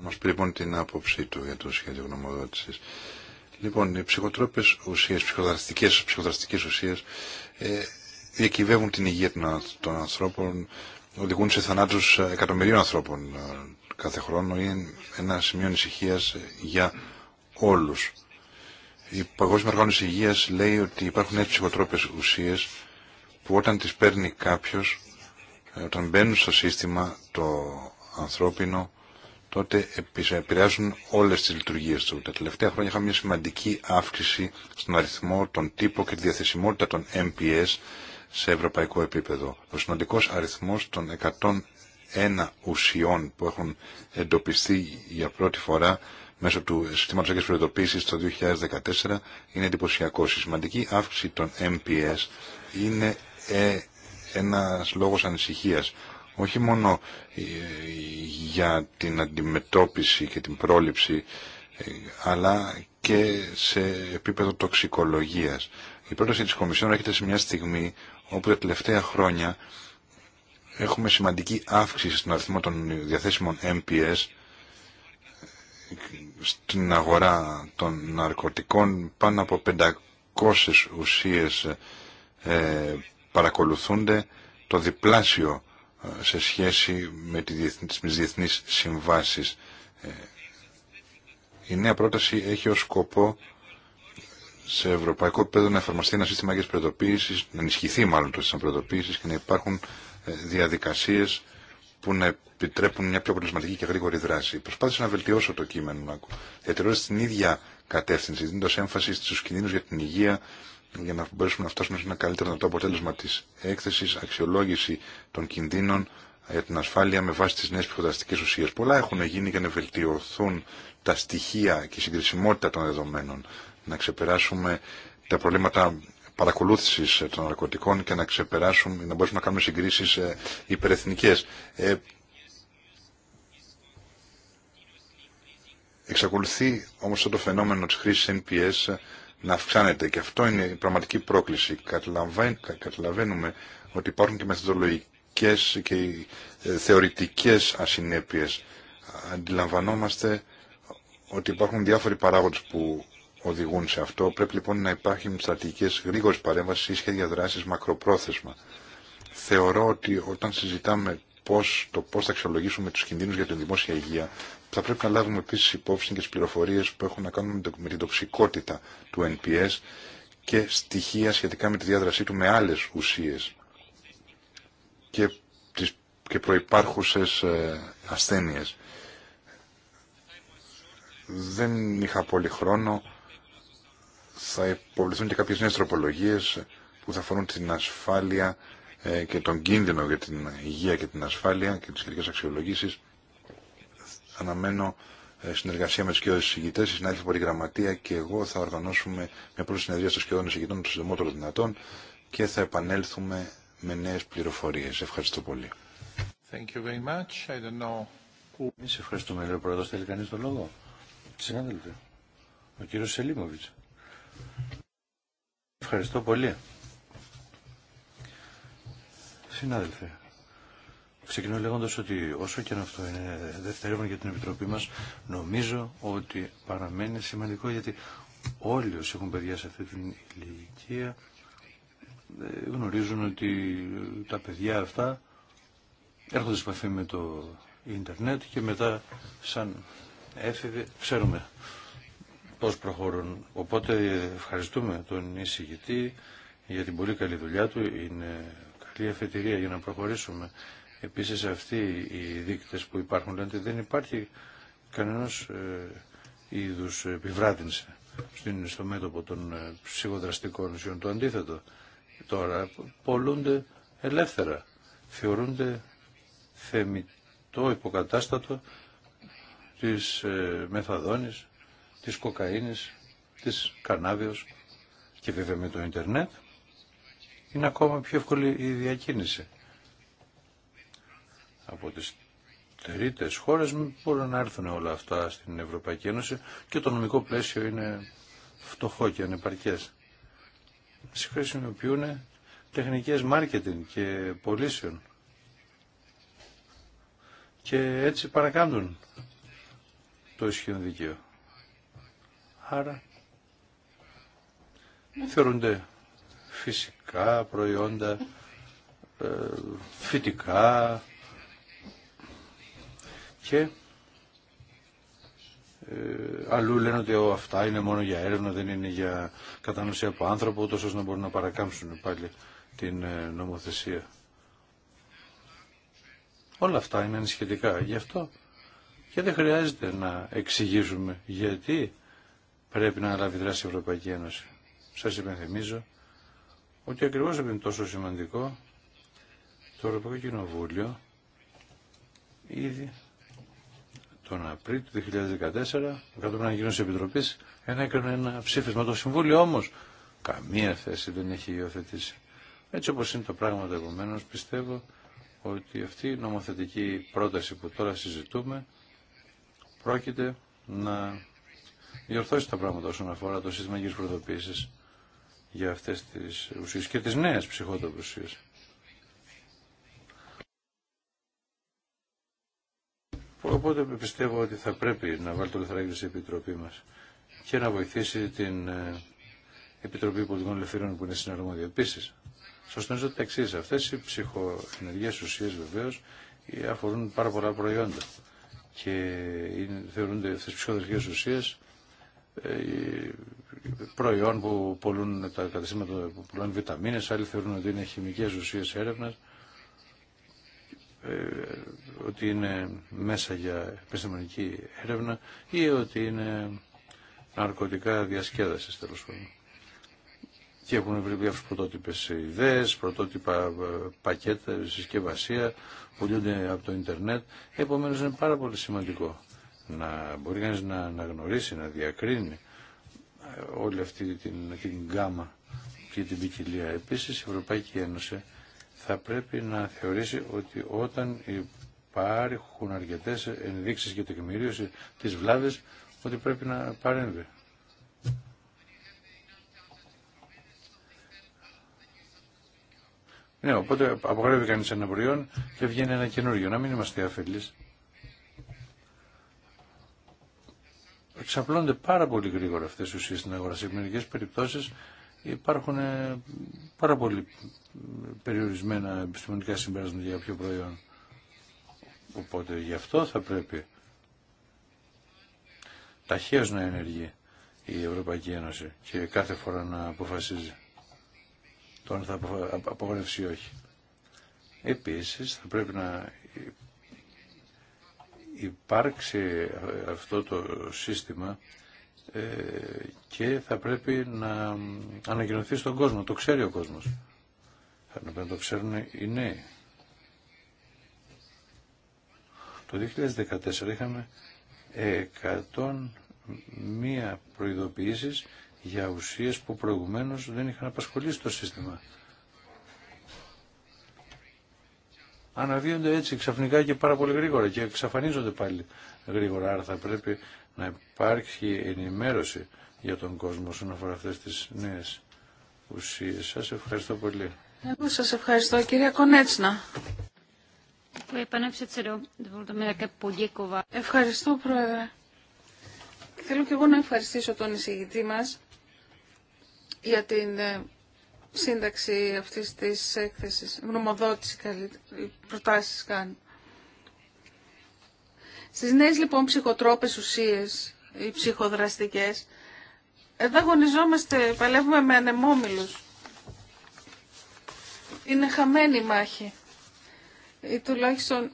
[SPEAKER 3] Μας πει λοιπόν την άποψή του για το σχέδιο γνωμοδότησης. Λοιπόν, οι ψυχοτρόπες ουσίες, ψυχοδραστικές, ψυχοδραστικές ουσίες ε, διακυβεύουν την υγεία των ανθρώπων, οδηγούν σε θανάτους ε, εκατομμυρίων ανθρώπων ε, κάθε χρόνο. Είναι ένα σημείο ανησυχία ε, για όλους. Η Παγκόσμια Οργάνωση Υγείας λέει ότι υπάρχουν έτσι ψυχοτρόπες ουσίες που όταν τις παίρνει κάποιος, ε, όταν μπαίνουν στο σύστημα το ανθρώπινο, τότε επηρεάζουν όλες τις λειτουργίες του. Τα τελευταία χρόνια είχαμε μια σημαντική αύξηση στον αριθμό, τον τύπο και τη διαθεσιμότητα των MPS σε ευρωπαϊκό επίπεδο. Ο σημαντικός αριθμός των 101 ουσιών που έχουν εντοπιστεί για πρώτη φορά μέσω του συστήματος έγκαιρης το 2014 είναι εντυπωσιακό. Η σημαντική αύξηση των MPS είναι ε, ένας λόγος ανησυχίας. Όχι μόνο ε, για την αντιμετώπιση και την πρόληψη, ε, αλλά και σε επίπεδο τοξικολογίας. Η πρόταση της Κομισιόν έρχεται σε μια στιγμή όπου τα τελευταία χρόνια έχουμε σημαντική αύξηση στον αριθμό των διαθέσιμων MPS στην αγορά των ναρκωτικών πάνω από 500 ουσίες ε, παρακολουθούνται το διπλάσιο ε, σε σχέση με τις διεθνείς συμβάσεις. Ε, η νέα πρόταση έχει ως σκοπό σε ευρωπαϊκό επίπεδο να εφαρμοστεί ένα σύστημα έγκαιρης προεδοποίησης, να ενισχυθεί μάλλον το σύστημα και να υπάρχουν ε, διαδικασίες που να επιτρέπουν μια πιο αποτελεσματική και γρήγορη δράση. Προσπάθησα να βελτιώσω το κείμενο, να διατηρώντα την ίδια κατεύθυνση, δίνοντας έμφαση στους κινδύνους για την υγεία, για να μπορέσουμε να φτάσουμε σε ένα καλύτερο δυνατό αποτέλεσμα τη έκθεση, αξιολόγηση των κινδύνων για την ασφάλεια με βάση τι νέε πιχοδραστικέ ουσίε. Πολλά έχουν γίνει για να βελτιωθούν τα στοιχεία και η συγκρισιμότητα των δεδομένων, να ξεπεράσουμε τα προβλήματα παρακολούθηση των ναρκωτικών και να ξεπεράσουμε, να μπορέσουμε να κάνουμε συγκρίσει ε, υπερεθνικέ. Ε, εξακολουθεί όμως το φαινόμενο της χρήσης NPS να αυξάνεται και αυτό είναι η πραγματική πρόκληση. Καταλαβαίνουμε ότι υπάρχουν και μεθοδολογικές και ε, θεωρητικές ασυνέπειες. Αντιλαμβανόμαστε ότι υπάρχουν διάφοροι παράγοντες που οδηγούν σε αυτό. Πρέπει λοιπόν να υπάρχουν στρατηγικές γρήγορε παρέμβαση ή σχέδια δράσης μακροπρόθεσμα. Θεωρώ ότι όταν συζητάμε πώς, το πώς θα αξιολογήσουμε τους κινδύνους για την δημόσια υγεία θα πρέπει να λάβουμε επίσης υπόψη και τι πληροφορίε που έχουν να κάνουν με την τοξικότητα του NPS και στοιχεία σχετικά με τη διάδρασή του με άλλες ουσίες και, και προϋπάρχουσες ε, ασθένειες. Δεν είχα πολύ χρόνο. Θα υποβληθούν και κάποιε νέε τροπολογίε που θα αφορούν την ασφάλεια ε, και τον κίνδυνο για την υγεία και την ασφάλεια και τις σχετικές αξιολογήσεις αναμένω ε, συνεργασία με του κοινού εισηγητέ, η συνάδελφη Γραμματεία και εγώ θα οργανώσουμε μια πρώτη συνεδρία στου κοινών εισηγητών το συντομότερο δυνατόν και θα επανέλθουμε με νέε πληροφορίε. Ευχαριστώ πολύ.
[SPEAKER 1] Thank you very much. I don't know
[SPEAKER 3] who... ευχαριστούμε, λέει ο Θέλει κανεί τον λόγο.
[SPEAKER 1] Συνάδελφε, ο κύριος Σελίμοβιτ. Ευχαριστώ πολύ. Συνάδελφε, Ξεκινώ λέγοντα ότι όσο και αν αυτό είναι δευτερεύον για την Επιτροπή μα, νομίζω ότι παραμένει σημαντικό γιατί όλοι όσοι έχουν παιδιά σε αυτή την ηλικία ε, γνωρίζουν ότι τα παιδιά αυτά έρχονται σε επαφή με το ίντερνετ και μετά σαν έφηβοι ξέρουμε πώς προχωρούν. Οπότε ευχαριστούμε τον εισηγητή για την πολύ καλή δουλειά του. Είναι καλή αφετηρία για να προχωρήσουμε. Επίσης αυτοί οι δείκτες που υπάρχουν λένε ότι δεν υπάρχει κανένας ε, είδους επιβράδυνση στο μέτωπο των ε, ψυχοδραστικών ουσιών. Το αντίθετο τώρα πολλούνται ελεύθερα, θεωρούνται θεμητό υποκατάστατο της ε, μεθαδόνης, της κοκαίνης, της κανάβιος και βέβαια με το ίντερνετ είναι ακόμα πιο εύκολη η διακίνηση από τις τρίτες χώρες μπορούν να έρθουν όλα αυτά στην Ευρωπαϊκή Ένωση και το νομικό πλαίσιο είναι φτωχό και ανεπαρκές. χρησιμοποιούν τεχνικές μάρκετινγκ και πωλήσεων και έτσι παρακάντουν το ισχύον δικαίωμα. Άρα θεωρούνται φυσικά προϊόντα, ε, φυτικά, και ε, αλλού λένε ότι ο, αυτά είναι μόνο για έρευνα, δεν είναι για κατανόηση από άνθρωπο, ούτως ώστε να μπορούν να παρακάμψουν πάλι την ε, νομοθεσία. Όλα αυτά είναι ανησυχητικά. Γι' αυτό και δεν χρειάζεται να εξηγήσουμε γιατί πρέπει να λάβει δράση η Ευρωπαϊκή Ένωση. Σας υπενθυμίζω ότι ακριβώς επειδή είναι τόσο σημαντικό το Ευρωπαϊκό Κοινοβούλιο ήδη τον Απρίλιο του 2014, κάτω από τη Επιτροπή, έκανε ένα ψήφισμα. Το Συμβούλιο όμω καμία θέση δεν έχει υιοθετήσει. Έτσι όπω είναι τα πράγματα, επομένω, πιστεύω ότι αυτή η νομοθετική πρόταση που τώρα συζητούμε πρόκειται να διορθώσει τα πράγματα όσον αφορά το σύστημα γης για αυτές τις ουσίες και τις νέες ψυχότοπες ουσίες. Οπότε πιστεύω ότι θα πρέπει να βάλει το λιθαράκι στην Επιτροπή μας και να βοηθήσει την ε, Επιτροπή Πολιτικών Ελευθεριών που είναι συναρμόδια. Επίση, σα τονίζω τα εξή. Αυτέ οι ψυχοενεργέ ουσίε βεβαίω αφορούν πάρα πολλά προϊόντα και θεωρούνται αυτέ τι ψυχοενεργέ ουσίε ε, προϊόν που πολλούν τα καταστήματα που πουλούν βιταμίνες, άλλοι θεωρούν ότι είναι χημικέ ουσίε έρευνα. Ε, ότι είναι μέσα για επιστημονική έρευνα ή ότι είναι ναρκωτικά διασκέδασης τέλο πάντων. Και έχουν βρει διάφορε πρωτότυπε ιδέε, πρωτότυπα ε, πακέτα, συσκευασία που λύνονται από το Ιντερνετ. Επομένω είναι πάρα πολύ σημαντικό να μπορεί κανεί να αναγνωρίσει, να διακρίνει ε, όλη αυτή την, την και την ποικιλία. Επίση η Ευρωπαϊκή Ένωση θα πρέπει να θεωρήσει ότι όταν υπάρχουν αρκετές ενδείξεις για τεκμηρίωση της βλάβης ότι πρέπει να παρέμβει. Ναι, οπότε απογορεύει κανεί ένα προϊόν και βγαίνει ένα καινούριο. Να μην είμαστε αφελεί. Εξαπλώνται πάρα πολύ γρήγορα αυτέ οι ουσίε στην αγορά. Σε μερικέ περιπτώσει υπάρχουν ε, πάρα πολύ περιορισμένα επιστημονικά συμπέρασματα για ποιο προϊόν. Οπότε γι' αυτό θα πρέπει ταχαίως να ενεργεί η Ευρωπαϊκή Ένωση και κάθε φορά να αποφασίζει το αν θα απογορεύσει ή όχι. Επίσης θα πρέπει να υπάρξει αυτό το σύστημα ε, και θα πρέπει να ανακοινωθεί στον κόσμο. Το ξέρει ο κόσμος. Θα πρέπει να το ξέρουν οι νέοι. Το 2014 είχαμε 101 προειδοποιήσεις για ουσίες που προηγουμένως δεν είχαν απασχολήσει το σύστημα. αναδύονται έτσι ξαφνικά και πάρα πολύ γρήγορα και εξαφανίζονται πάλι γρήγορα. Άρα θα πρέπει να υπάρχει ενημέρωση για τον κόσμο όσον αφορά αυτές τις νέες ουσίες. Σας ευχαριστώ πολύ.
[SPEAKER 2] Εγώ σας ευχαριστώ κυρία Κονέτσνα. Ε, ευχαριστώ πρόεδρε. Θέλω κι εγώ να ευχαριστήσω τον εισηγητή μας για την ε, σύνταξη αυτής της έκθεσης, γνωμοδότηση καλύτερα, προτάσεις κάνει. Στι νέε λοιπόν ψυχοτρόπες ουσίες, οι ψυχοδραστικές, εδώ αγωνιζόμαστε, παλεύουμε με ανεμόμυλους. Είναι χαμένη η μάχη. Ή τουλάχιστον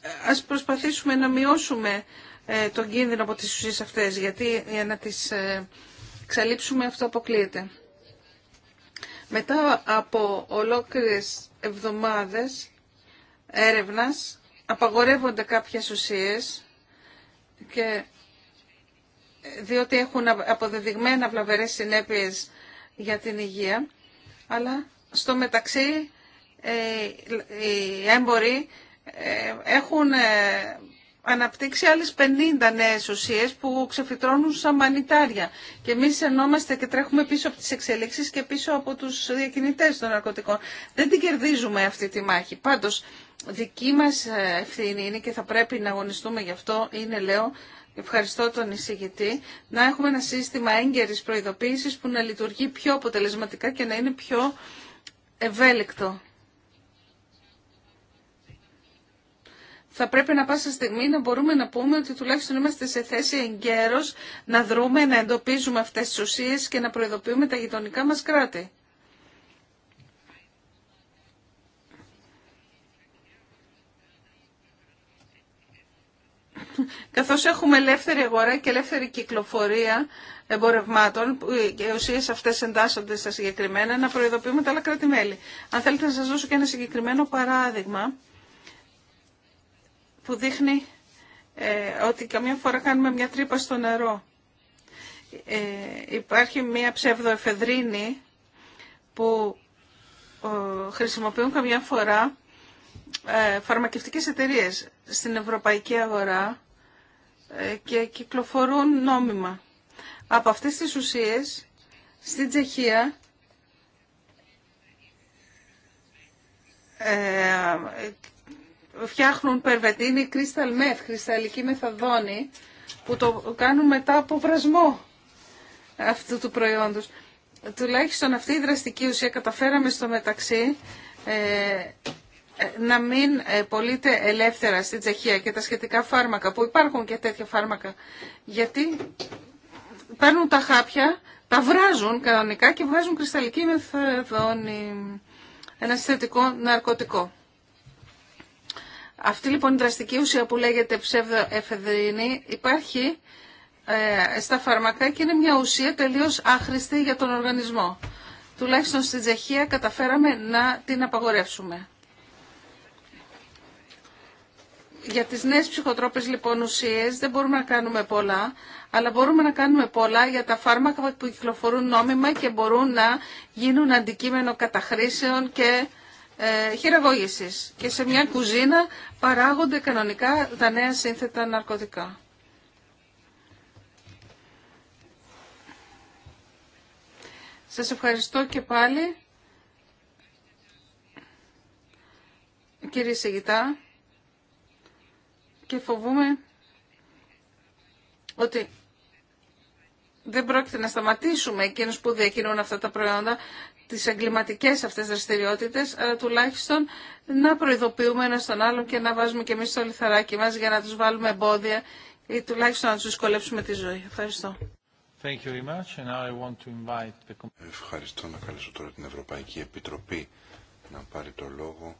[SPEAKER 2] ε, ας προσπαθήσουμε να μειώσουμε ε, τον κίνδυνο από τις ουσίες αυτές, γιατί για να τις ε, ξαλείψουμε αυτό αποκλείεται. Μετά από ολόκληρες εβδομάδες έρευνας απαγορεύονται κάποιες ουσίες και διότι έχουν αποδεδειγμένα βλαβερές συνέπειες για την υγεία, αλλά στο μεταξύ ε, οι έμποροι ε, έχουν ε, αναπτύξει άλλες 50 νέες ουσίες που ξεφυτρώνουν σαν μανιτάρια. Και εμείς ενόμαστε και τρέχουμε πίσω από τις εξελίξεις και πίσω από τους διακινητές των ναρκωτικών. Δεν την κερδίζουμε αυτή τη μάχη. Πάντως, δική μας ε, ευθύνη είναι και θα πρέπει να αγωνιστούμε γι' αυτό, είναι λέω, Ευχαριστώ τον εισηγητή. Να έχουμε ένα σύστημα έγκαιρης προειδοποίησης που να λειτουργεί πιο αποτελεσματικά και να είναι πιο ευέλικτο. θα πρέπει να πάσα στιγμή να μπορούμε να πούμε ότι τουλάχιστον είμαστε σε θέση εγκαίρως να δρούμε, να εντοπίζουμε αυτές τις ουσίες και να προειδοποιούμε τα γειτονικά μας κράτη. Καθώς έχουμε ελεύθερη αγορά και ελεύθερη κυκλοφορία εμπορευμάτων, οι ουσίε αυτές εντάσσονται στα συγκεκριμένα, να προειδοποιούμε τα άλλα κράτη-μέλη. Αν θέλετε να σα δώσω και ένα συγκεκριμένο παράδειγμα, που δείχνει ε, ότι καμιά φορά κάνουμε μια τρύπα στο νερό. Ε, υπάρχει μια ψευδοεφεδρίνη που χρησιμοποιούν καμιά φορά ε, φαρμακευτικές εταιρείες στην ευρωπαϊκή αγορά και κυκλοφορούν νόμιμα. Από αυτές τις ουσίες στην Τσεχία φτιάχνουν περβετίνη κρίσταλ μεθ, κρυσταλλική μεθαδόνη, που το κάνουν μετά από βρασμό αυτού του προϊόντος. Τουλάχιστον αυτή η δραστική ουσία καταφέραμε στο μεταξύ ε, ε, να μην ε, πωλείται ελεύθερα στην Τσεχία και τα σχετικά φάρμακα, που υπάρχουν και τέτοια φάρμακα, γιατί παίρνουν τα χάπια, τα βράζουν κανονικά και βγάζουν κρυσταλλική μεθαδόνη, ένα θετικό ναρκωτικό. Αυτή λοιπόν η δραστική ουσία που λέγεται εφεδρίνη υπάρχει ε, στα φαρμακά και είναι μια ουσία τελείως άχρηστη για τον οργανισμό. Τουλάχιστον στην Τσεχία καταφέραμε να την απαγορεύσουμε. Για τις νέες ψυχοτρόπες λοιπόν ουσίες δεν μπορούμε να κάνουμε πολλά, αλλά μπορούμε να κάνουμε πολλά για τα φάρμακα που κυκλοφορούν νόμιμα και μπορούν να γίνουν αντικείμενο καταχρήσεων και ε, και σε μια κουζίνα παράγονται κανονικά τα νέα σύνθετα ναρκωτικά. Σας ευχαριστώ και πάλι. Κύριε Σιγητά και φοβούμε ότι δεν πρόκειται να σταματήσουμε εκείνους που διακινούν αυτά τα προϊόντα τις εγκληματικές αυτές δραστηριότητες, αλλά τουλάχιστον να προειδοποιούμε ένα στον άλλον και να βάζουμε και εμείς το λιθαράκι μας για να τους βάλουμε εμπόδια ή τουλάχιστον να τους δυσκολέψουμε τη ζωή. Ευχαριστώ.
[SPEAKER 1] Thank you very much. And I want to the...
[SPEAKER 3] Ευχαριστώ να καλέσω τώρα την Ευρωπαϊκή Επιτροπή να πάρει το λόγο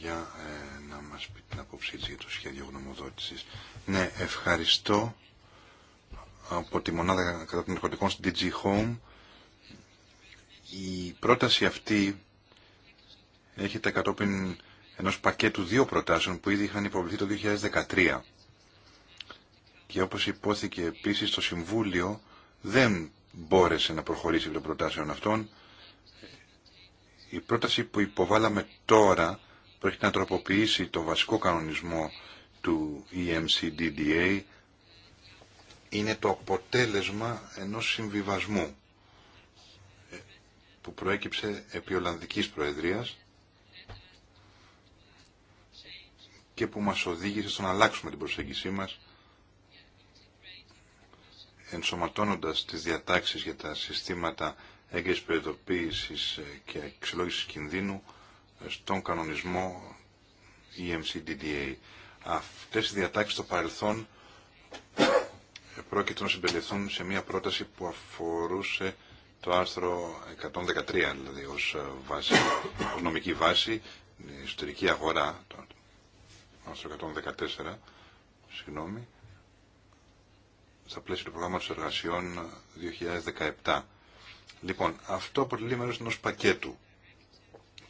[SPEAKER 3] για ε, να μας πει την απόψή της για το σχέδιο γνωμοδότησης. Ναι, ευχαριστώ από τη μονάδα κατά των στην DG Home η πρόταση αυτή έχει κατόπιν ενός πακέτου δύο προτάσεων που ήδη είχαν υποβληθεί το 2013. Και όπως υπόθηκε επίσης το Συμβούλιο δεν μπόρεσε να προχωρήσει το προτάσεων αυτών. Η πρόταση που υποβάλαμε τώρα πρόκειται να τροποποιήσει το βασικό κανονισμό του EMCDDA είναι το αποτέλεσμα ενός συμβιβασμού που προέκυψε επί Ολλανδικής Προεδρίας και που μας οδήγησε στο να αλλάξουμε την προσέγγισή μας ενσωματώνοντας τις διατάξεις για τα συστήματα έγκαιρης προειδοποίησης και εξελόγησης κινδύνου στον κανονισμό EMCDDA. Αυτές οι διατάξεις στο παρελθόν πρόκειται να συμπεριληφθούν σε μια πρόταση που αφορούσε το άρθρο 113 δηλαδή ως, ε, βάση, ως νομική βάση η αγορά το άρθρο 114 συγγνώμη στα πλαίσια του προγράμματος εργασιών 2017 λοιπόν αυτό αποτελεί μέρος ενός πακέτου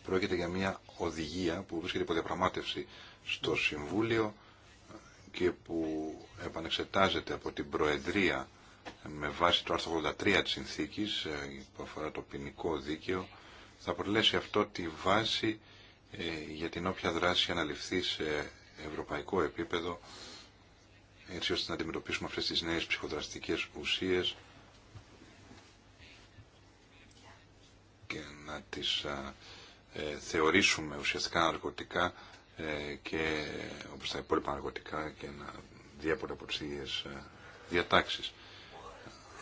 [SPEAKER 3] πρόκειται για μια οδηγία που βρίσκεται υπό διαπραγμάτευση στο Συμβούλιο και που επανεξετάζεται από την Προεδρία με βάση το άρθρο 83 της συνθήκης ε, που αφορά το ποινικό δίκαιο θα προλέσει αυτό τη βάση ε, για την όποια δράση αναλυφθεί σε ευρωπαϊκό επίπεδο έτσι ώστε να αντιμετωπίσουμε αυτές τις νέες ψυχοδραστικές ουσίες και να τις ε, θεωρήσουμε ουσιαστικά ναρκωτικά και όπως τα υπόλοιπα ναρκωτικά και να διέπονται από τις διατάξεις.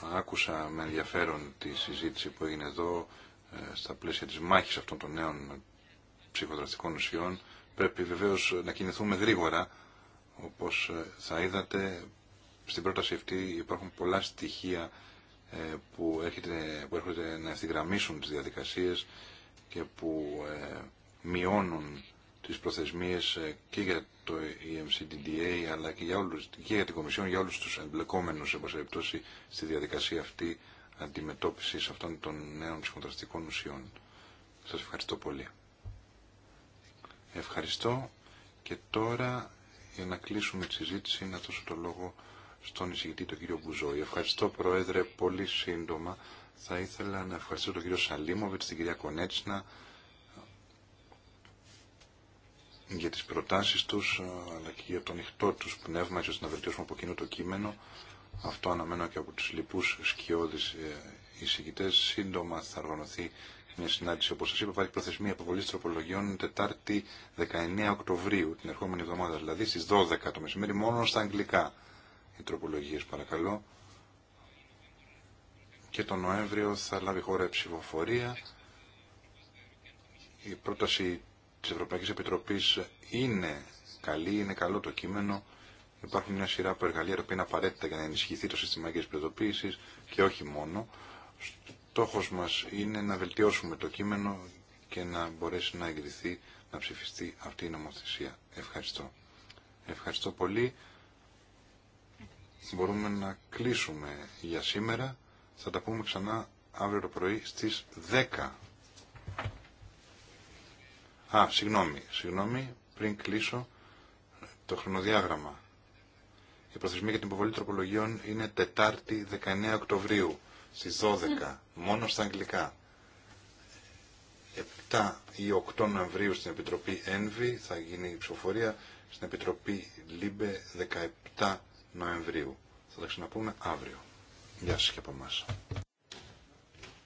[SPEAKER 3] Άκουσα με ενδιαφέρον τη συζήτηση που έγινε εδώ ε, στα πλαίσια της μάχης αυτών των νέων ψυχοδραστικών ουσιών. Πρέπει βεβαίως να κινηθούμε γρήγορα. Όπως ε, θα είδατε, στην πρόταση αυτή υπάρχουν πολλά στοιχεία ε, που, έρχεται, που έρχονται να ευθυγραμμίσουν τις διαδικασίες και που μειώνουν τις προθεσμίες ε, και για το EMCDDA αλλά και για, όλους, και για την Κομισιόν, για όλους τους εμπλεκόμενους σε στη διαδικασία αυτή αντιμετώπισης αυτών των νέων ψυχοτραστικών ουσιών. Σας ευχαριστώ πολύ. Ευχαριστώ και τώρα για να κλείσουμε τη συζήτηση να δώσω το λόγο στον εισηγητή τον κύριο Μπουζόη. Ευχαριστώ Πρόεδρε πολύ σύντομα. Θα ήθελα να ευχαριστήσω τον κύριο Σαλίμοβιτ, την κυρία Κονέτσνα, για τις προτάσεις τους ε, αλλά και για το ανοιχτό τους πνεύμα ώστε να βελτιώσουμε από κοινού το κείμενο αυτό αναμένω και από τους λοιπούς σκιώδεις ε, εισηγητές σύντομα θα οργανωθεί μια συνάντηση όπως σας είπα υπάρχει προθεσμία αποβολής τροπολογιών Τετάρτη 19 Οκτωβρίου την ερχόμενη εβδομάδα δηλαδή στις 12 το μεσημέρι μόνο στα αγγλικά οι τροπολογίες παρακαλώ και τον Νοέμβριο θα λάβει χώρα ψηφοφορία η πρόταση της Ευρωπαϊκής Επιτροπής είναι καλή, είναι καλό το κείμενο. Υπάρχουν μια σειρά από εργαλεία που είναι απαραίτητα για να ενισχυθεί το σύστημα έγκαιρης και όχι μόνο. Στόχος μας είναι να βελτιώσουμε το κείμενο και να μπορέσει να εγκριθεί, να ψηφιστεί αυτή η νομοθεσία. Ευχαριστώ. Ευχαριστώ πολύ. Μπορούμε να κλείσουμε για σήμερα. Θα τα πούμε ξανά αύριο το πρωί στις 10. Α, συγγνώμη, συγγνώμη, πριν κλείσω το χρονοδιάγραμμα. Η προθεσμία για την υποβολή τροπολογιών είναι Τετάρτη 19 Οκτωβρίου στις 12, μόνο στα αγγλικά. 7 ή 8 Νοεμβρίου στην Επιτροπή ΕΝΒΗ θα γίνει η ψηφοφορία, στην Επιτροπή ΛΥΜΠΕ 17 Νοεμβρίου. Θα τα ξαναπούμε αύριο. Γεια σας και από εμάς.